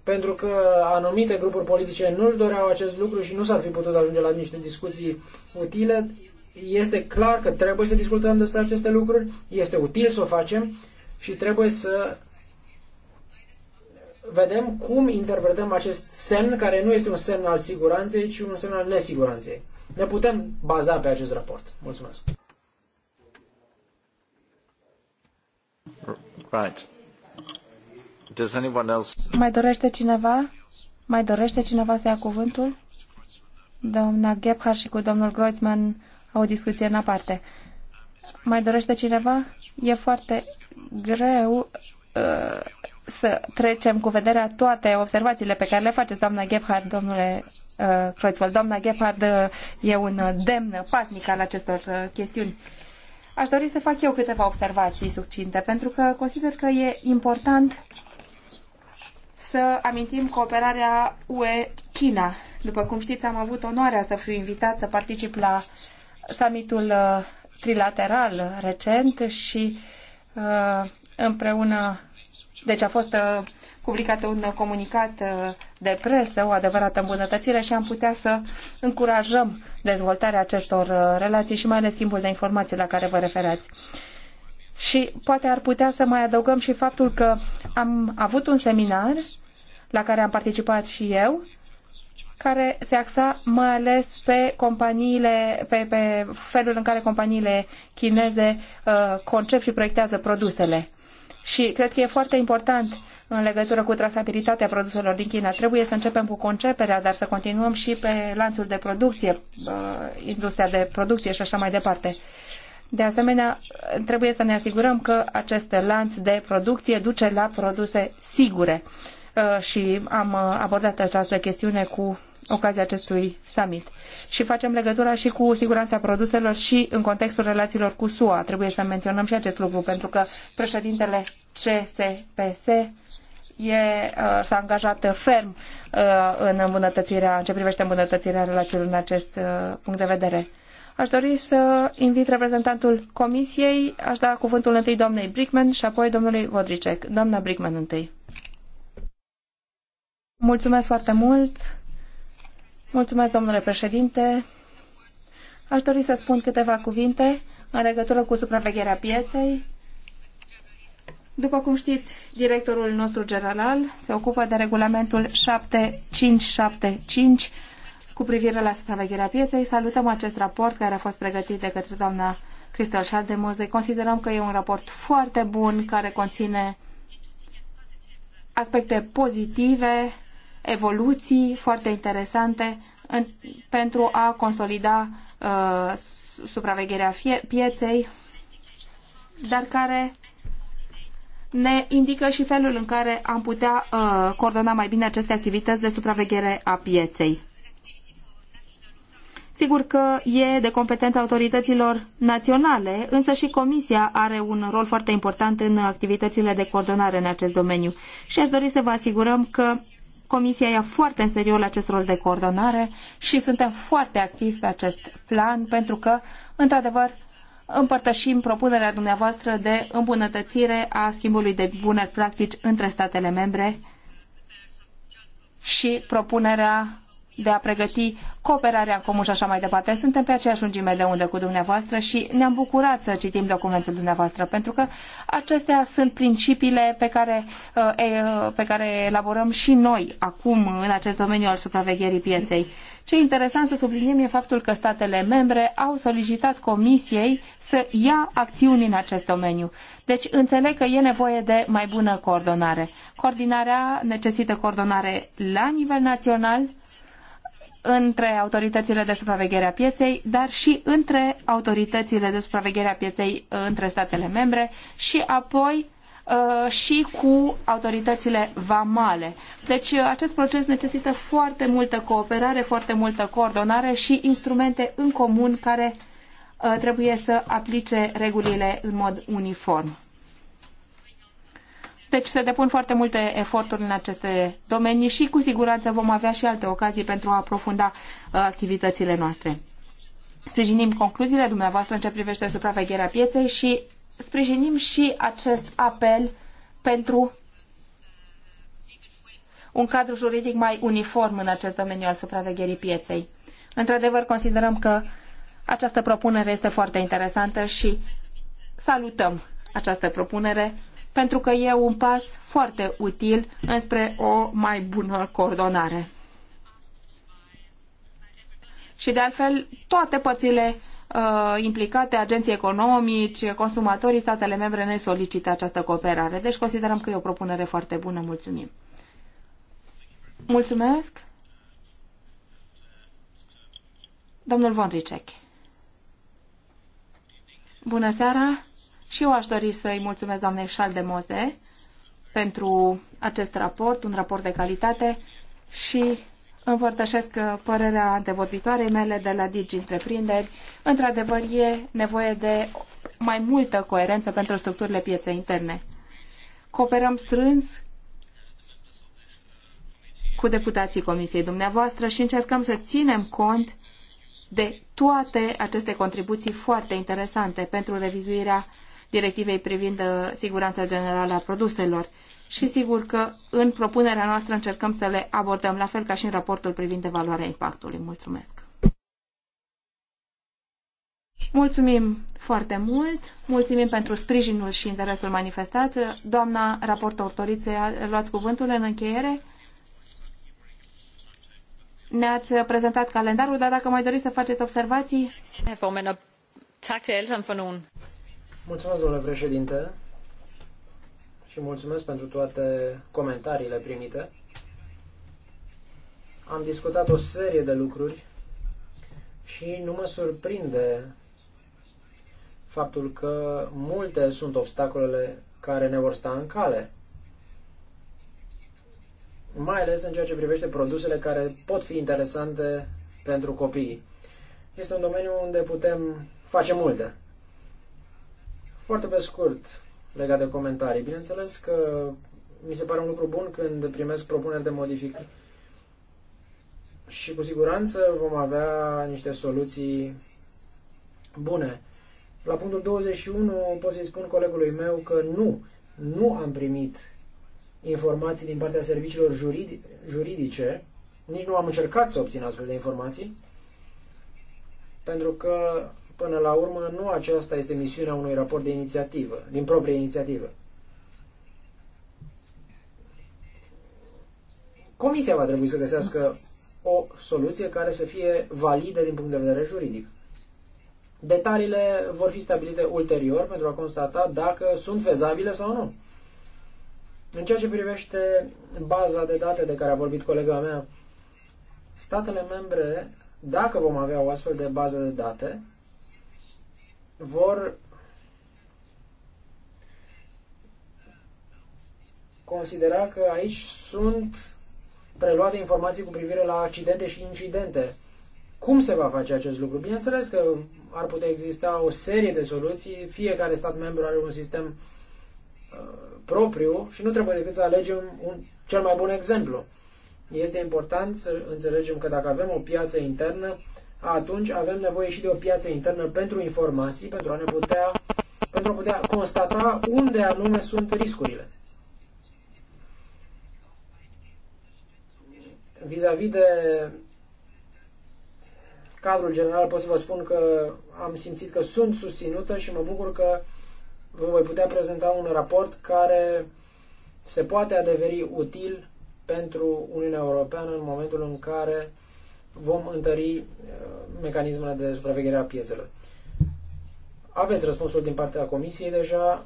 pentru că anumite grupuri politice nu își doreau acest lucru și nu s-ar fi putut ajunge la niște discuții utile. Este clar că trebuie să discutăm despre aceste lucruri, este util să o facem și trebuie să vedem cum interpretăm acest semn, care nu este un semn al siguranței, ci un semn al nesiguranței. Ne putem baza pe acest raport. Mulțumesc. Right. Does anyone else... Mai dorește cineva? Mai dorește cineva să ia cuvântul? Doamna Gebhardt și cu domnul Groitzman au o discuție în aparte. Mai dorește cineva? E foarte greu uh să trecem cu vederea toate observațiile pe care le faceți, doamna Gebhard, domnule uh, Kreuzfeld. Doamna Gebhard uh, e un uh, demn pasnic al acestor uh, chestiuni. Aș dori să fac eu câteva observații succinte, pentru că consider că e important să amintim cooperarea UE-China. După cum știți, am avut onoarea să fiu invitat să particip la summitul uh, trilateral recent și uh, împreună deci a fost uh, publicat un comunicat uh, de presă, o adevărată îmbunătățire și am putea să încurajăm dezvoltarea acestor uh, relații și mai ales schimbul de informații la care vă referați. Și poate ar putea să mai adăugăm și faptul că am avut un seminar la care am participat și eu, care se axa mai ales pe companiile, pe, pe felul în care companiile chineze uh, concep și proiectează produsele. Și cred că e foarte important în legătură cu trasabilitatea produselor din China. Trebuie să începem cu conceperea, dar să continuăm și pe lanțul de producție, uh, industria de producție și așa mai departe. De asemenea, trebuie să ne asigurăm că acest lanț de producție duce la produse sigure. Uh, și am uh, abordat această chestiune cu ocazia acestui summit. Și facem legătura și cu siguranța produselor și în contextul relațiilor cu SUA. Trebuie să menționăm și acest lucru, pentru că președintele CSPS e, uh, s-a angajat ferm uh, în îmbunătățirea, în ce privește îmbunătățirea relațiilor în acest uh, punct de vedere. Aș dori să invit reprezentantul Comisiei, aș da cuvântul întâi doamnei Brickman și apoi domnului Vodricek. Doamna Brickman întâi. Mulțumesc foarte mult, Mulțumesc, domnule președinte. Aș dori să spun câteva cuvinte în legătură cu supravegherea pieței. După cum știți, directorul nostru general se ocupă de regulamentul 7575 cu privire la supravegherea pieței. Salutăm acest raport care a fost pregătit de către doamna Cristel Schaldemose. Deci considerăm că e un raport foarte bun care conține aspecte pozitive evoluții foarte interesante în, pentru a consolida uh, supravegherea fie, pieței, dar care ne indică și felul în care am putea uh, coordona mai bine aceste activități de supraveghere a pieței. Sigur că e de competența autorităților naționale, însă și Comisia are un rol foarte important în activitățile de coordonare în acest domeniu. Și aș dori să vă asigurăm că Comisia ia foarte în serios acest rol de coordonare și suntem foarte activi pe acest plan pentru că, într-adevăr, împărtășim propunerea dumneavoastră de îmbunătățire a schimbului de bune practici între statele membre și propunerea de a pregăti cooperarea comun și așa mai departe. Suntem pe aceeași lungime de undă cu dumneavoastră și ne-am bucurat să citim documentul dumneavoastră, pentru că acestea sunt principiile pe care, uh, uh, pe care elaborăm și noi acum în acest domeniu al supravegherii pieței. Ce interesant să subliniem e faptul că statele membre au solicitat Comisiei să ia acțiuni în acest domeniu. Deci înțeleg că e nevoie de mai bună coordonare. Coordinarea necesită coordonare la nivel național, între autoritățile de supraveghere a pieței, dar și între autoritățile de supraveghere a pieței uh, între statele membre și apoi uh, și cu autoritățile vamale. Deci uh, acest proces necesită foarte multă cooperare, foarte multă coordonare și instrumente în comun care trebuie să aplice regulile în mod uniform. Deci se depun foarte multe eforturi în aceste domenii și cu siguranță vom avea și alte ocazii pentru a aprofunda uh, activitățile noastre. Sprijinim concluziile dumneavoastră în ce privește supravegherea pieței și sprijinim și acest apel pentru un cadru juridic mai uniform în acest domeniu al supravegherii pieței. Într-adevăr, considerăm că această propunere este foarte interesantă și salutăm această propunere pentru că e un pas foarte util înspre o mai bună coordonare. Și de altfel, toate părțile uh, implicate, agenții economici, consumatorii, statele membre ne solicită această cooperare. Deci considerăm că e o propunere foarte bună. Mulțumim. Mulțumesc. Domnul Vondricek. Bună seara. Și eu aș dori să-i mulțumesc doamnei Charles de Moze pentru acest raport, un raport de calitate și împărtășesc părerea antevorbitoarei mele de la Digi Întreprinderi. Într-adevăr, e nevoie de mai multă coerență pentru structurile pieței interne. Cooperăm strâns cu deputații Comisiei dumneavoastră și încercăm să ținem cont de toate aceste contribuții foarte interesante pentru revizuirea directivei privind uh, siguranța generală a produselor. Și sigur că în propunerea noastră încercăm să le abordăm, la fel ca și în raportul privind evaluarea impactului. Mulțumesc! Mulțumim foarte mult, mulțumim pentru sprijinul și interesul manifestat. Doamna raportor Torițe, luați cuvântul în încheiere. Ne-ați prezentat calendarul, dar dacă mai doriți să faceți observații... Tak til er alle sammen for Mulțumesc, domnule președinte, și mulțumesc pentru toate comentariile primite. Am discutat o serie de lucruri și nu mă surprinde faptul că multe sunt obstacolele care ne vor sta în cale, mai ales în ceea ce privește produsele care pot fi interesante pentru copii. Este un domeniu unde putem face multe. Foarte pe scurt, legat de comentarii. Bineînțeles că mi se pare un lucru bun când primesc propuneri de modificări și cu siguranță vom avea niște soluții bune. La punctul 21 pot să-i spun colegului meu că nu, nu am primit informații din partea serviciilor juridice, nici nu am încercat să obțin astfel de informații, pentru că Până la urmă, nu aceasta este misiunea unui raport de inițiativă, din proprie inițiativă. Comisia va trebui să găsească o soluție care să fie validă din punct de vedere juridic. Detaliile vor fi stabilite ulterior pentru a constata dacă sunt fezabile sau nu. În ceea ce privește baza de date de care a vorbit colega mea, statele membre, dacă vom avea o astfel de bază de date, vor considera că aici sunt preluate informații cu privire la accidente și incidente. Cum se va face acest lucru? Bineînțeles că ar putea exista o serie de soluții, fiecare stat membru are un sistem uh, propriu și nu trebuie decât să alegem un, cel mai bun exemplu. Este important să înțelegem că dacă avem o piață internă, atunci avem nevoie și de o piață internă pentru informații, pentru a ne putea, pentru a putea constata unde anume sunt riscurile. Vis-a-vis -vis de cadrul general pot să vă spun că am simțit că sunt susținută și mă bucur că vă voi putea prezenta un raport care se poate adeveri util pentru Uniunea Europeană în momentul în care vom întări uh, mecanismele de supraveghere a piețelor. Aveți răspunsul din partea Comisiei deja,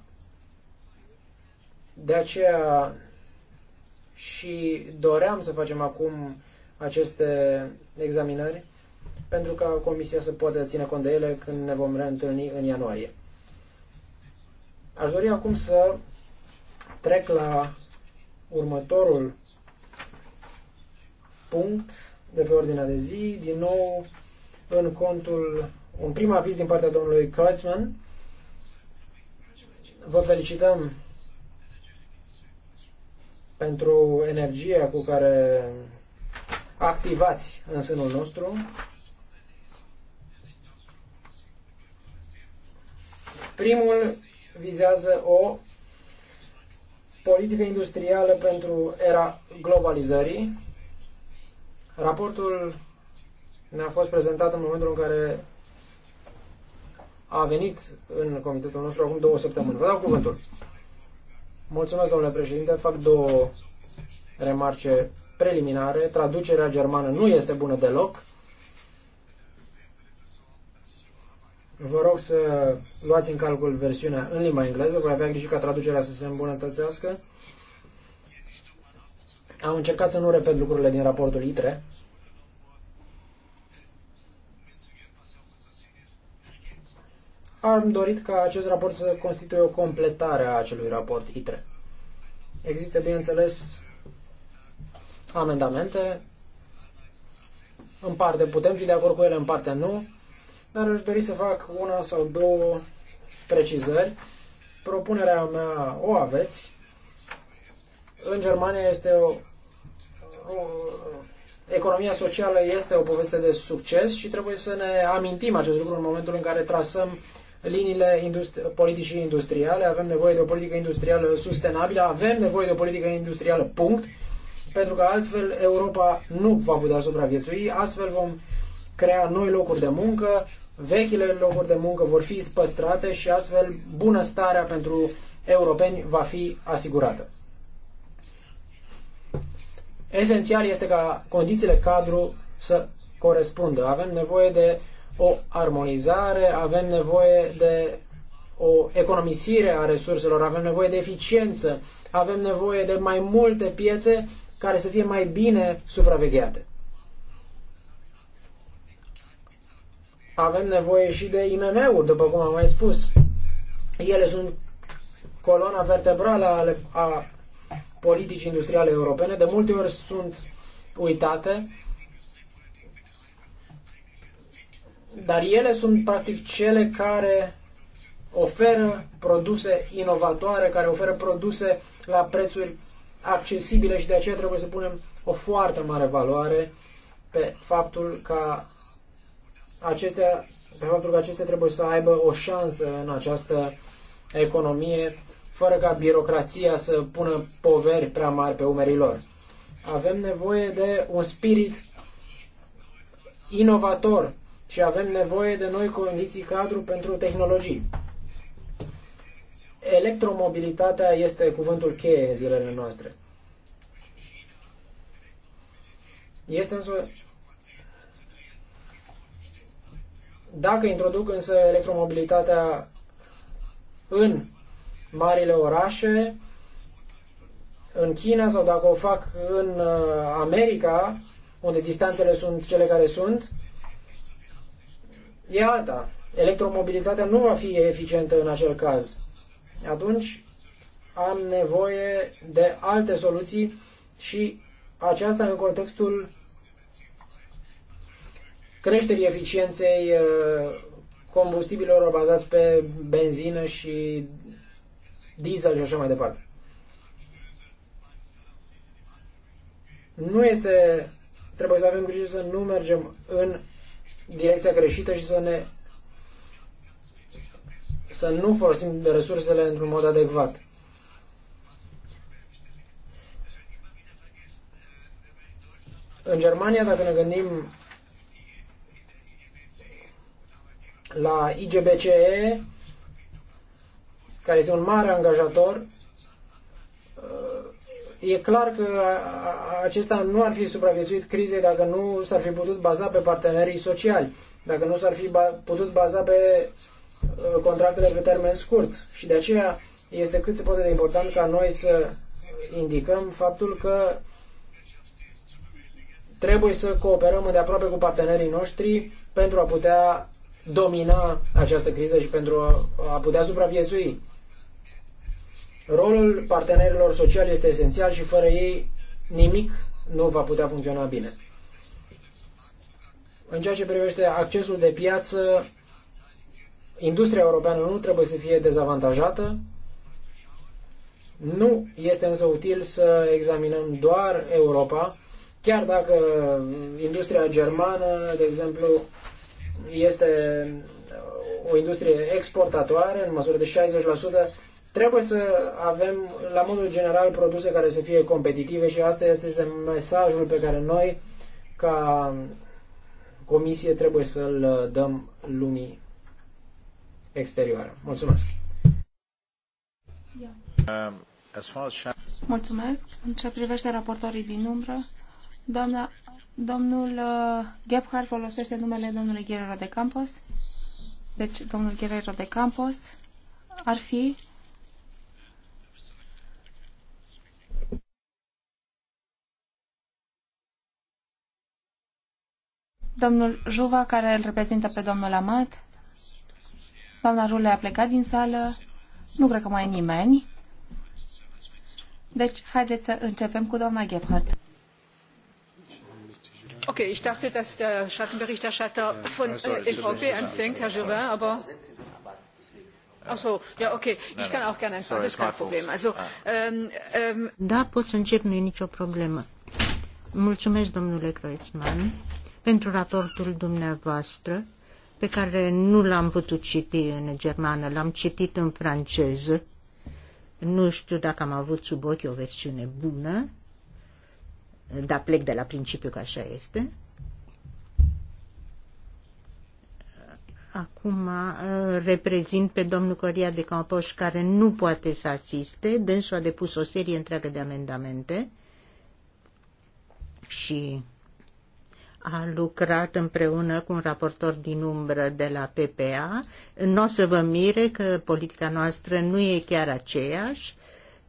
de aceea și doream să facem acum aceste examinări pentru ca Comisia să poată ține cont de ele când ne vom reîntâlni în ianuarie. Aș dori acum să trec la următorul punct de pe ordinea de zi, din nou în contul, un prim aviz din partea domnului Kreutzmann. Vă felicităm pentru energia cu care activați în sânul nostru. Primul vizează o politică industrială pentru era globalizării. Raportul ne-a fost prezentat în momentul în care a venit în comitetul nostru acum două săptămâni. Vă dau cuvântul. Mulțumesc, domnule președinte. Fac două remarce preliminare. Traducerea germană nu este bună deloc. Vă rog să luați în calcul versiunea în limba engleză. Voi avea grijă ca traducerea să se îmbunătățească. Am încercat să nu repet lucrurile din raportul ITRE. Am dorit ca acest raport să constituie o completare a acelui raport ITRE. Există, bineînțeles, amendamente. În parte putem fi de acord cu ele, în parte nu. Dar aș dori să fac una sau două precizări. Propunerea mea o aveți. În Germania este o economia socială este o poveste de succes și trebuie să ne amintim acest lucru în momentul în care trasăm liniile industri- politicii industriale, avem nevoie de o politică industrială sustenabilă, avem nevoie de o politică industrială, punct, pentru că altfel Europa nu va putea supraviețui, astfel vom crea noi locuri de muncă, vechile locuri de muncă vor fi spăstrate și astfel bunăstarea pentru europeni va fi asigurată. Esențial este ca condițiile cadru să corespundă. Avem nevoie de o armonizare, avem nevoie de o economisire a resurselor, avem nevoie de eficiență, avem nevoie de mai multe piețe care să fie mai bine supravegheate. Avem nevoie și de IMM-uri, după cum am mai spus. Ele sunt coloana vertebrală a politici industriale europene de multe ori sunt uitate, dar ele sunt practic cele care oferă produse inovatoare, care oferă produse la prețuri accesibile și de aceea trebuie să punem o foarte mare valoare pe faptul că acestea, pe faptul că acestea trebuie să aibă o șansă în această economie fără ca birocrația să pună poveri prea mari pe umerii lor. Avem nevoie de un spirit inovator și avem nevoie de noi condiții cadru pentru tehnologii. Electromobilitatea este cuvântul cheie în zilele noastre. Este însă... Dacă introduc însă electromobilitatea în marile orașe în China sau dacă o fac în uh, America, unde distanțele sunt cele care sunt, e alta. Electromobilitatea nu va fi eficientă în acel caz. Atunci am nevoie de alte soluții și aceasta în contextul creșterii eficienței uh, combustibilor bazați pe benzină și diesel și așa mai departe. Nu este... Trebuie să avem grijă să nu mergem în direcția greșită și să ne să nu folosim resursele într-un mod adecvat. În Germania, dacă ne gândim la IGBCE, care este un mare angajator, uh, e clar că acesta nu ar fi supraviețuit crizei dacă nu s-ar fi putut baza pe partenerii sociali, dacă nu s-ar fi putut baza pe uh, contractele pe termen scurt. Și de aceea este cât se poate de important ca noi să indicăm faptul că trebuie să cooperăm îndeaproape cu partenerii noștri pentru a putea domina această criză și pentru a putea supraviețui. Rolul partenerilor sociali este esențial și fără ei nimic nu va putea funcționa bine. În ceea ce privește accesul de piață, industria europeană nu trebuie să fie dezavantajată. Nu este însă util să examinăm doar Europa, chiar dacă industria germană, de exemplu, este o industrie exportatoare în măsură de 60%, Trebuie să avem, la modul general, produse care să fie competitive și asta este mesajul pe care noi, ca comisie, trebuie să-l dăm lumii exterioare. Mulțumesc! Um, Mulțumesc. În ce privește raportorii din umbră, doamna, domnul uh, Gebhardt folosește numele domnului Guerrero de Campos. Deci, domnul Guerrero de Campos ar fi Domnul Juva, care îl reprezintă pe domnul Amat. Doamna Rule a plecat din sală. Nu cred că mai e nimeni. Deci, haideți să începem cu doamna Gebhardt. Ok, ich dachte, dass der Schattenberichterstatter von äh, EVP anfängt, Herr Jovin, aber... Achso, ja, okay, ich kann auch gerne anfangen, das ist kein Problem. Also, ah. ähm, ähm... Da, pot să încep, nu e nicio problemă. Mulțumesc, domnule Kreuzmann pentru raportul dumneavoastră, pe care nu l-am putut citi în germană, l-am citit în franceză. Nu știu dacă am avut sub ochi o versiune bună, dar plec de la principiu că așa este. Acum uh, reprezint pe domnul Coria de Campoș, care nu poate să asiste. Dânsul a depus o serie întreagă de amendamente și a lucrat împreună cu un raportor din umbră de la PPA. Nu o să vă mire că politica noastră nu e chiar aceeași.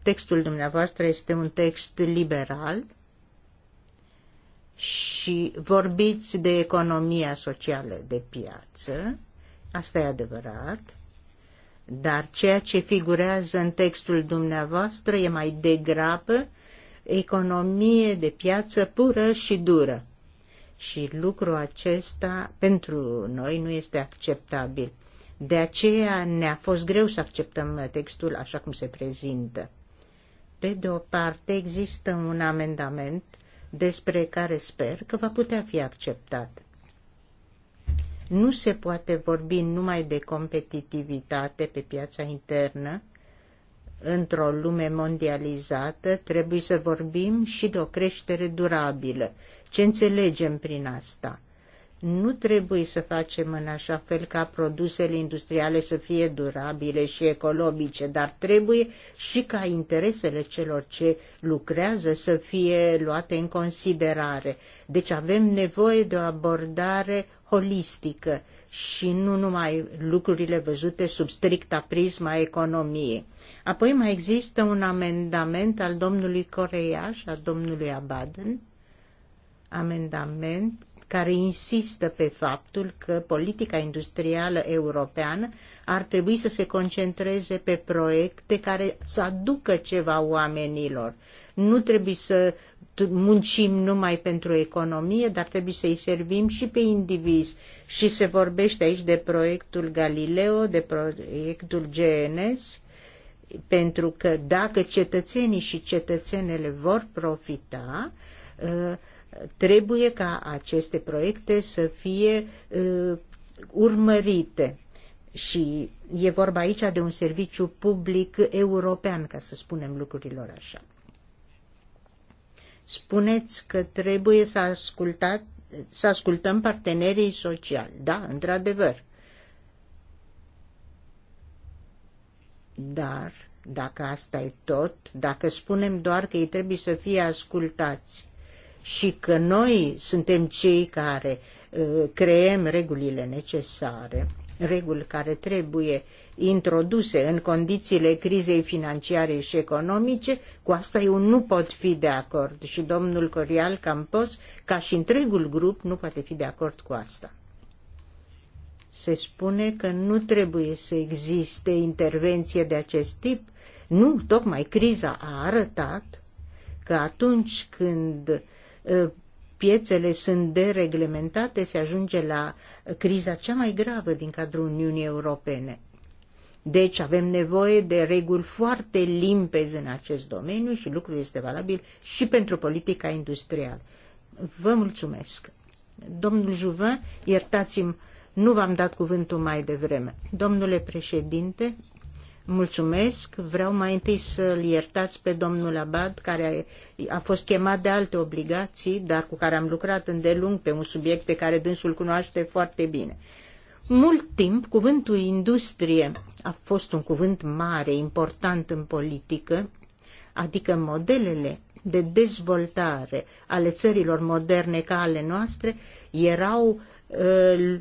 Textul dumneavoastră este un text liberal și vorbiți de economia socială de piață. Asta e adevărat. Dar ceea ce figurează în textul dumneavoastră e mai degrabă economie de piață pură și dură și lucrul acesta pentru noi nu este acceptabil. De aceea ne-a fost greu să acceptăm textul așa cum se prezintă. Pe de o parte, există un amendament despre care sper că va putea fi acceptat. Nu se poate vorbi numai de competitivitate pe piața internă. Într-o lume mondializată trebuie să vorbim și de o creștere durabilă ce înțelegem prin asta? Nu trebuie să facem în așa fel ca produsele industriale să fie durabile și ecologice, dar trebuie și ca interesele celor ce lucrează să fie luate în considerare. Deci avem nevoie de o abordare holistică și nu numai lucrurile văzute sub stricta prisma economiei. Apoi mai există un amendament al domnului Coreia și al domnului Abaden amendament care insistă pe faptul că politica industrială europeană ar trebui să se concentreze pe proiecte care să aducă ceva oamenilor. Nu trebuie să muncim numai pentru economie, dar trebuie să-i servim și pe indivizi. Și se vorbește aici de proiectul Galileo, de proiectul GNS, pentru că dacă cetățenii și cetățenele vor profita, uh, Trebuie ca aceste proiecte să fie uh, urmărite și e vorba aici de un serviciu public european, ca să spunem lucrurilor așa. Spuneți că trebuie să, ascultat, să ascultăm partenerii sociali. Da, într-adevăr. Dar, dacă asta e tot, dacă spunem doar că ei trebuie să fie ascultați și că noi suntem cei care uh, creăm regulile necesare, reguli care trebuie introduse în condițiile crizei financiare și economice, cu asta eu nu pot fi de acord și domnul Corial Campos, ca și întregul grup, nu poate fi de acord cu asta. Se spune că nu trebuie să existe intervenție de acest tip. Nu, tocmai criza a arătat că atunci când uh, piețele sunt dereglementate, se ajunge la criza cea mai gravă din cadrul Uniunii Europene. Deci avem nevoie de reguli foarte limpezi în acest domeniu și lucrul este valabil și pentru politica industrială. Vă mulțumesc. Domnul Juvin, iertați-mi, nu v-am dat cuvântul mai devreme. Domnule președinte, Mulțumesc. Vreau mai întâi să-l iertați pe domnul Abad, care a fost chemat de alte obligații, dar cu care am lucrat îndelung pe un subiect pe care dânsul cunoaște foarte bine. Mult timp, cuvântul industrie a fost un cuvânt mare, important în politică, adică modelele de dezvoltare ale țărilor moderne ca ale noastre erau uh,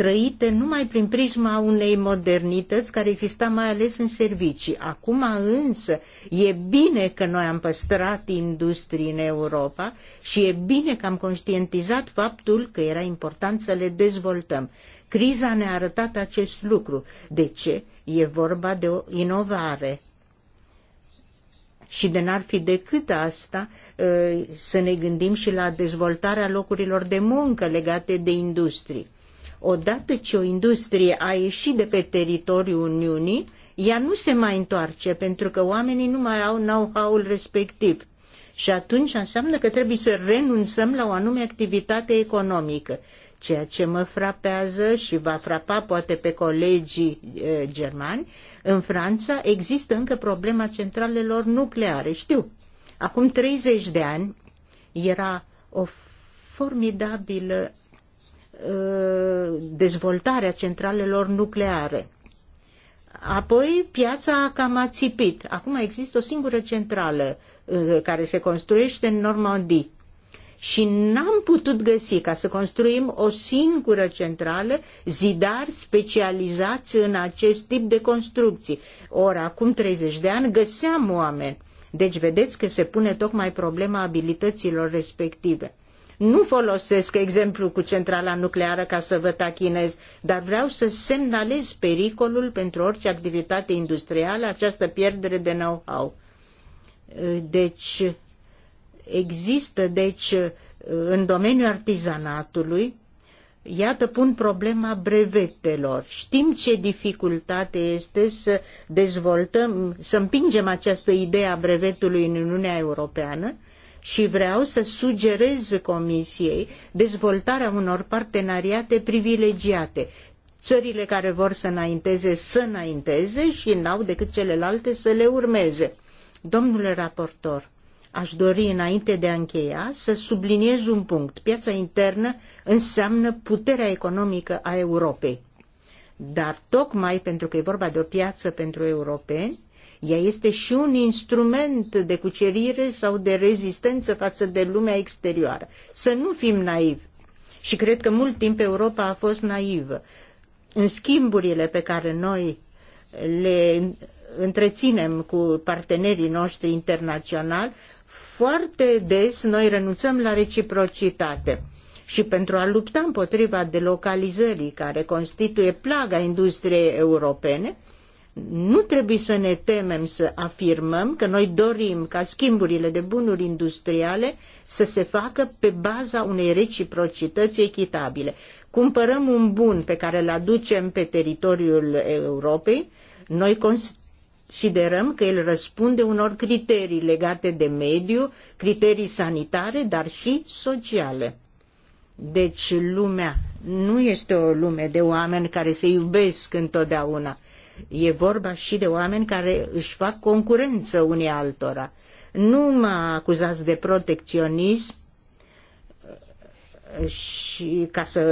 trăite numai prin prisma unei modernități care exista mai ales în servicii. Acum însă e bine că noi am păstrat industrii în Europa și e bine că am conștientizat faptul că era important să le dezvoltăm. Criza ne-a arătat acest lucru. De ce? E vorba de o inovare. Și de n-ar fi decât asta ă, să ne gândim și la dezvoltarea locurilor de muncă legate de industrie Odată ce o industrie a ieșit de pe teritoriul Uniunii, ea nu se mai întoarce pentru că oamenii nu mai au know-how-ul respectiv. Și atunci înseamnă că trebuie să renunțăm la o anume activitate economică. Ceea ce mă frapează și va frapa poate pe colegii e, germani, în Franța există încă problema centralelor nucleare. Știu, acum 30 de ani era o formidabilă Uh, dezvoltarea centralelor nucleare. Apoi piața a cam ațipit. Acum există o singură centrală uh, care se construiește în Normandie. Și n-am putut găsi ca să construim o singură centrală zidar specializați în acest tip de construcții. Ori acum 30 de ani găseam oameni. Deci vedeți că se pune tocmai problema abilităților respective. Nu folosesc exemplul cu centrala nucleară ca să vă tachinez, dar vreau să semnalez pericolul pentru orice activitate industrială, această pierdere de know-how. Deci, există, deci, în domeniul artizanatului, iată, pun problema brevetelor. Știm ce dificultate este să dezvoltăm, să împingem această idee a brevetului în Uniunea Europeană, și vreau să sugerez Comisiei dezvoltarea unor parteneriate privilegiate. Țările care vor să înainteze, să înainteze și n-au decât celelalte să le urmeze. Domnule raportor, aș dori înainte de a încheia să subliniez un punct. Piața internă înseamnă puterea economică a Europei. Dar tocmai pentru că e vorba de o piață pentru europeni, ea este și un instrument de cucerire sau de rezistență față de lumea exterioară. Să nu fim naivi. Și cred că mult timp Europa a fost naivă. În schimburile pe care noi le întreținem cu partenerii noștri internaționali, foarte des noi renunțăm la reciprocitate. Și pentru a lupta împotriva delocalizării care constituie plaga industriei europene, nu trebuie să ne temem să afirmăm că noi dorim ca schimburile de bunuri industriale să se facă pe baza unei reciprocități echitabile. Cumpărăm un bun pe care îl aducem pe teritoriul Europei, noi considerăm că el răspunde unor criterii legate de mediu, criterii sanitare, dar și sociale. Deci lumea nu este o lume de oameni care se iubesc întotdeauna E vorba și de oameni care își fac concurență unii altora. Nu mă acuzați de protecționism și ca să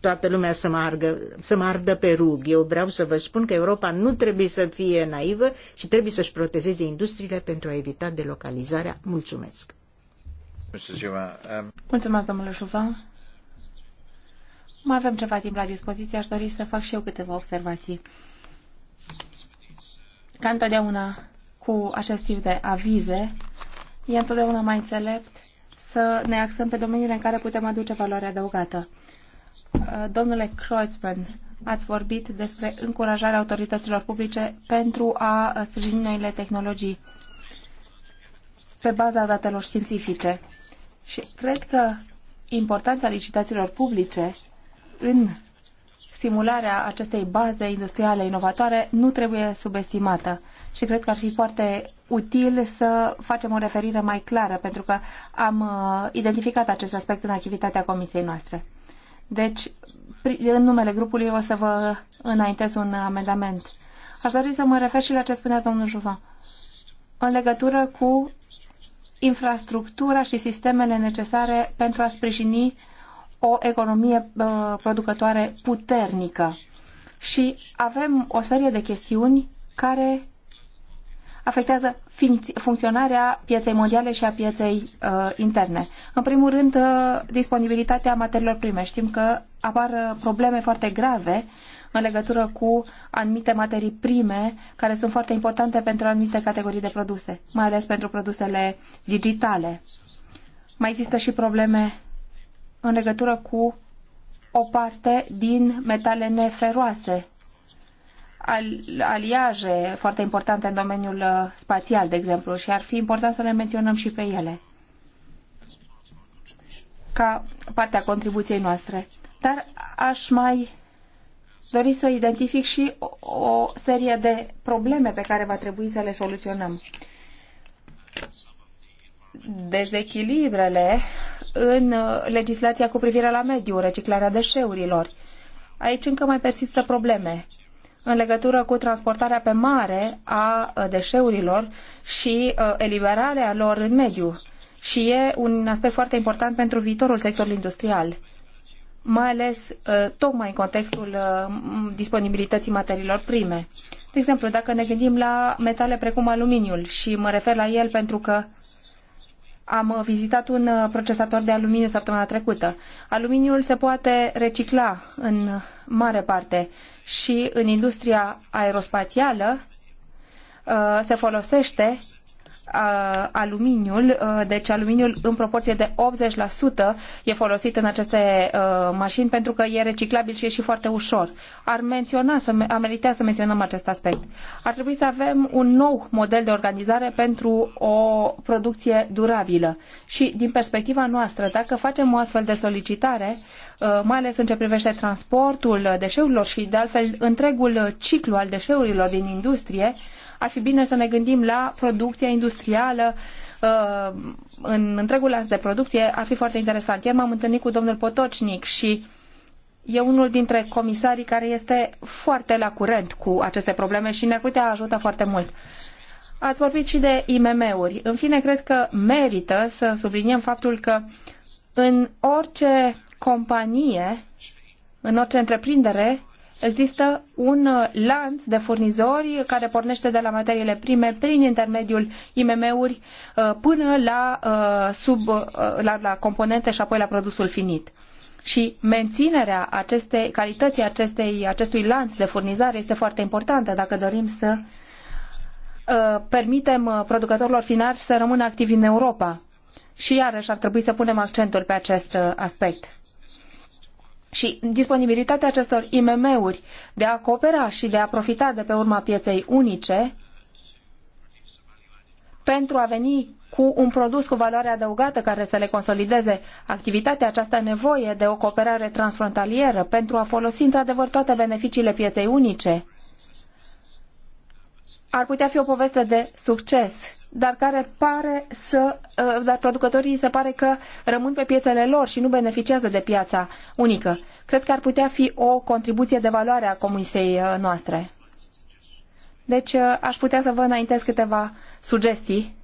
toată lumea să mă, argă, să mă ardă pe rug. Eu vreau să vă spun că Europa nu trebuie să fie naivă și trebuie să-și protejeze industriile pentru a evita delocalizarea. Mulțumesc! Um, Mulțumesc, domnule Juvan. Mai avem ceva timp la dispoziție, aș dori să fac și eu câteva observații ca întotdeauna cu acest tip de avize, e întotdeauna mai înțelept să ne axăm pe domeniile în care putem aduce valoare adăugată. Uh, domnule Kreuzmann, ați vorbit despre încurajarea autorităților publice pentru a uh, sprijini noile tehnologii pe baza datelor științifice. Și cred că importanța licitațiilor publice în stimularea acestei baze industriale inovatoare nu trebuie subestimată și cred că ar fi foarte util să facem o referire mai clară, pentru că am uh, identificat acest aspect în activitatea comisiei noastre. Deci, în numele grupului o să vă înaintez un amendament. Aș dori să mă refer și la ce spunea domnul Juvan în legătură cu infrastructura și sistemele necesare pentru a sprijini o economie producătoare puternică. Și avem o serie de chestiuni care afectează funcționarea pieței mondiale și a pieței uh, interne. În primul rând, uh, disponibilitatea materiilor prime. Știm că apar uh, probleme foarte grave în legătură cu anumite materii prime care sunt foarte importante pentru anumite categorii de produse, mai ales pentru produsele digitale. Mai există și probleme în legătură cu o parte din metale neferoase, aliaje foarte importante în domeniul uh, spațial, de exemplu, și ar fi important să le menționăm și pe ele ca parte a contribuției noastre. Dar aș mai dori să identific și o, o serie de probleme pe care va trebui să le soluționăm dezechilibrele în uh, legislația cu privire la mediu, reciclarea deșeurilor. Aici încă mai persistă probleme în legătură cu transportarea pe mare a uh, deșeurilor și uh, eliberarea lor în mediu. Și e un aspect foarte important pentru viitorul sectorului industrial, mai ales tocmai în contextul disponibilității materiilor prime. De exemplu, dacă ne gândim la metale precum aluminiul și mă refer la el pentru că am vizitat un uh, procesator de aluminiu săptămâna trecută. Aluminiul se poate recicla în mare parte și în industria aerospațială uh, se folosește Uh, aluminiul, uh, deci aluminiul în proporție de 80% e folosit în aceste uh, mașini pentru că e reciclabil și e și foarte ușor. Ar menționa, să, ar merita să menționăm acest aspect. Ar trebui să avem un nou model de organizare pentru o producție durabilă. Și din perspectiva noastră, dacă facem o astfel de solicitare, mai ales în ce privește transportul deșeurilor și de altfel întregul ciclu al deșeurilor din industrie, ar fi bine să ne gândim la producția industrială uh, în întregul lanț de producție, ar fi foarte interesant. Ieri m-am întâlnit cu domnul Potocnic și e unul dintre comisarii care este foarte la curent cu aceste probleme și ne-ar putea ajuta foarte mult. Ați vorbit și de IMM-uri. În fine, cred că merită să subliniem faptul că în orice companie, în orice întreprindere, Există un uh, lanț de furnizori care pornește de la materiile prime prin intermediul IMM-uri uh, până la, uh, sub, la, la componente și apoi la produsul finit și menținerea acestei calității acestei, acestui lanț de furnizare este foarte importantă dacă dorim să uh, permitem producătorilor finali să rămână activi în Europa. Și iarăși ar trebui să punem accentul pe acest aspect și disponibilitatea acestor IMM-uri de a coopera și de a profita de pe urma pieței unice pentru a veni cu un produs cu valoare adăugată care să le consolideze activitatea aceasta nevoie de o cooperare transfrontalieră pentru a folosi într-adevăr toate beneficiile pieței unice ar putea fi o poveste de succes dar care pare să, uh, dar producătorii se pare că rămân pe piețele lor și nu beneficiază de piața unică. Cred că ar putea fi o contribuție de valoare a comisiei uh, noastre. Deci uh, aș putea să vă înaintez câteva sugestii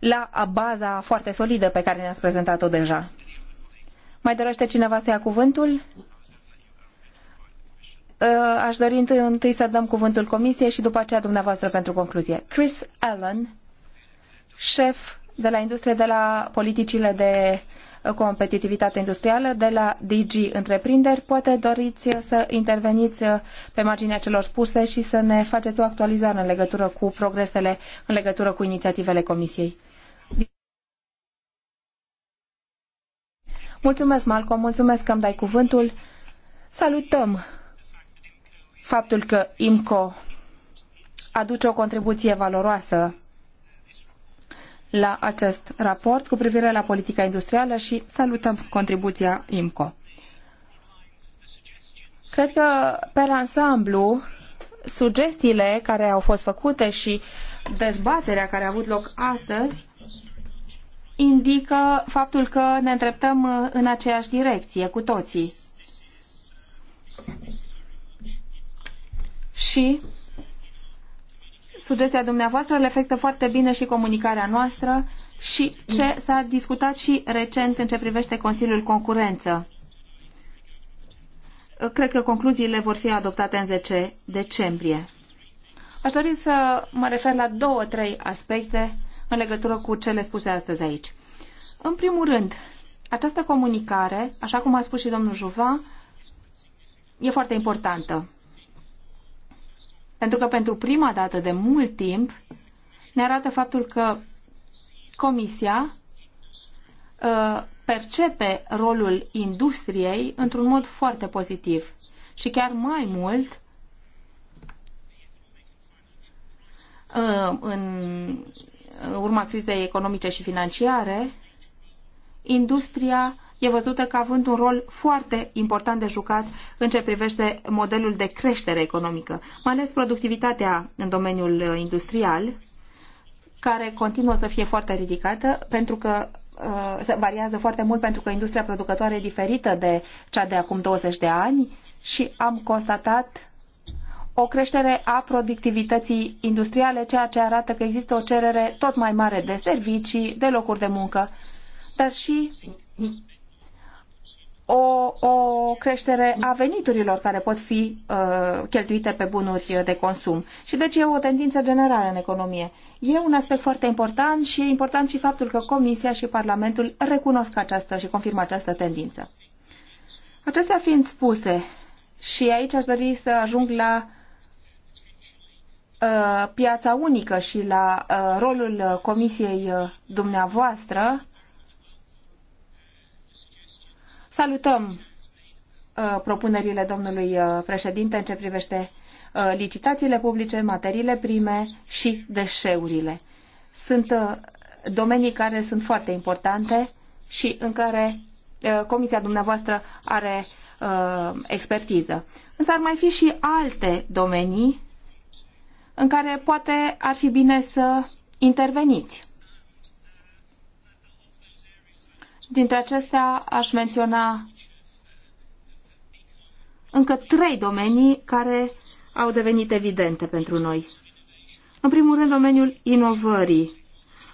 la baza foarte solidă pe care ne-ați prezentat-o deja. Mai dorește cineva să ia cuvântul? Uh, aș dori întâi, întâi să dăm cuvântul comisiei și după aceea dumneavoastră pentru concluzie. Chris Allen, șef de la industrie de la politicile de uh, competitivitate industrială de la DG Întreprinderi. Poate doriți uh, să interveniți pe marginea celor spuse și să ne faceți o actualizare în legătură cu progresele, în legătură cu inițiativele Comisiei. Mulțumesc, Malcolm, mulțumesc că îmi dai cuvântul. Salutăm faptul că IMCO aduce o contribuție valoroasă la acest raport cu privire la politica industrială și salutăm contribuția IMCO. Cred că, pe ansamblu, sugestiile care au fost făcute și dezbaterea care a avut loc astăzi indică faptul că ne îndreptăm în aceeași direcție cu toții și sugestia dumneavoastră afectă foarte bine și comunicarea noastră și ce s-a discutat și recent în ce privește Consiliul Concurență. Cred că concluziile vor fi adoptate în 10 decembrie. Aș dori să mă refer la două, trei aspecte în legătură cu cele spuse astăzi aici. În primul rând, această comunicare, așa cum a spus și domnul Juva, e foarte importantă pentru că pentru prima dată de mult timp ne arată faptul că Comisia uh, percepe rolul industriei într-un mod foarte pozitiv și chiar mai mult uh, în urma crizei economice și financiare, industria e văzută ca având un rol foarte important de jucat în ce privește modelul de creștere economică, mai ales productivitatea în domeniul uh, industrial, care continuă să fie foarte ridicată, pentru că uh, variază foarte mult pentru că industria producătoare e diferită de cea de acum 20 de ani și am constatat o creștere a productivității industriale, ceea ce arată că există o cerere tot mai mare de servicii, de locuri de muncă, dar și o, o creștere a veniturilor care pot fi uh, cheltuite pe bunuri de consum. Și deci e o tendință generală în economie. E un aspect foarte important și e important și faptul că Comisia și Parlamentul recunosc această și confirmă această tendință. Acestea fiind spuse, și aici aș dori să ajung la uh, piața unică și la uh, rolul Comisiei uh, dumneavoastră, Salutăm uh, propunerile domnului uh, președinte în ce privește uh, licitațiile publice, materiile prime și deșeurile. Sunt domenii care sunt foarte importante și în care comisia dumneavoastră are expertiză. Însă ar mai fi și alte domenii în care poate ar fi bine să interveniți. Dintre acestea aș menționa încă trei domenii care au devenit evidente pentru noi. În primul rând, domeniul inovării.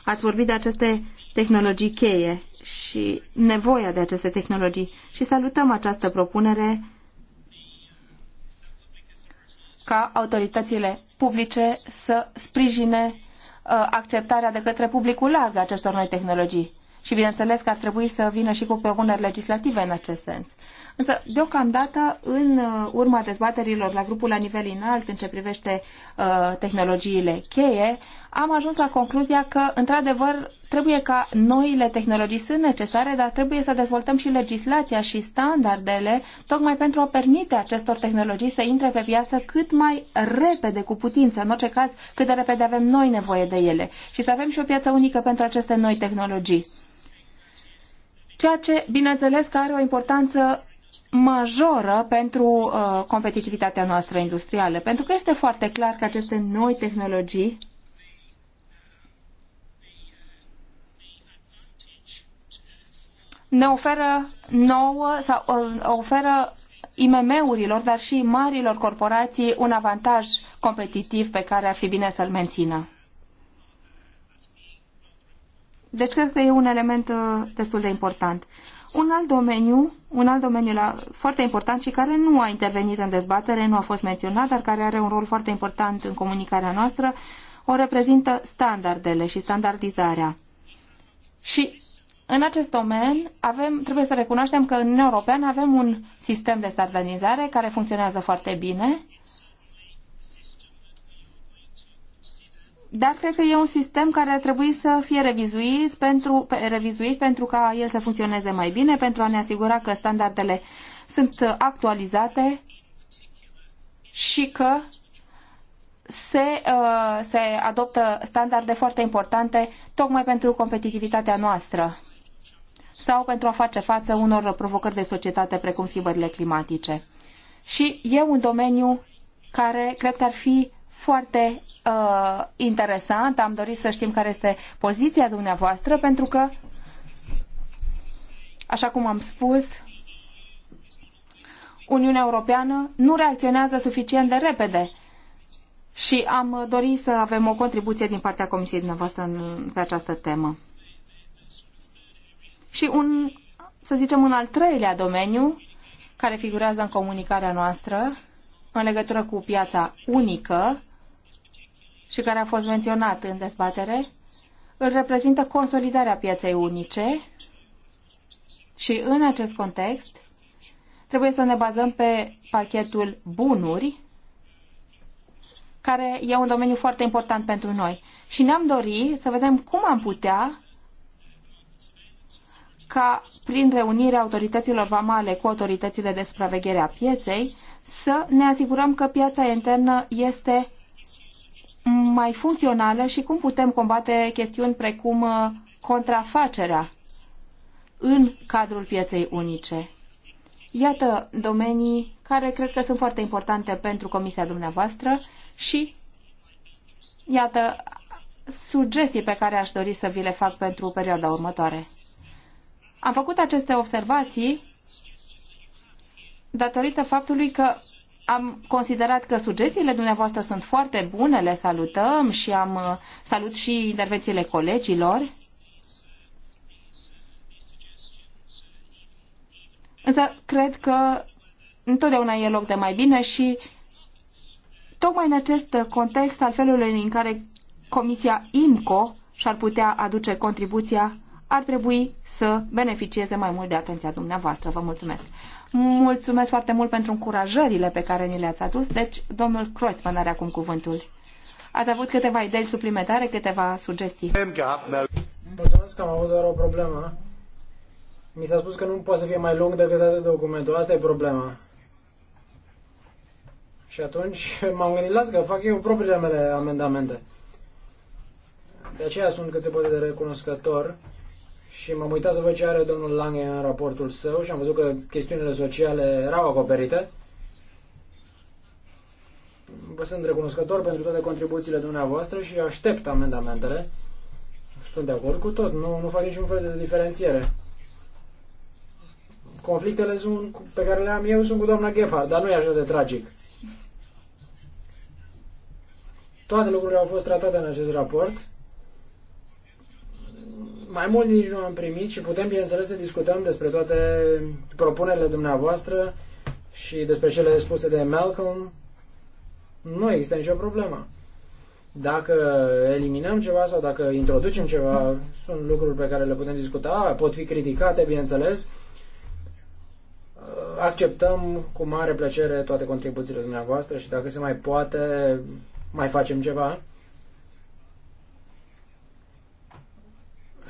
Ați vorbit de aceste tehnologii cheie și nevoia de aceste tehnologii și salutăm această propunere ca autoritățile publice să sprijine uh, acceptarea de către publicul larg acestor noi tehnologii și bineînțeles că ar trebui să vină și cu propuneri legislative în acest sens. Însă, deocamdată, în uh, urma dezbaterilor la grupul la nivel înalt în ce privește uh, tehnologiile cheie, am ajuns la concluzia că, într-adevăr, trebuie ca noile tehnologii sunt necesare, dar trebuie să dezvoltăm și legislația și standardele, tocmai pentru a permite acestor tehnologii să intre pe piață cât mai repede, cu putință, în orice caz, cât de repede avem noi nevoie de ele și să avem și o piață unică pentru aceste noi tehnologii ceea ce, bineînțeles, că are o importanță majoră pentru uh, competitivitatea noastră industrială, pentru că este foarte clar că aceste noi tehnologii ne oferă nouă sau uh, oferă IMM-urilor, dar și marilor corporații un avantaj competitiv pe care ar fi bine să-l mențină. Deci cred că e un element uh, destul de important. Un alt domeniu, un alt domeniu la, foarte important și care nu a intervenit în dezbatere, nu a fost menționat, dar care are un rol foarte important în comunicarea noastră, o reprezintă standardele și standardizarea. Și în acest domen avem, trebuie să recunoaștem că în Europeană avem un sistem de standardizare care funcționează foarte bine, dar cred că e un sistem care ar trebui să fie revizuit pentru, revizuit pentru ca el să funcționeze mai bine, pentru a ne asigura că standardele sunt actualizate și că se, uh, se adoptă standarde foarte importante tocmai pentru competitivitatea noastră sau pentru a face față unor provocări de societate precum schimbările climatice. Și e un domeniu care cred că ar fi foarte uh, interesant. Am dorit să știm care este poziția dumneavoastră, pentru că, așa cum am spus, Uniunea Europeană nu reacționează suficient de repede și am dorit să avem o contribuție din partea Comisiei dumneavoastră în, pe această temă. Și un, să zicem, un al treilea domeniu care figurează în comunicarea noastră în legătură cu piața unică și care a fost menționat în dezbatere îl reprezintă consolidarea pieței unice și în acest context trebuie să ne bazăm pe pachetul bunuri, care e un domeniu foarte important pentru noi. Și ne-am dorit să vedem cum am putea ca prin reunirea autorităților vamale cu autoritățile de supraveghere a pieței să ne asigurăm că piața internă este mai funcțională și cum putem combate chestiuni precum uh, contrafacerea în cadrul pieței unice. Iată domenii care cred că sunt foarte importante pentru comisia dumneavoastră și iată sugestii pe care aș dori să vi le fac pentru perioada următoare. Am făcut aceste observații datorită faptului că am considerat că sugestiile dumneavoastră sunt foarte bune, le salutăm și am uh, salut și intervențiile colegilor. Însă cred că întotdeauna e loc de mai bine și tocmai în acest context al felului în care Comisia IMCO și-ar putea aduce contribuția ar trebui să beneficieze mai mult de atenția dumneavoastră. Vă mulțumesc! Mulțumesc foarte mult pentru încurajările pe care ni le-ați adus. Deci, domnul Croțman are acum cuvântul. Ați avut câteva idei suplimentare, câteva sugestii. Mulțumesc că am avut doar o problemă. Mi s-a spus că nu poate să fie mai lung decât atât documentul. Asta e problema. Și atunci m-am gândit, las că fac eu propriile mele amendamente. De aceea sunt cât se poate de recunoscător și m-am uitat să văd ce are domnul Lange în raportul său și am văzut că chestiunile sociale erau acoperite. Vă sunt recunoscător pentru toate contribuțiile dumneavoastră și aștept amendamentele. Sunt de acord cu tot, nu, nu fac niciun fel de diferențiere. Conflictele sunt, pe care le am eu sunt cu doamna Gephardt, dar nu e așa de tragic. Toate lucrurile au fost tratate în acest raport mai mult nici nu am primit și putem, bineînțeles, să discutăm despre toate propunerile dumneavoastră și despre cele spuse de Malcolm. Nu există nicio problemă. Dacă eliminăm ceva sau dacă introducem ceva, sunt lucruri pe care le putem discuta, pot fi criticate, bineînțeles. Acceptăm cu mare plăcere toate contribuțiile dumneavoastră și dacă se mai poate, mai facem ceva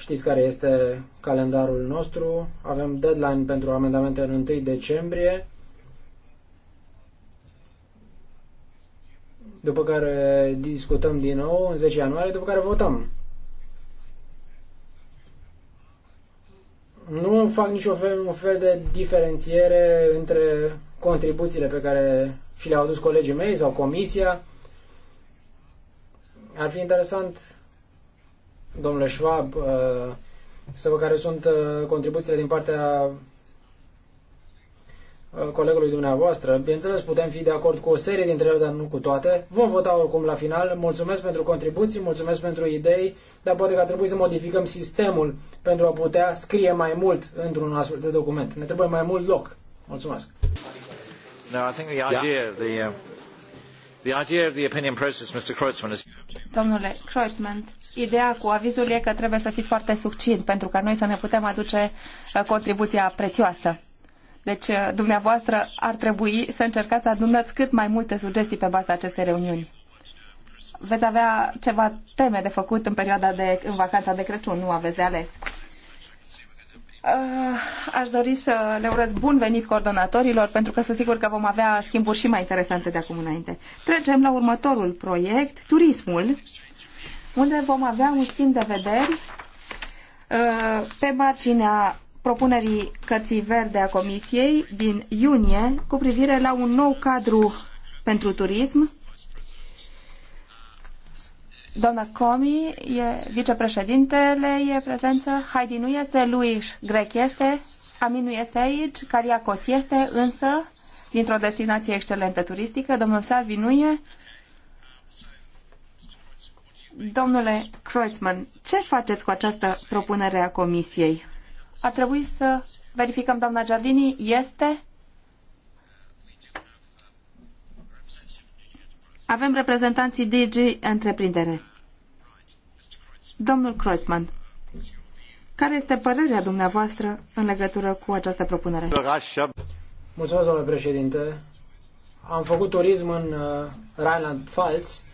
Știți care este calendarul nostru. Avem deadline pentru amendamente în 1 decembrie. După care discutăm din nou în 10 ianuarie, după care votăm. Nu fac niciun fel, un fel de diferențiere între contribuțiile pe care și le-au adus colegii mei sau comisia. Ar fi interesant domnule Schwab, uh, să vă care sunt uh, contribuțiile din partea uh, colegului dumneavoastră. Bineînțeles, putem fi de acord cu o serie dintre ele, dar nu cu toate. Vom vota oricum la final. Mulțumesc pentru contribuții, mulțumesc pentru idei, dar poate că trebuie să modificăm sistemul pentru a putea scrie mai mult într-un astfel de document. Ne trebuie mai mult loc. Mulțumesc. No, I think the idea of the, uh... Domnule Kreutzmann, ideea cu avizul e că trebuie să fiți foarte succint pentru ca noi să ne putem aduce uh, contribuția prețioasă. Deci, uh, dumneavoastră ar trebui să încercați să adunați cât mai multe sugestii pe baza acestei reuniuni. Veți avea ceva teme de făcut în perioada de în vacanța de Crăciun, nu aveți de ales. Ah, aș dori să le urez bun venit coordonatorilor, pentru că sunt sigur că vom avea schimburi și mai interesante de acum înainte. Trecem la următorul proiect, turismul, unde vom avea un schimb de vederi ah, pe marginea propunerii cărții verde a Comisiei din iunie cu privire la un nou cadru pentru turism Doamna Comi e vicepreședintele, e prezență. Heidi nu este, Luis Grec este, Amin nu este aici, Cariacos este, însă, dintr-o destinație excelentă turistică, domnul Salvi nu e. Domnule Kreutzmann, ce faceți cu această propunere a Comisiei? A trebuit să verificăm, doamna Giardini, este Avem reprezentanții DG Întreprindere. Domnul Kreuzmann, care este părerea dumneavoastră în legătură cu această propunere? Mulțumesc, domnule președinte. Am făcut turism în uh, Rheinland-Pfalz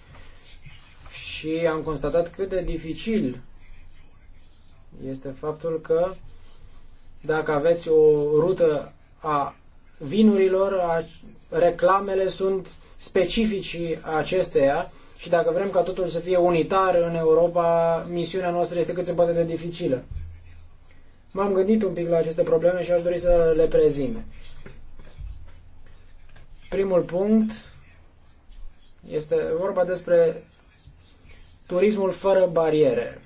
și am constatat cât de dificil este faptul că dacă aveți o rută a vinurilor, reclamele sunt specificii acesteia și dacă vrem ca totul să fie unitar în Europa, misiunea noastră este cât se poate de dificilă. M-am gândit un pic la aceste probleme și aș dori să le prezint. Primul punct este vorba despre turismul fără bariere.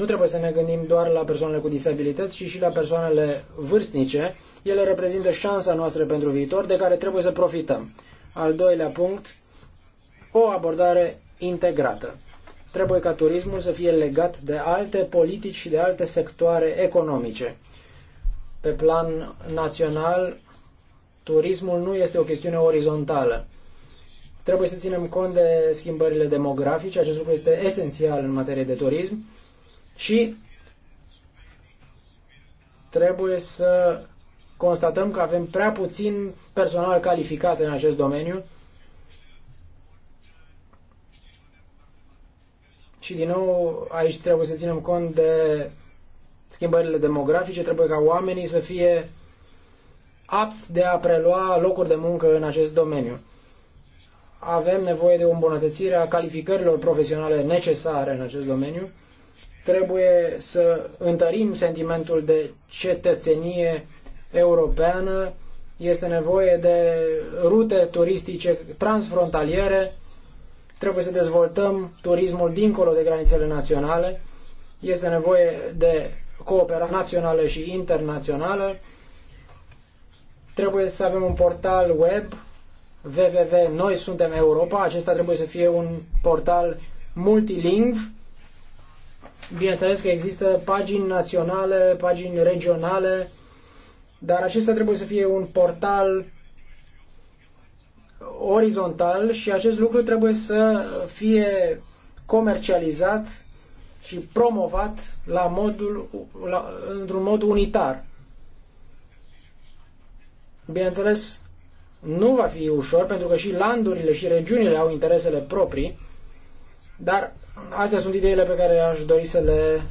Nu trebuie să ne gândim doar la persoanele cu disabilități, ci și la persoanele vârstnice. Ele reprezintă șansa noastră pentru viitor, de care trebuie să profităm. Al doilea punct, o abordare integrată. Trebuie ca turismul să fie legat de alte politici și de alte sectoare economice. Pe plan național, turismul nu este o chestiune orizontală. Trebuie să ținem cont de schimbările demografice, acest lucru este esențial în materie de turism și trebuie să constatăm că avem prea puțin personal calificat în acest domeniu și din nou aici trebuie să ținem cont de schimbările demografice, trebuie ca oamenii să fie apți de a prelua locuri de muncă în acest domeniu. Avem nevoie de o îmbunătățire a calificărilor profesionale necesare în acest domeniu Trebuie să întărim sentimentul de cetățenie europeană, este nevoie de rute turistice transfrontaliere, trebuie să dezvoltăm turismul dincolo de granițele naționale, este nevoie de cooperare națională și internațională, trebuie să avem un portal web www. Noi suntem Europa, acesta trebuie să fie un portal multilingv Bineînțeles că există pagini naționale, pagini regionale, dar acesta trebuie să fie un portal orizontal și acest lucru trebuie să fie comercializat și promovat la modul, la, într-un mod unitar. Bineînțeles, nu va fi ușor, pentru că și landurile și regiunile au interesele proprii, dar Astea sunt ideile pe care aș dori să le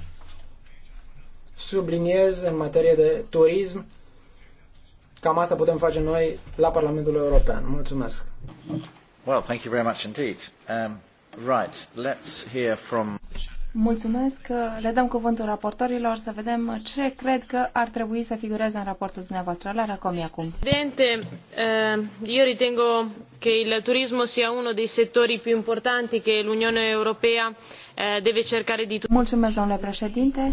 subliniez în materie de turism. Cam asta putem face noi la Parlamentul European. Mulțumesc. Well, thank you very much indeed. Um, right, let's hear from Mulțumesc. Le dăm cuvântul raportorilor să vedem ce cred că ar trebui să figureze în raportul dumneavoastră. Lara Comi acum. Presidente, eh, eu ritengo că il turismo sia uno dei settori più importanti che l'Unione Europea eh, deve cercare di... Mulțumesc, domnule președinte.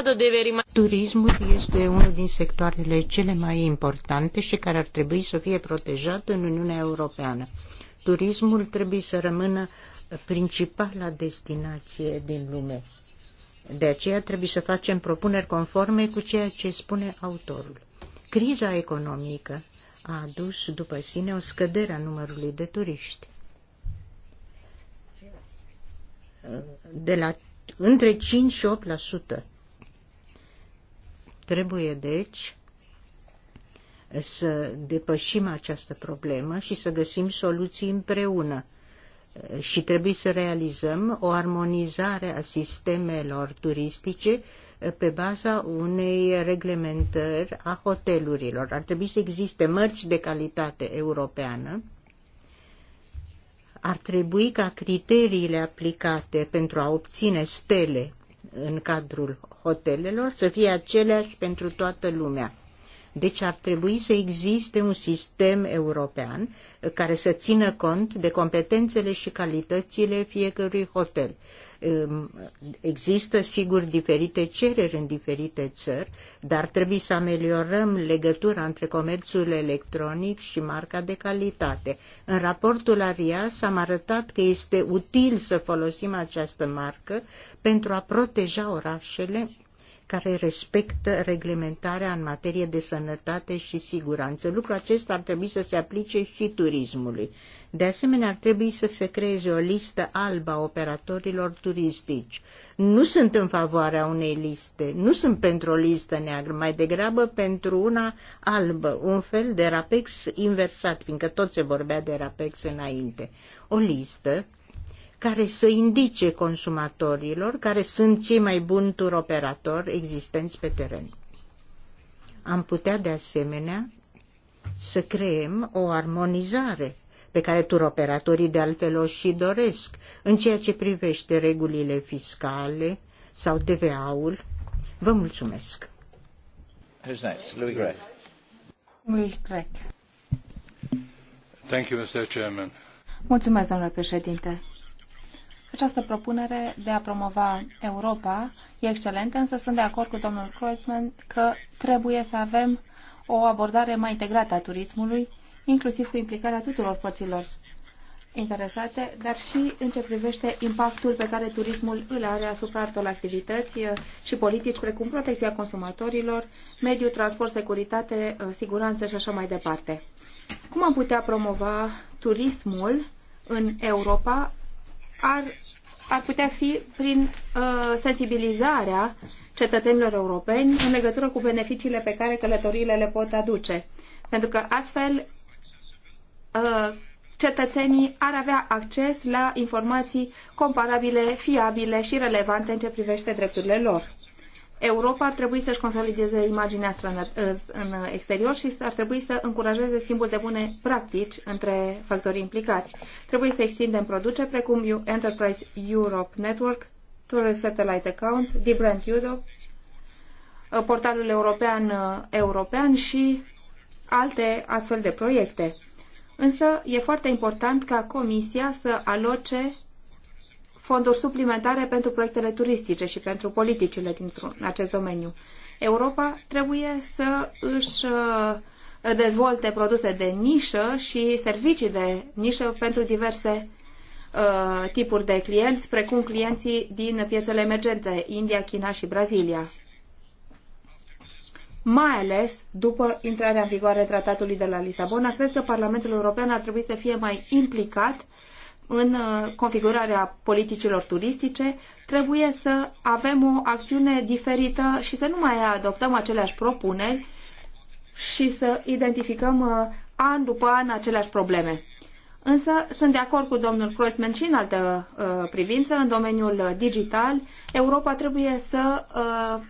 Turismul este unul din sectoarele cele mai importante și care ar trebui să fie protejat în Uniunea Europeană. Turismul trebuie să rămână principala destinație din lume de aceea trebuie să facem propuneri conforme cu ceea ce spune autorul. Criza economică a adus după sine o scădere a numărului de turiști. De la între 5 și 8%. Trebuie, deci, să depășim această problemă și să găsim soluții împreună și trebuie să realizăm o armonizare a sistemelor turistice uh, pe baza unei reglementări a hotelurilor. Ar trebui să existe mărci de calitate europeană. Ar trebui ca criteriile aplicate pentru a obține stele în cadrul hotelelor să fie aceleași pentru toată lumea. Deci ar trebui să existe un sistem european care să țină cont de competențele și calitățile fiecărui hotel. Ehm, există, sigur, diferite cereri în diferite țări, dar trebuie să ameliorăm legătura între comerțul electronic și marca de calitate. În raportul Arias am arătat că este util să folosim această marcă pentru a proteja orașele care respectă reglementarea în materie de sănătate și siguranță. Lucrul acesta ar trebui să se aplice și turismului. De asemenea, ar trebui să se creeze o listă albă a operatorilor turistici. Nu sunt în favoarea unei liste, nu sunt pentru o listă neagră, mai degrabă pentru una albă, un fel de rapex inversat, fiindcă tot se vorbea de rapex înainte. O listă care să indice consumatorilor care sunt cei mai buni turoperatori existenți pe teren. Am putea de asemenea să creăm o armonizare pe care turoperatorii de altfel o și doresc în ceea ce privește regulile fiscale sau TVA-ul. Vă mulțumesc! Who's next? Louis Gregg. Louis Gregg. Thank you, Mr. Chairman. Mulțumesc, domnule președinte. Această propunere de a promova Europa e excelentă, însă sunt de acord cu domnul Kreutzmann că trebuie să avem o abordare mai integrată a turismului, inclusiv cu implicarea tuturor părților interesate, dar și în ce privește impactul pe care turismul îl are asupra altor activități eh, și politici, precum protecția consumatorilor, mediu, transport, securitate, eh, siguranță și așa mai departe. Cum am putea promova turismul în Europa ar, ar putea fi prin uh, sensibilizarea cetățenilor europeni în legătură cu beneficiile pe care călătoriile le pot aduce. Pentru că astfel uh, cetățenii ar avea acces la informații comparabile, fiabile și relevante în ce privește drepturile lor. Europa ar trebui să-și consolideze imaginea în exterior și ar trebui să încurajeze schimbul de bune practici între factorii implicați. Trebuie să extindem produse precum Enterprise Europe Network, Tourist Satellite Account, D-Brand Europe, uh, portalul european uh, european și alte astfel de proiecte. Însă e foarte important ca Comisia să aloce fonduri suplimentare pentru proiectele turistice și pentru politicile din acest domeniu. Europa trebuie să își uh, dezvolte produse de nișă și servicii de nișă pentru diverse uh, tipuri de clienți, precum clienții din piețele emergente, India, China și Brazilia. Mai ales după intrarea în vigoare tratatului de la Lisabona, cred că Parlamentul European ar trebui să fie mai implicat în uh, configurarea politicilor turistice, trebuie să avem o acțiune diferită și să nu mai adoptăm aceleași propuneri și să identificăm uh, an după an aceleași probleme. Însă sunt de acord cu domnul Crossman și în altă uh, privință, în domeniul digital, Europa trebuie să uh,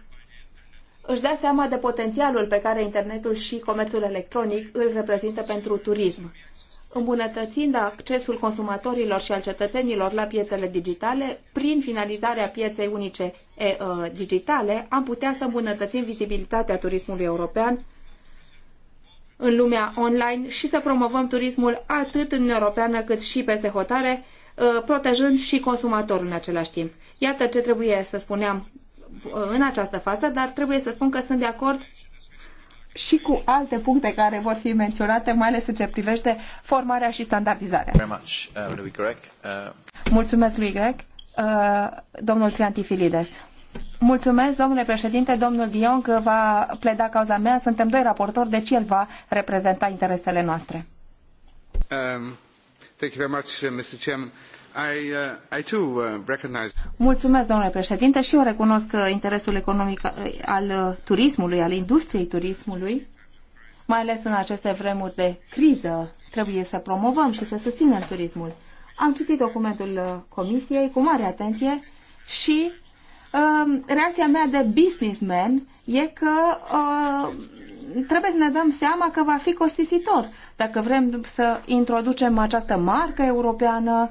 își dea seama de potențialul pe care internetul și comerțul electronic îl reprezintă pentru turism îmbunătățind accesul consumatorilor și al cetățenilor la piețele digitale, prin finalizarea pieței unice ă, digitale, am putea să îmbunătățim vizibilitatea turismului european în lumea online și să promovăm turismul atât în Europeană cât și peste hotare, ă, protejând și consumatorul în același timp. Iată ce trebuie să spuneam ă, în această fază, dar trebuie să spun că sunt de acord și cu alte puncte care vor fi menționate, mai ales în ce privește formarea și standardizarea. Uh, uh, Mulțumesc lui Greg. Uh, domnul Triantifilides. Mulțumesc, domnule președinte. Domnul că va pleda cauza mea. Suntem doi raportori, deci el va reprezenta interesele noastre. Um, thank you very much, Mr. Chairman. I, uh, I too, uh, recognize... Mulțumesc, domnule președinte, și eu recunosc uh, interesul economic uh, al uh, turismului, al industriei turismului, mai ales în aceste vremuri de criză. Trebuie să promovăm și să susținem turismul. Am citit documentul comisiei cu mare atenție și um, reacția mea de businessman e că trebuie să ne dăm seama că va fi costisitor dacă vrem să introducem această marcă europeană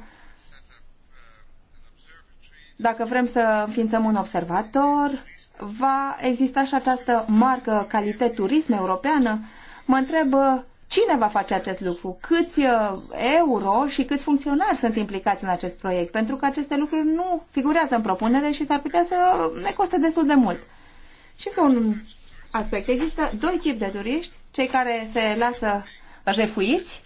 dacă vrem să înființăm un observator, va exista și această marcă calitate turism europeană? Mă întreb uh, cine va face acest lucru, câți uh, euro și câți funcționari sunt implicați în acest proiect, pentru că aceste lucruri nu figurează în propunere și s-ar putea să ne coste destul de mult. Și că un aspect. Există doi tipi de turiști, cei care se lasă jefuiți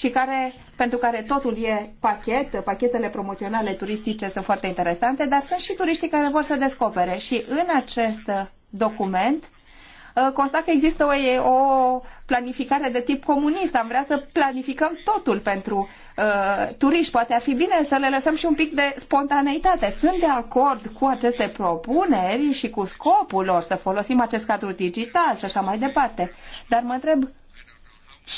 și care, pentru care totul e pachet, pachetele promoționale turistice sunt foarte interesante, dar sunt și turiștii care vor să descopere și în acest document uh, constat că există o, o planificare de tip comunist. Am vrea să planificăm totul pentru uh, turiști. Poate ar fi bine să le lăsăm și un pic de spontaneitate. Sunt de acord cu aceste propuneri și cu scopul lor să folosim acest cadru digital și așa mai departe. Dar mă întreb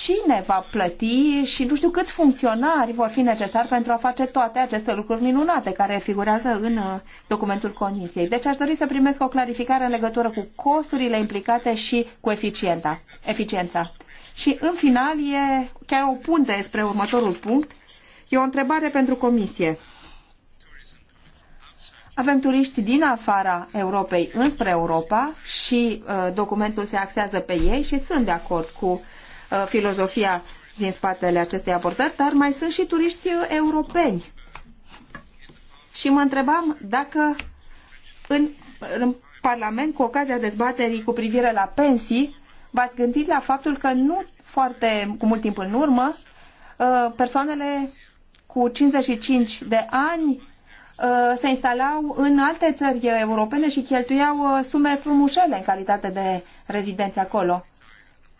cine va plăti și nu știu câți funcționari vor fi necesari pentru a face toate aceste lucruri minunate care figurează în uh, documentul Comisiei. Deci aș dori să primesc o clarificare în legătură cu costurile implicate și cu eficiența, eficiența. Și în final e chiar o punte spre următorul punct. E o întrebare pentru Comisie. Avem turiști din afara Europei înspre Europa și uh, documentul se axează pe ei și sunt de acord cu Uh, filozofia din spatele acestei abordări, dar mai sunt și turiști uh, europeni. Și mă întrebam dacă în, în Parlament, cu ocazia dezbaterii cu privire la pensii, v-ați gândit la faptul că nu foarte cu mult timp în urmă, uh, persoanele cu 55 de ani se instalau în alte țări europene și cheltuiau sume frumușele în calitate de rezidenți acolo.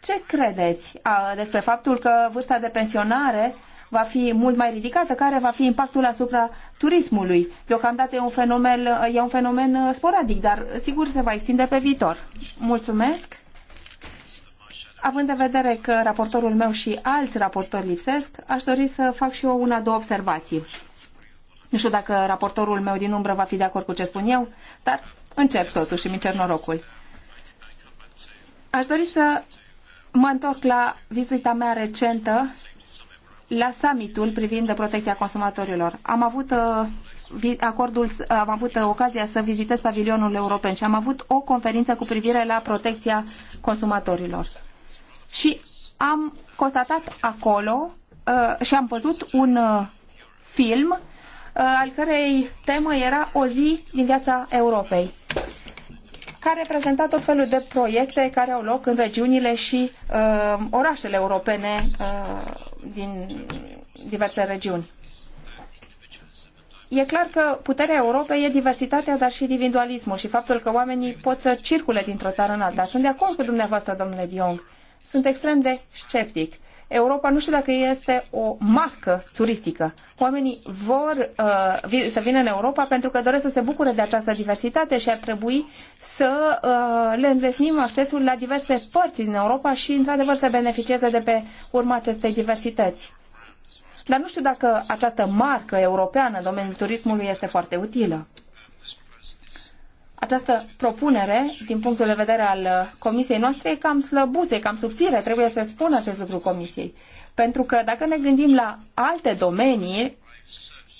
Ce credeți despre faptul că vârsta de pensionare va fi mult mai ridicată, care va fi impactul asupra turismului. Deocamdată e un fenomen, e un fenomen uh, sporadic, dar sigur se va extinde pe viitor. Mulțumesc! Având în vedere că raportorul meu și alți raportori lipsesc, aș dori să fac și eu una, două observații. Nu știu dacă raportorul meu din umbră va fi de acord cu ce spun eu, dar încerc totuși și mi cer norocul. Aș dori să Mă întorc la vizita mea recentă la summitul privind de protecția consumatorilor. Am avut uh, acordul, uh, am avut uh, ocazia să vizitez pavilionul european și am avut o conferință cu privire la protecția consumatorilor. Și am constatat acolo uh, și am văzut un uh, film uh, al cărei temă era o zi din viața Europei care prezenta tot felul de proiecte care au loc în regiunile și uh, orașele europene uh, din diverse regiuni. E clar că puterea Europei e diversitatea, dar și individualismul și faptul că oamenii pot să circule dintr-o țară în alta. Sunt de acord cu dumneavoastră, domnule Diong. Sunt extrem de sceptic. Uh, Europa nu știu dacă este o marcă turistică. Oamenii vor uh, să vină în Europa pentru că doresc să se bucure de această diversitate și ar trebui să uh, le înlesnim accesul la diverse părți din Europa și, într-adevăr, să beneficieze de pe urma acestei diversități. Dar nu știu dacă această marcă europeană în domeniul turismului este foarte utilă. Această propunere, din punctul de vedere al uh, comisiei noastre, e cam slăbuțe, cam subțire, trebuie să spun acest lucru comisiei. Pentru că dacă ne gândim la alte domenii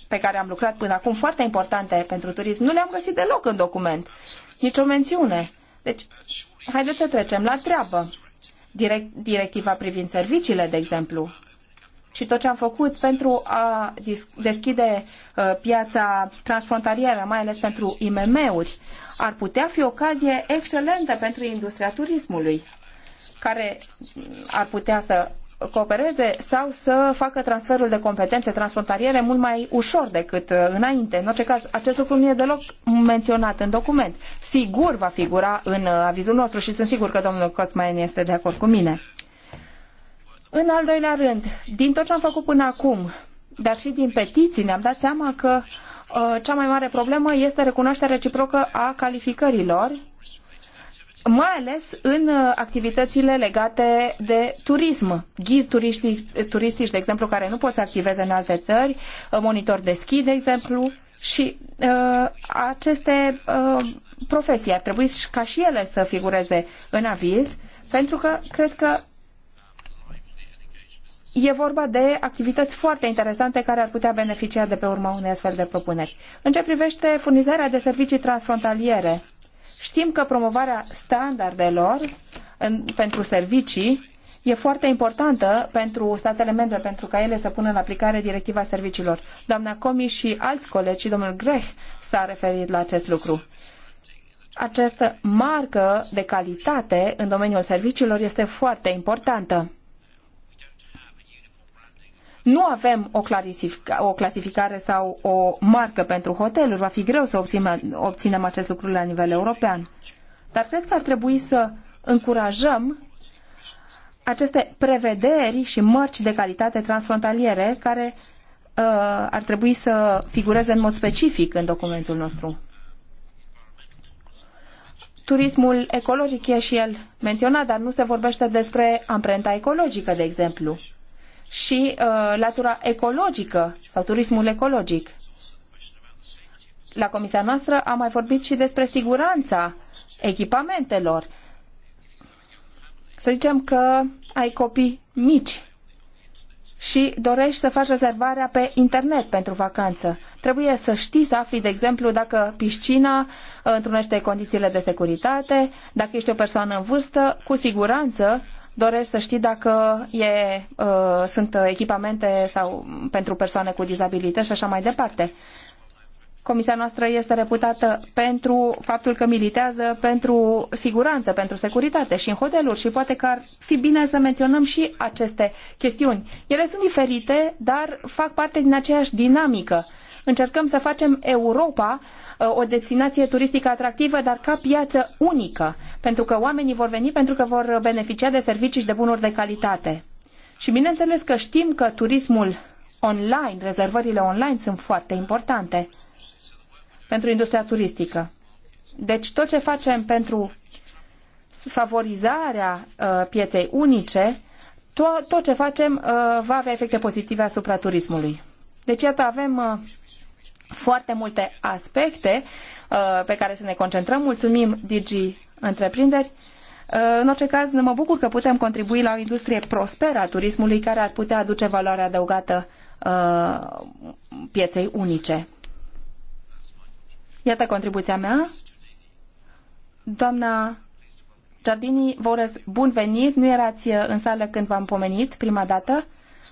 pe care am lucrat până acum, foarte importante pentru turism, nu le-am găsit deloc în document. Nicio mențiune. Deci, haideți să trecem la treabă. Direct, directiva privind serviciile, de exemplu, și tot ce am făcut pentru a deschide uh, piața transfrontalieră, mai ales pentru IMM-uri, ar putea fi ocazie excelentă pentru industria turismului, care mm, ar putea să coopereze sau să facă transferul de competențe transfrontaliere mult mai ușor decât uh, înainte. În orice caz, acest lucru nu e deloc menționat în document. Sigur va figura în uh, avizul nostru și sunt sigur că domnul Coțmaien este de acord cu mine. În al doilea rând, din tot ce am făcut până acum, dar și din petiții ne-am dat seama că uh, cea mai mare problemă este recunoașterea reciprocă a calificărilor, mai ales în uh, activitățile legate de turism. Ghizi turistici, de exemplu, care nu pot să activeze în alte țări, uh, monitor de schi, de exemplu, și uh, aceste uh, profesii ar trebui ca și ele să figureze în aviz, pentru că cred că E vorba de activități foarte interesante care ar putea beneficia de pe urma unei astfel de propuneri. În ce privește furnizarea de servicii transfrontaliere, știm că promovarea standardelor în, pentru servicii e foarte importantă pentru statele membre, pentru ca ele să pună în aplicare directiva serviciilor. Doamna Comi și alți colegi și domnul Grech s-a referit la acest lucru. Această marcă de calitate în domeniul serviciilor este foarte importantă nu avem o, o clasificare sau o marcă pentru hoteluri. Va fi greu să obținem, obținem acest lucru la nivel european. Dar cred că ar trebui să încurajăm aceste prevederi și mărci de calitate transfrontaliere care uh, ar trebui să figureze în mod specific în documentul nostru. Turismul ecologic e și el menționat, dar nu se vorbește despre amprenta ecologică, de exemplu și uh, latura ecologică sau turismul ecologic. La comisia noastră am mai vorbit și despre siguranța echipamentelor. Să zicem că ai copii mici și dorești să faci rezervarea pe internet pentru vacanță trebuie să știi să afli, de exemplu, dacă piscina uh, întrunește condițiile de securitate, dacă ești o persoană în vârstă, cu siguranță dorești să știi dacă e, uh, sunt echipamente sau pentru persoane cu dizabilități și așa mai departe. Comisia noastră este reputată pentru faptul că militează pentru siguranță, pentru securitate și în hoteluri și poate că ar fi bine să menționăm și aceste chestiuni. Ele sunt diferite, dar fac parte din aceeași dinamică Încercăm să facem Europa uh, o destinație turistică atractivă, dar ca piață unică, pentru că oamenii vor veni pentru că vor beneficia de servicii și de bunuri de calitate. Și bineînțeles că știm că turismul online, rezervările online sunt foarte importante pentru industria turistică. Deci tot ce facem pentru favorizarea uh, pieței unice, tot, tot ce facem uh, va avea efecte pozitive asupra turismului. Deci iată avem uh, foarte multe aspecte uh, pe care să ne concentrăm. Mulțumim Digi Întreprinderi. Uh, în orice caz, mă bucur că putem contribui la o industrie prosperă a turismului care ar putea aduce valoare adăugată uh, pieței unice. Iată contribuția mea. Doamna Giardini, vă urez bun venit. Nu erați în sală când v-am pomenit prima dată.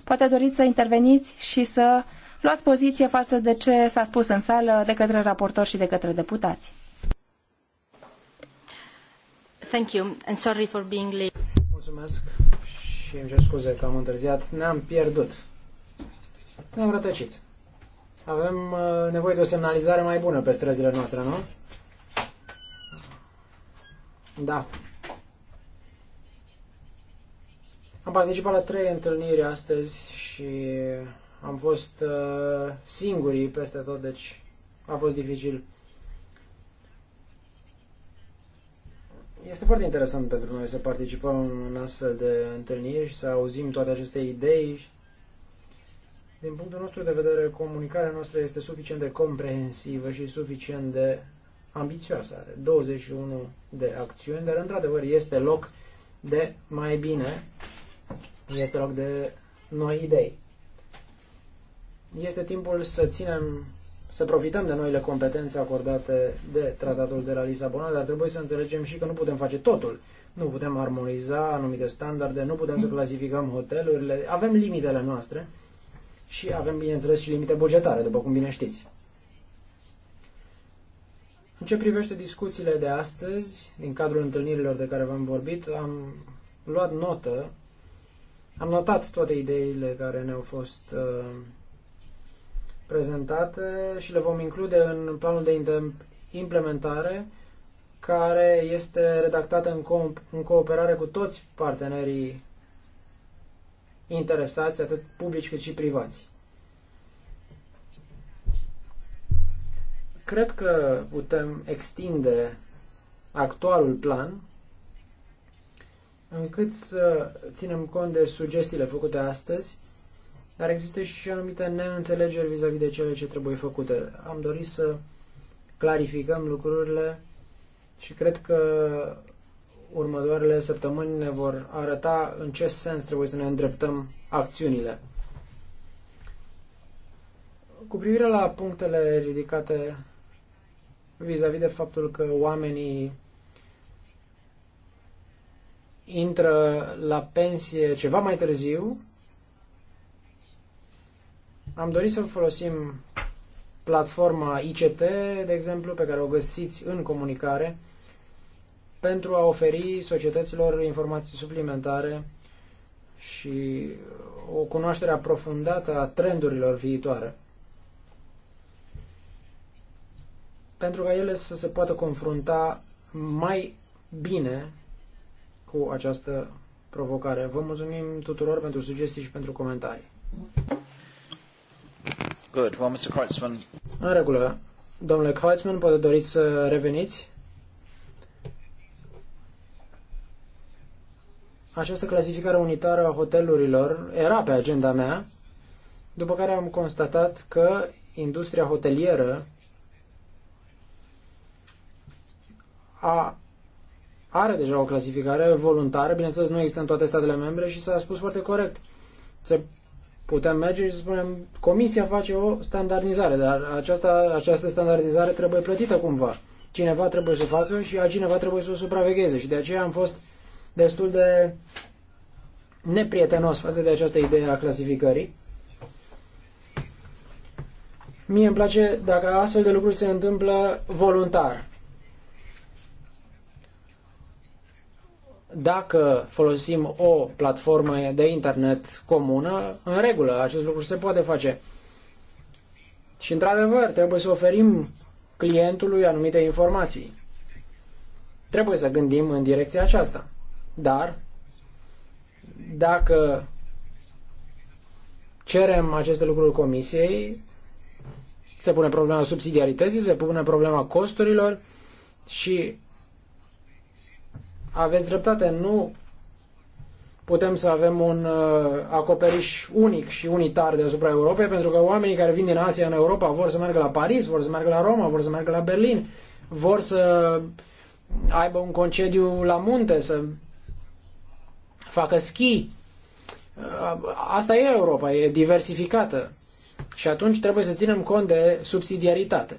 Poate doriți să interveniți și să luați poziție față de ce s-a spus în sală de către raportor și de către deputați. Thank you and sorry for being late. Mulțumesc și îmi cer scuze că am întârziat. Ne-am pierdut. Ne-am rătăcit. Avem uh, nevoie de o semnalizare mai bună pe străzile noastre, nu? Da. Am participat la trei întâlniri astăzi și am fost uh, singurii peste tot, deci a fost dificil. Este foarte interesant pentru noi să participăm în astfel de întâlniri și să auzim toate aceste idei. Din punctul nostru de vedere, comunicarea noastră este suficient de comprehensivă și suficient de ambițioasă. Are 21 de acțiuni, dar într-adevăr este loc de mai bine, este loc de noi idei. Este timpul să ținem, să profităm de noile competențe acordate de Tratatul de la Lisabona, dar trebuie să înțelegem și că nu putem face totul. Nu putem armoniza anumite standarde, nu putem să clasificăm hotelurile, avem limitele noastre și avem, bineînțeles, și limite bugetare, după cum bine știți. În ce privește discuțiile de astăzi, din cadrul întâlnirilor de care v-am vorbit, am luat notă, am notat toate ideile care ne-au fost uh, prezentate și le vom include în planul de implementare care este redactată în, co- în cooperare cu toți partenerii interesați, atât publici cât și privați. Cred că putem extinde actualul plan încât să ținem cont de sugestiile făcute astăzi dar există și anumite neînțelegeri vis-a-vis -vis de cele ce trebuie făcute. Am dorit să clarificăm lucrurile și cred că următoarele săptămâni ne vor arăta în ce sens trebuie să ne îndreptăm acțiunile. Cu privire la punctele ridicate vis-a-vis -vis de faptul că oamenii intră la pensie ceva mai târziu, am dorit să folosim platforma ICT, de exemplu, pe care o găsiți în comunicare, pentru a oferi societăților informații suplimentare și o cunoaștere aprofundată a trendurilor viitoare. Pentru ca ele să se poată confrunta mai bine cu această provocare. Vă mulțumim tuturor pentru sugestii și pentru comentarii. Good. Well, Mr. Kreutzmann. În regulă. Domnule Kreutzmann, poate doriți să reveniți? Această clasificare unitară a hotelurilor era pe agenda mea, după care am constatat că industria hotelieră a, are deja o clasificare voluntară, bineînțeles nu există în toate statele membre și s-a spus foarte corect. Se puteam merge și spunem, comisia face o standardizare, dar aceasta, această standardizare trebuie plătită cumva. Cineva trebuie să o facă și cineva trebuie să o supravegheze și de aceea am fost destul de neprietenos față de această idee a clasificării. Mie îmi place dacă astfel de lucruri se întâmplă voluntar. dacă folosim o platformă de internet comună, în regulă, acest lucru se poate face. Și, într-adevăr, trebuie să oferim clientului anumite informații. Trebuie să gândim în direcția aceasta. Dar, dacă cerem aceste lucruri comisiei, se pune problema subsidiarității, se pune problema costurilor și aveți dreptate, nu putem să avem un uh, acoperiș unic și unitar deasupra Europei, pentru că oamenii care vin din Asia în Europa vor să meargă la Paris, vor să meargă la Roma, vor să meargă la Berlin, vor să aibă un concediu la munte, să facă schi. Uh, asta e Europa, e diversificată. Și atunci trebuie să ținem cont de subsidiaritate.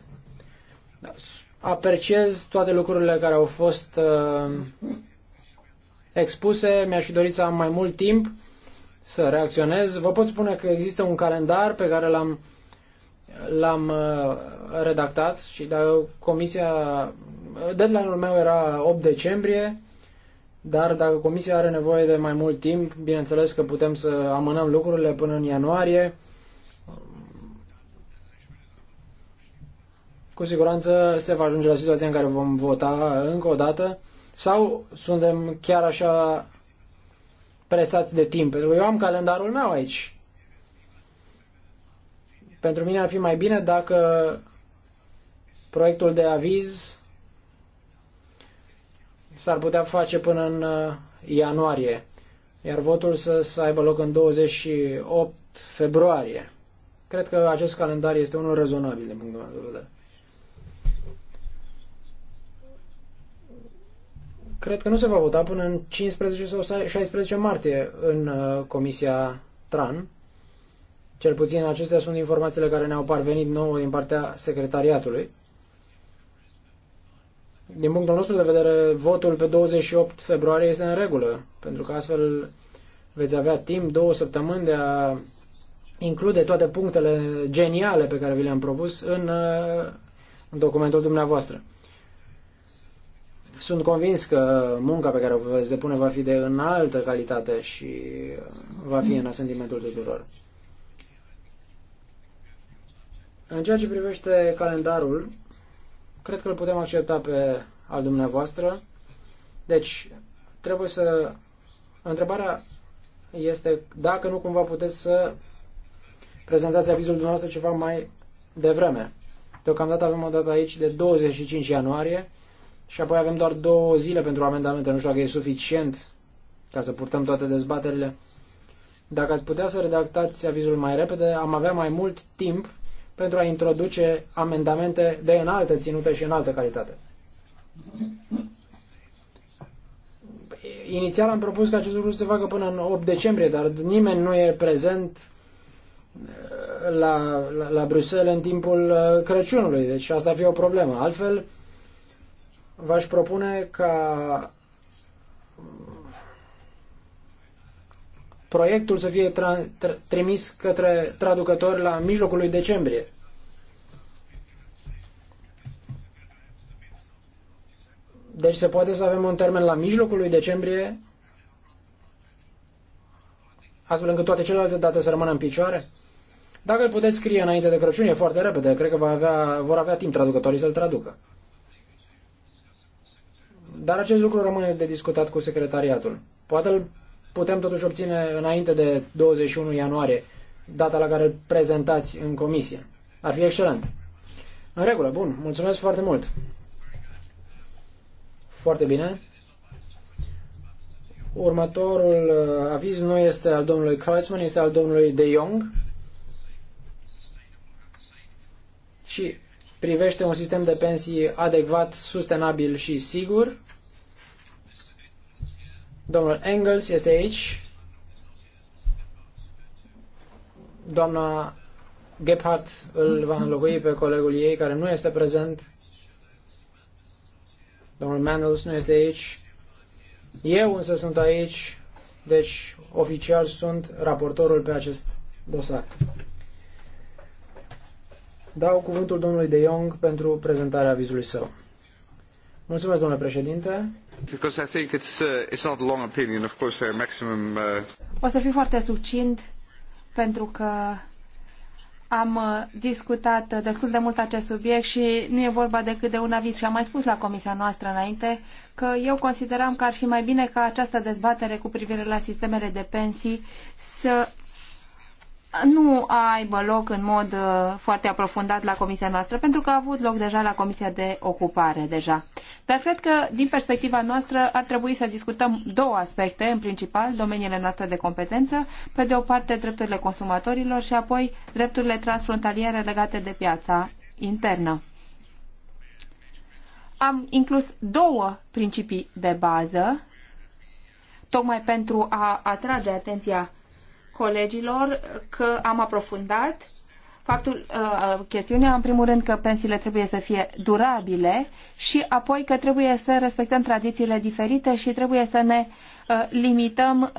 Apreciez toate lucrurile care au fost uh, expuse. Mi-aș fi dorit să am mai mult timp să reacționez. Vă pot spune că există un calendar pe care l-am l-am uh, redactat și dacă comisia deadline-ul meu era 8 decembrie, dar dacă comisia are nevoie de mai mult timp, bineînțeles că putem să amânăm lucrurile până în ianuarie. cu siguranță se va ajunge la situația în care vom vota încă o dată sau suntem chiar așa presați de timp? Pentru că eu am calendarul meu aici. Pentru mine ar fi mai bine dacă proiectul de aviz s-ar putea face până în uh, ianuarie, iar votul să, să aibă loc în 28 februarie. Cred că acest calendar este unul rezonabil din punctul meu de vedere. Cred că nu se va vota până în 15 sau 16 martie în uh, Comisia TRAN. Cel puțin acestea sunt informațiile care ne-au parvenit nouă din partea secretariatului. Din punctul nostru de vedere, votul pe 28 februarie este în regulă, pentru că astfel veți avea timp, două săptămâni de a include toate punctele geniale pe care vi le-am propus în, uh, în documentul dumneavoastră. Sunt convins că munca pe care o veți depune va fi de înaltă calitate și uh, va fi în asentimentul tuturor. În ceea ce privește calendarul, cred că îl putem accepta pe al dumneavoastră. Deci, trebuie să... Întrebarea este dacă nu cumva puteți să prezentați avizul dumneavoastră ceva mai devreme. Deocamdată avem o dată aici de 25 ianuarie și apoi avem doar două zile pentru amendamente. Nu știu dacă e suficient ca să purtăm toate dezbaterile. Dacă ați putea să redactați avizul mai repede, am avea mai mult timp pentru a introduce amendamente de înaltă ținută și înaltă calitate. Inițial am propus că acest lucru se facă până în 8 decembrie, dar nimeni nu e prezent uh, la, la, la Bruxelles în timpul uh, Crăciunului, deci asta ar fi o problemă. Altfel, v-aș propune ca proiectul să fie tra- tra- trimis către traducători la mijlocul lui decembrie. Deci se poate să avem un termen la mijlocul lui decembrie, astfel încât toate celelalte date să rămână în picioare? Dacă îl puteți scrie înainte de Crăciun, e foarte repede. Cred că va avea, vor avea timp traducătorii să-l traducă. Dar acest lucru rămâne de discutat cu secretariatul. Poate îl putem totuși obține înainte de 21 ianuarie, data la care îl prezentați în comisie. Ar fi excelent. În regulă, bun. Mulțumesc foarte mult. Foarte bine. Următorul uh, aviz nu este al domnului Kreutzmann, este al domnului De Jong și privește un sistem de pensii adecvat, sustenabil și sigur. Domnul Engels este aici. Doamna Gebhardt îl va înlocui pe colegul ei care nu este prezent. Domnul Mandels nu este aici. Eu însă sunt aici, deci oficial sunt raportorul pe acest dosar. Dau cuvântul domnului De Jong pentru prezentarea vizului său. Mulțumesc, domnule președinte. Because I think it's, uh, it's not a long opinion, of course, a maximum... Uh... O să fiu foarte succint pentru că am uh, discutat destul de mult acest subiect și nu e vorba decât de un aviz și am mai spus la comisia noastră înainte că eu consideram că ar fi mai bine ca această dezbatere cu privire la sistemele de pensii să nu aibă loc în mod uh, foarte aprofundat la comisia noastră, pentru că a avut loc deja la comisia de ocupare deja. Dar cred că, din perspectiva noastră, ar trebui să discutăm două aspecte, în principal, domeniile noastre de competență, pe de o parte drepturile consumatorilor și apoi drepturile transfrontaliere legate de piața internă. Am inclus două principii de bază, tocmai pentru a atrage atenția colegilor că am aprofundat faptul, uh, uh, chestiunea, în primul rând, că pensiile trebuie să fie durabile și apoi că trebuie să respectăm tradițiile diferite și trebuie să ne uh, limităm uh,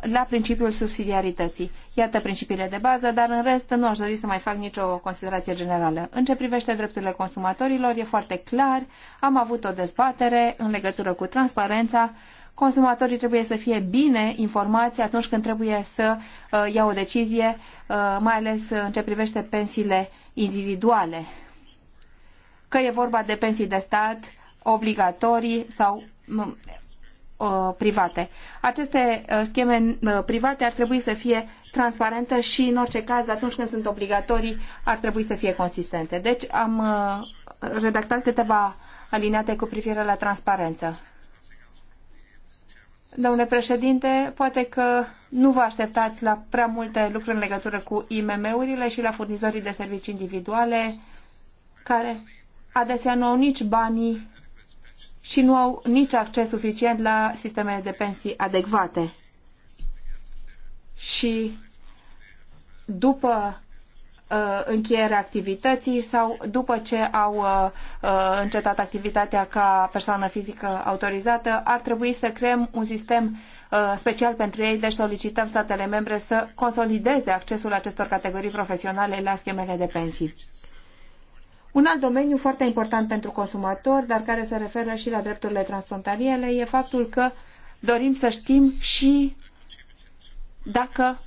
la principiul subsidiarității. Iată principiile de bază, dar în rest nu aș dori să mai fac nicio considerație generală. În ce privește drepturile consumatorilor, e foarte clar, am avut o dezbatere în legătură cu transparența, uh, consumatorii trebuie să fie bine informați atunci când trebuie să uh, ia o decizie, uh, mai ales în ce privește pensiile individuale. Că e vorba de pensii de stat, obligatorii sau uh, private. Aceste uh, scheme uh, private ar trebui să fie transparente și, în orice caz, atunci când sunt obligatorii, ar trebui să fie consistente. Deci am uh, redactat câteva alineate cu privire la transparență. Domnule președinte, poate că nu vă așteptați la prea multe lucruri în legătură cu IMM-urile și la furnizorii de servicii individuale, care adesea nu au nici banii și nu au nici acces suficient la sistemele de pensii adecvate. Și după Uh, încheierea activității sau după ce au uh, uh, încetat activitatea ca persoană fizică autorizată, ar trebui să creăm un sistem special pentru ei, deci solicităm statele membre să consolideze accesul acestor categorii profesionale la schemele de pensii. Un alt domeniu foarte important pentru consumator, dar care se referă și la drepturile transfrontaliere, e faptul că dorim să știm și dacă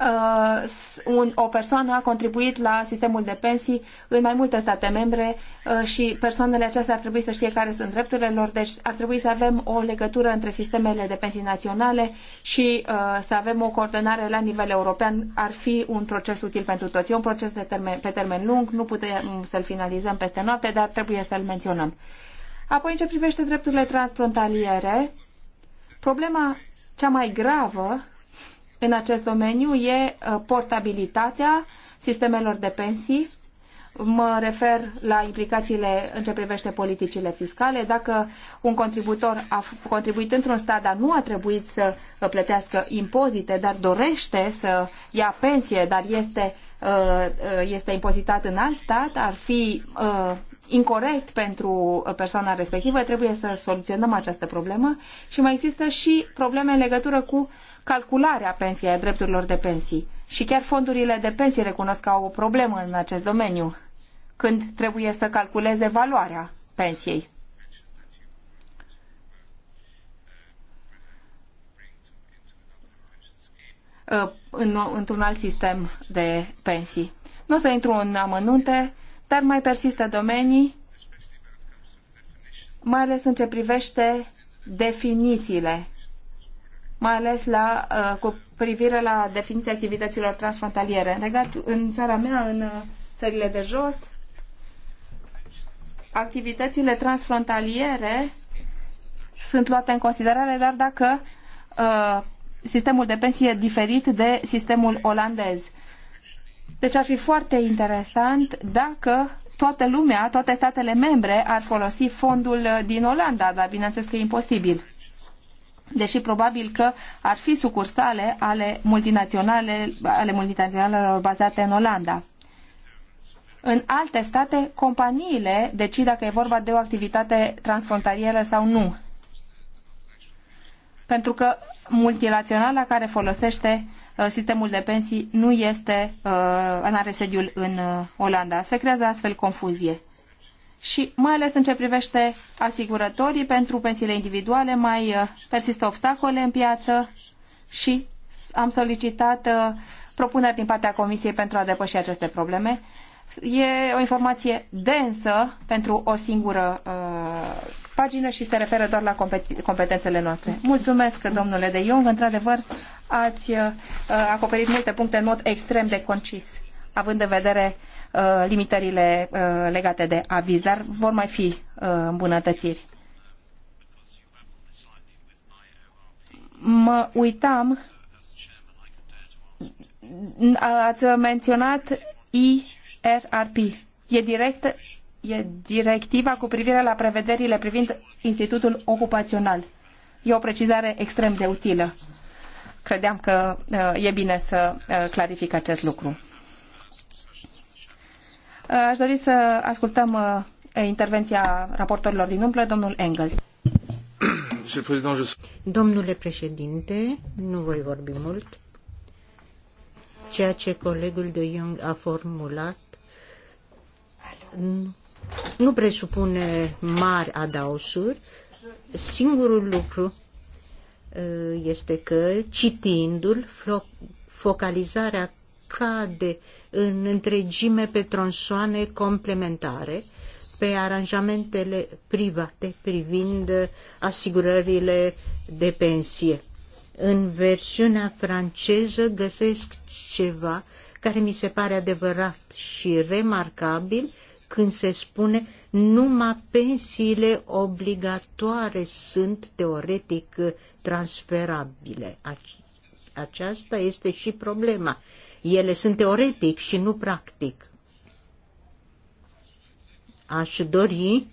uh, un, o persoană a contribuit la sistemul de pensii în mai multe state membre uh, și persoanele acestea ar trebui să știe care sunt drepturile lor, deci ar trebui să avem o legătură între sistemele de pensii naționale și uh, să avem o coordonare la nivel european. Ar fi un proces util pentru toți. E un proces de termen, pe termen lung, nu putem să-l finalizăm peste noapte, dar trebuie să-l menționăm. Apoi, în ce privește drepturile transfrontaliere, problema cea mai gravă în acest domeniu e uh, portabilitatea sistemelor de pensii. Mă refer la implicațiile în ce privește politicile fiscale. Dacă un contributor a contribuit într-un stat, dar nu a trebuit să uh, plătească impozite, dar dorește să ia pensie, dar este, uh, este impozitat în alt stat, ar fi incorrect pentru persoana respectivă. Trebuie să soluționăm această problemă. Și mai există și probleme în legătură cu calcularea pensiei, a drepturilor de pensii. Și chiar fondurile de pensii recunosc că au o problemă în acest domeniu, când trebuie să calculeze valoarea pensiei. Ă, în, într-un alt sistem de pensii. Nu o să intru în amănunte, dar mai persistă domenii, mai ales în ce privește definițiile mai ales la, uh, cu privire la definiția activităților transfrontaliere. În, regat, în țara mea, în uh, țările de jos, activitățile transfrontaliere sunt luate în considerare, dar dacă uh, sistemul de pensie e diferit de sistemul olandez. Deci ar fi foarte interesant dacă toată lumea, toate statele membre ar folosi fondul din Olanda, dar bineînțeles că e imposibil deși probabil că ar fi sucursale ale, multinaționale, ale multinaționalelor bazate în Olanda. În alte state, companiile decid dacă e vorba de o activitate transfrontalieră sau nu. Pentru că multinaționala care folosește uh, sistemul de pensii nu este, nu uh, are sediul în uh, Olanda. Se creează astfel confuzie și mai ales în ce privește asigurătorii pentru pensiile individuale, mai uh, persistă obstacole în piață și am solicitat uh, propuneri din partea Comisiei pentru a depăși aceste probleme. E o informație densă pentru o singură uh, pagină și se referă doar la compet competențele noastre. Mulțumesc, domnule de Jong. Într-adevăr, ați uh, acoperit multe puncte în mod extrem de concis, având în vedere uh, Uh, limitările uh, legate de aviz, dar vor mai fi uh, îmbunătățiri. Mă uitam, ați menționat IRRP. E direct e directiva cu privire la prevederile privind Institutul Ocupațional. E o precizare extrem de utilă. Credeam că e bine să clarific acest lucru. Uh, aș dori să ascultăm uh, intervenția raportorilor din umplă, domnul Engel. Domnule președinte, nu voi vorbi mult. Ceea ce colegul de Jung a formulat nu presupune mari adaosuri. Singurul lucru uh, este că, citindu-l, focalizarea cade în întregime pe tronsoane complementare, pe aranjamentele private privind asigurările de pensie. În versiunea franceză găsesc ceva care mi se pare adevărat și remarcabil când se spune numai pensiile obligatoare sunt teoretic transferabile. Aceasta este și problema. Ele sunt teoretic și nu practic. Aș dori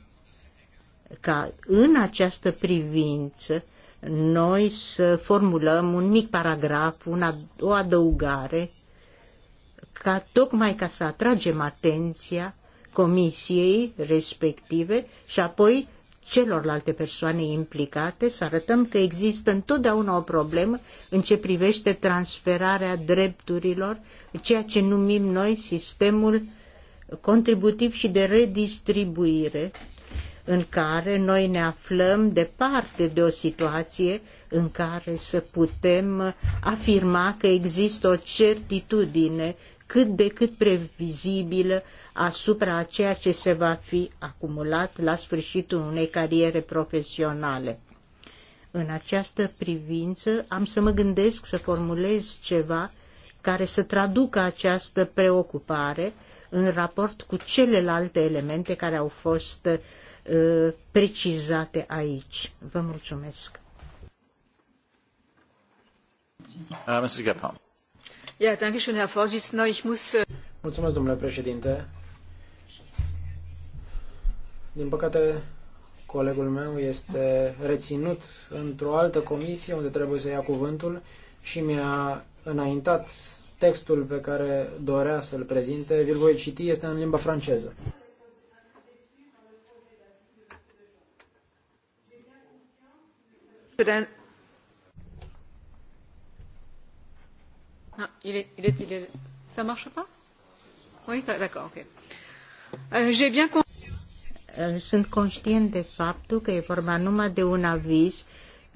ca în această privință noi să formulăm un mic paragraf, una, o adăugare, ca tocmai ca să atragem atenția comisiei respective și apoi celorlalte persoane implicate, să arătăm că există întotdeauna o problemă în ce privește transferarea drepturilor, ceea ce numim noi sistemul contributiv și de redistribuire, în care noi ne aflăm departe de o situație în care să putem afirma că există o certitudine cât de cât previzibilă asupra a ceea ce se va fi acumulat la sfârșitul unei cariere profesionale. În această privință am să mă gândesc să formulez ceva care să traducă această preocupare în raport cu celelalte elemente care au fost uh, precizate aici. Vă mulțumesc. Uh, Mr. Gephardt. Äh, Mulțumesc, domnule președinte. Din păcate, colegul meu este reținut într-o altă comisie unde trebuie să ia cuvântul și mi-a înaintat textul pe care dorea să-l prezinte. Vi-l voi citi, este în limba franceză. President Ah, il est, il est, il est... Ça marche pas Oui, d'accord, ok. Euh, j'ai bien euh, Sunt conștient de faptul că e vorba numai de un aviz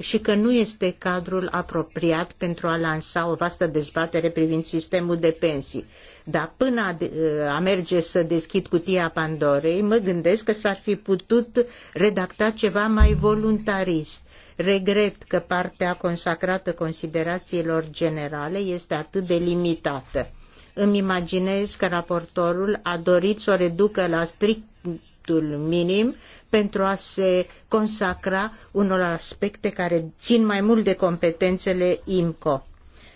și că nu este cadrul apropiat pentru a lansa o vastă dezbatere privind sistemul de pensii. Dar până a, a merge să deschid cutia Pandorei, mă gândesc că s-ar fi putut redacta ceva mai voluntarist Regret că partea consacrată considerațiilor generale este atât de limitată. Îmi imaginez că raportorul a dorit să o reducă la strictul minim pentru a se consacra unor aspecte care țin mai mult de competențele IMCO.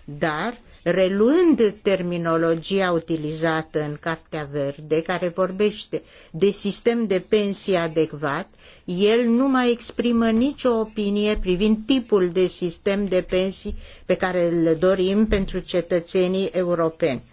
Dar reluând terminologia utilizată în Cartea Verde, care vorbește de sistem de pensie adecvat, el nu mai exprimă nicio opinie privind tipul de sistem de pensii pe care îl dorim pentru cetățenii europeni.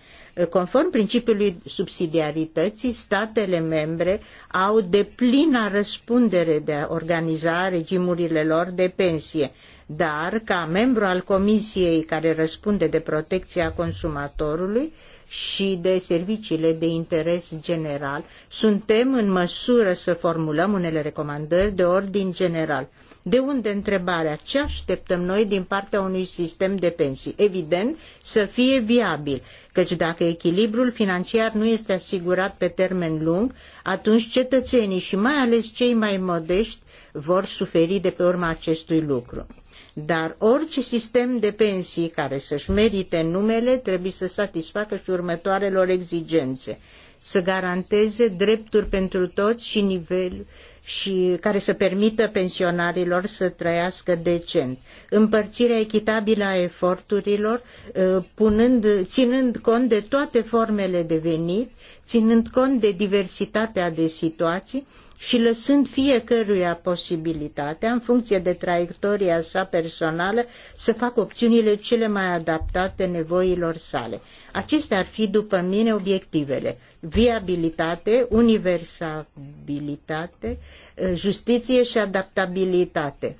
Conform principiului subsidiarității, statele membre au de deplina răspundere de a organiza regimurile lor de pensie, dar ca membru al comisiei care răspunde de protecția consumatorului și de serviciile de interes general, suntem în măsură să formulăm unele recomandări de ordin general. De unde întrebarea? Ce așteptăm noi din partea unui sistem de pensii? Evident, să fie viabil, căci dacă echilibrul financiar nu este asigurat pe termen lung, atunci cetățenii și mai ales cei mai modești vor suferi de pe urma acestui lucru. Dar orice sistem de pensii care să-și merite numele trebuie să satisfacă și următoarelor exigențe. Să garanteze drepturi pentru toți și nivel, și care să permită pensionarilor să trăiască decent. Împărțirea echitabilă a eforturilor, uh, punând, ținând cont de toate formele de venit, ținând cont de diversitatea de situații, și lăsând fiecăruia posibilitatea, în funcție de traiectoria sa personală, să facă opțiunile cele mai adaptate nevoilor sale. Acestea ar fi, după mine, obiectivele viabilitate, universabilitate, eh, justiție și adaptabilitate.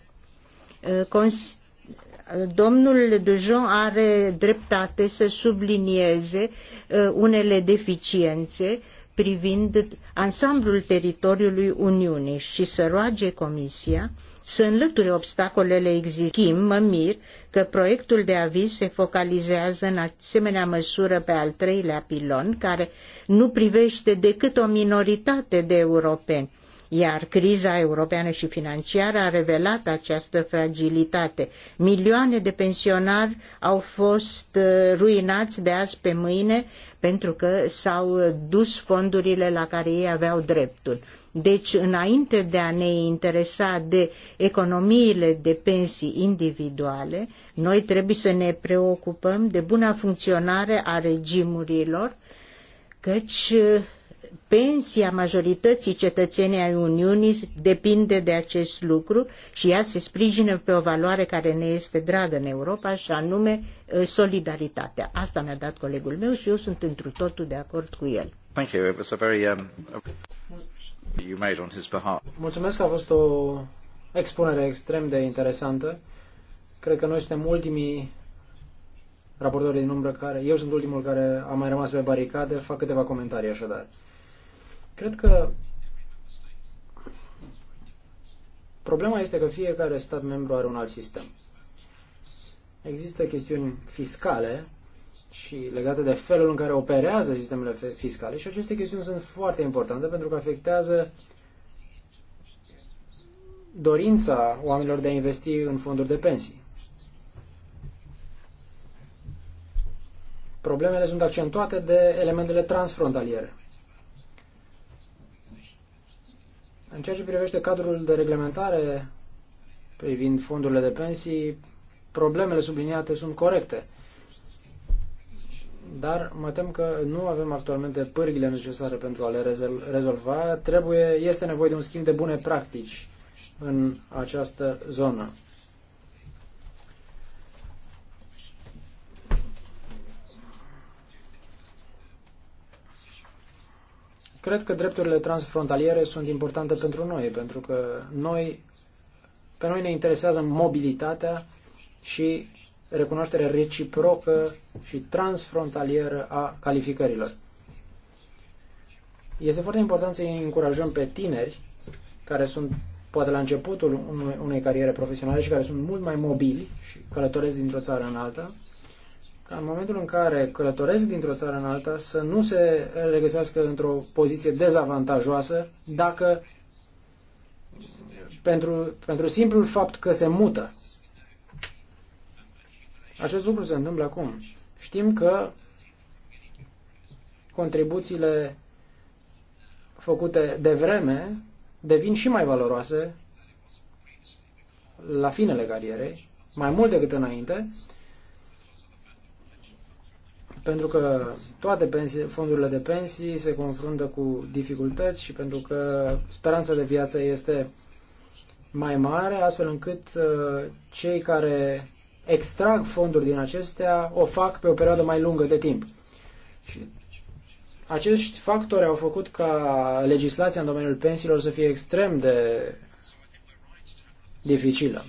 Eh, cons- Domnul Dujon are dreptate să sublinieze eh, unele deficiențe privind ansamblul teritoriului Uniunii și să roage Comisia să înlăture obstacolele existente. Schimb, mă mir că proiectul de aviz se focalizează în asemenea măsură pe al treilea pilon, care nu privește decât o minoritate de europeni iar criza europeană și financiară a revelat această fragilitate. Milioane de pensionari au fost uh, ruinați de azi pe mâine pentru că s-au dus fondurile la care ei aveau dreptul. Deci, înainte de a ne interesa de economiile de pensii individuale, noi trebuie să ne preocupăm de buna funcționare a regimurilor, căci uh, pensia majorității cetățenii ai Uniunii depinde de acest lucru și ea se sprijină pe o valoare care ne este dragă în Europa și anume uh, solidaritatea. Asta mi-a dat colegul meu și eu sunt întru totul de acord cu el. Thank you. It was a very, um... You made on his behalf. Mulțumesc că a fost o expunere extrem de interesantă. Cred că noi suntem ultimii raportori din umbră care, eu sunt ultimul care a mai rămas pe baricade, fac câteva comentarii așadar. Cred că problema este că fiecare stat membru are un alt sistem. Există chestiuni fiscale și legate de felul în care operează sistemele fiscale și aceste chestiuni sunt foarte importante pentru că afectează dorința oamenilor de a investi în fonduri de pensii. Problemele sunt accentuate de elementele transfrontaliere. În ceea ce privește cadrul de reglementare privind fondurile de pensii, problemele subliniate sunt corecte dar mă tem că nu avem actualmente pârghile necesare pentru a le rezolva. Trebuie, este nevoie de un schimb de bune practici în această zonă. Cred că drepturile transfrontaliere sunt importante pentru noi, pentru că noi, pe noi ne interesează mobilitatea și recunoaștere reciprocă și transfrontalieră a calificărilor. Este foarte important să îi încurajăm pe tineri care sunt poate la începutul unei cariere profesionale și care sunt mult mai mobili și călătoresc dintr-o țară în alta, ca în momentul în care călătoresc dintr-o țară în alta să nu se regăsească într-o poziție dezavantajoasă dacă pentru, pentru simplul fapt că se mută. Acest lucru se întâmplă acum. Știm că contribuțiile făcute de vreme devin și mai valoroase la finele carierei, mai mult decât înainte, pentru că toate pensii, fondurile de pensii se confruntă cu dificultăți și pentru că speranța de viață este mai mare, astfel încât uh, cei care extrag fonduri din acestea, o fac pe o perioadă mai lungă de timp. Și acești factori au făcut ca legislația în domeniul pensiilor să fie extrem de dificilă.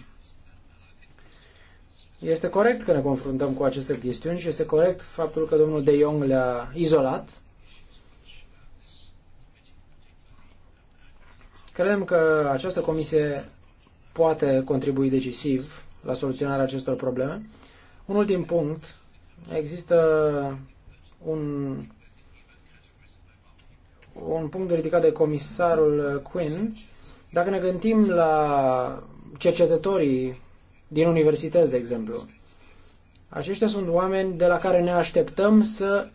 Este corect că ne confruntăm cu aceste chestiuni și este corect faptul că domnul De Jong le-a izolat. Credem că această comisie poate contribui decisiv la soluționarea acestor probleme. Un ultim punct. Există un, un punct ridicat de comisarul Quinn. Dacă ne gândim la cercetătorii din universități, de exemplu, aceștia sunt oameni de la care ne așteptăm să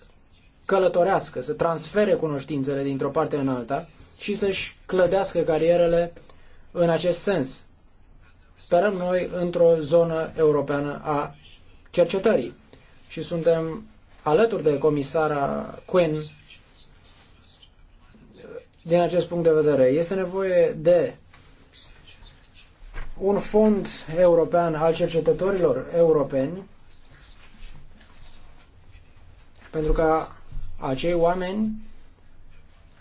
călătorească, să transfere cunoștințele dintr-o parte în alta și să-și clădească carierele în acest sens sperăm noi, într-o zonă europeană a cercetării. Și suntem alături de comisara Quinn din acest punct de vedere. Este nevoie de un fond european al cercetătorilor europeni pentru ca acei oameni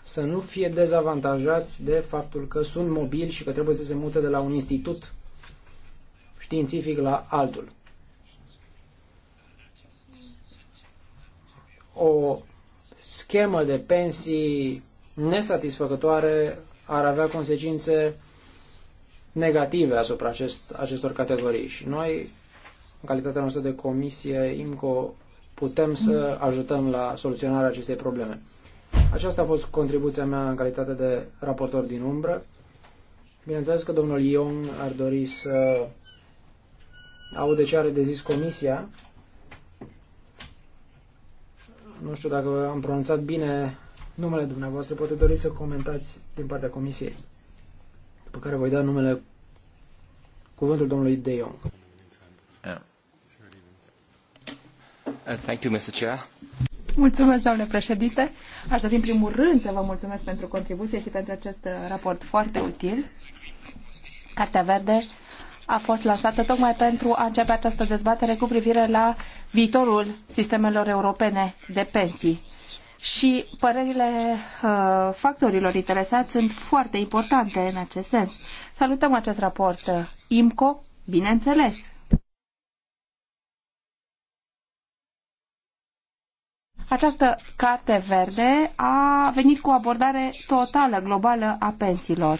să nu fie dezavantajați de faptul că sunt mobili și că trebuie să se mute de la un institut științific la altul. O schemă de pensii nesatisfăcătoare ar avea consecințe negative asupra acest, acestor categorii și noi, în calitatea noastră de comisie IMCO, putem să ajutăm la soluționarea acestei probleme. Aceasta a fost contribuția mea în calitate de raportor din umbră. Bineînțeles că domnul Ion ar dori să aude ce are de zis comisia. Nu știu dacă am pronunțat bine numele dumneavoastră, poate doriți să comentați din partea comisiei, după care voi da numele cuvântul domnului De Jong. Uh, thank you, Mulțumesc, domnule președinte. Aș dori în primul rând să vă mulțumesc pentru contribuție și pentru acest uh, raport foarte util. Cartea Verde a fost lansată tocmai pentru a începe această dezbatere cu privire la viitorul sistemelor europene de pensii. Și părerile uh, factorilor interesați sunt foarte importante în acest sens. Salutăm acest raport uh, IMCO, bineînțeles. Această carte verde a venit cu o abordare totală, globală a pensiilor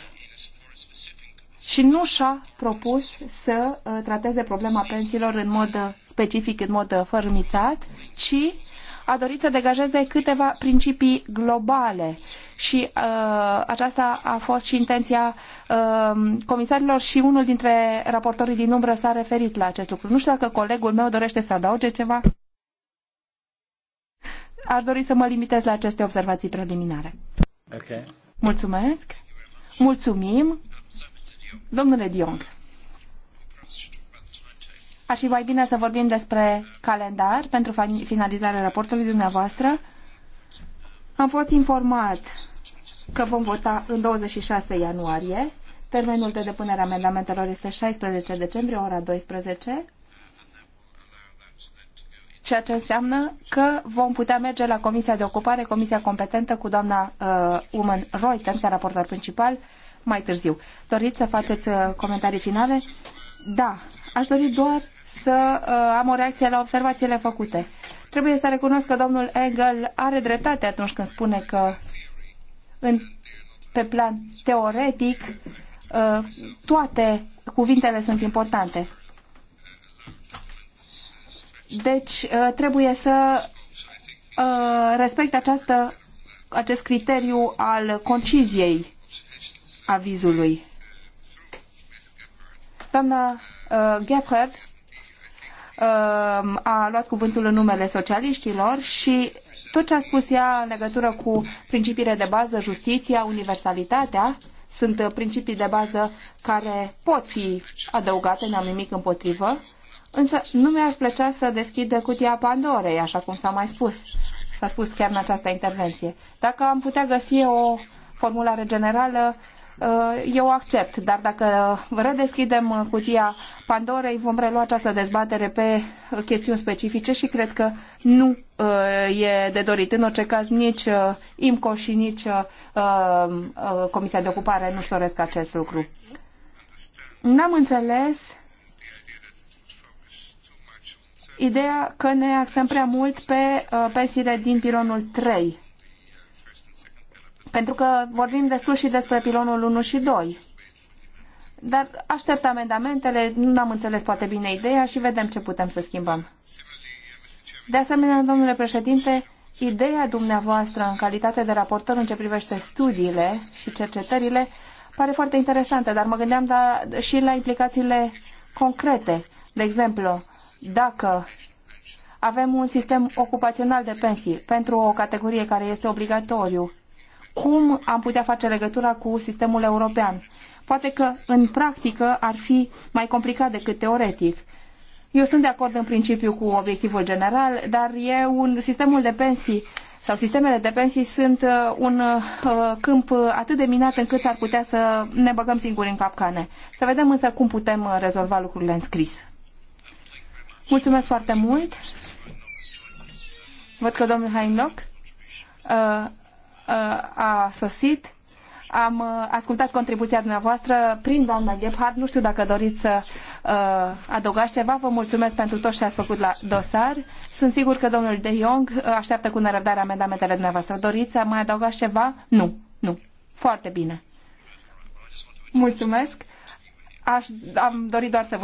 și nu și-a propus să uh, trateze problema pensiilor în mod uh, specific, în mod uh, fărmițat, ci a dorit să degajeze câteva principii globale și uh, aceasta a fost și intenția uh, comisarilor și unul dintre raportorii din umbră s-a referit la acest lucru. Nu știu dacă colegul meu dorește să adauge ceva. Aș dori să mă limitez la aceste observații preliminare. Okay. Mulțumesc. Mulțumim. Domnule Dion, ar fi mai bine să vorbim despre calendar pentru finalizarea raportului dumneavoastră. Am fost informat că vom vota în 26 ianuarie. Termenul de depunere a amendamentelor este 16 decembrie, ora 12. Ceea ce înseamnă că vom putea merge la Comisia de Ocupare, Comisia competentă cu doamna uh, Woman Reuter, ca raportor principal, uh, mai târziu. Doriți să faceți uh, comentarii finale? Da, aș dori doar să uh, am o reacție la observațiile făcute. Trebuie să recunosc că domnul Engel are dreptate atunci când spune că în, pe plan teoretic uh, toate cuvintele sunt importante. Deci trebuie să respect această, acest criteriu al conciziei avizului. Doamna uh, Gephardt uh, a luat cuvântul în numele socialiștilor și tot ce a spus ea în legătură cu principiile de bază, justiția, universalitatea, sunt principii de bază care pot fi adăugate, n-am nimic împotrivă, însă nu mi-ar plăcea să deschid cutia Pandorei, așa cum s-a mai spus. S-a spus chiar în această intervenție. Dacă am putea găsi o formulare generală Uh, eu accept, dar dacă redeschidem cutia Pandorei, vom relua această dezbatere pe chestiuni specifice și cred că nu uh, e de dorit. În orice caz, nici uh, IMCO și nici Comisia de Ocupare nu-și doresc acest lucru. N-am înțeles ideea că ne axăm prea mult pe pensiile din pilonul 3 pentru că vorbim destul și despre pilonul 1 și 2. Dar aștept amendamentele, nu am înțeles poate bine ideea și vedem ce putem să schimbăm. De asemenea, domnule președinte, ideea dumneavoastră în calitate de raportor în ce privește studiile și cercetările pare foarte interesantă, dar mă gândeam da, și la implicațiile concrete. De exemplu, dacă avem un sistem ocupațional de pensii pentru o categorie care este obligatoriu, cum am putea face legătura cu sistemul european. Poate că în practică ar fi mai complicat decât teoretic. Eu sunt de acord în principiu cu obiectivul general, dar e un sistemul de pensii sau sistemele de pensii sunt uh, un uh, câmp atât de minat încât ar putea să ne băgăm singuri în capcane. Să vedem însă cum putem uh, rezolva lucrurile în scris. Mulțumesc foarte mult. Văd că domnul Uh, Uh, a sosit. Am uh, ascultat contribuția dumneavoastră prin doamna Gebhardt. Nu știu dacă doriți să uh, adăugați ceva. Vă mulțumesc pentru tot ce ați făcut la dosar. Sunt sigur că domnul De Jong așteaptă cu nerăbdare amendamentele dumneavoastră. Doriți să mai adăugați ceva? Nu. Nu. Foarte bine. Mulțumesc. Aș, am dorit doar să vă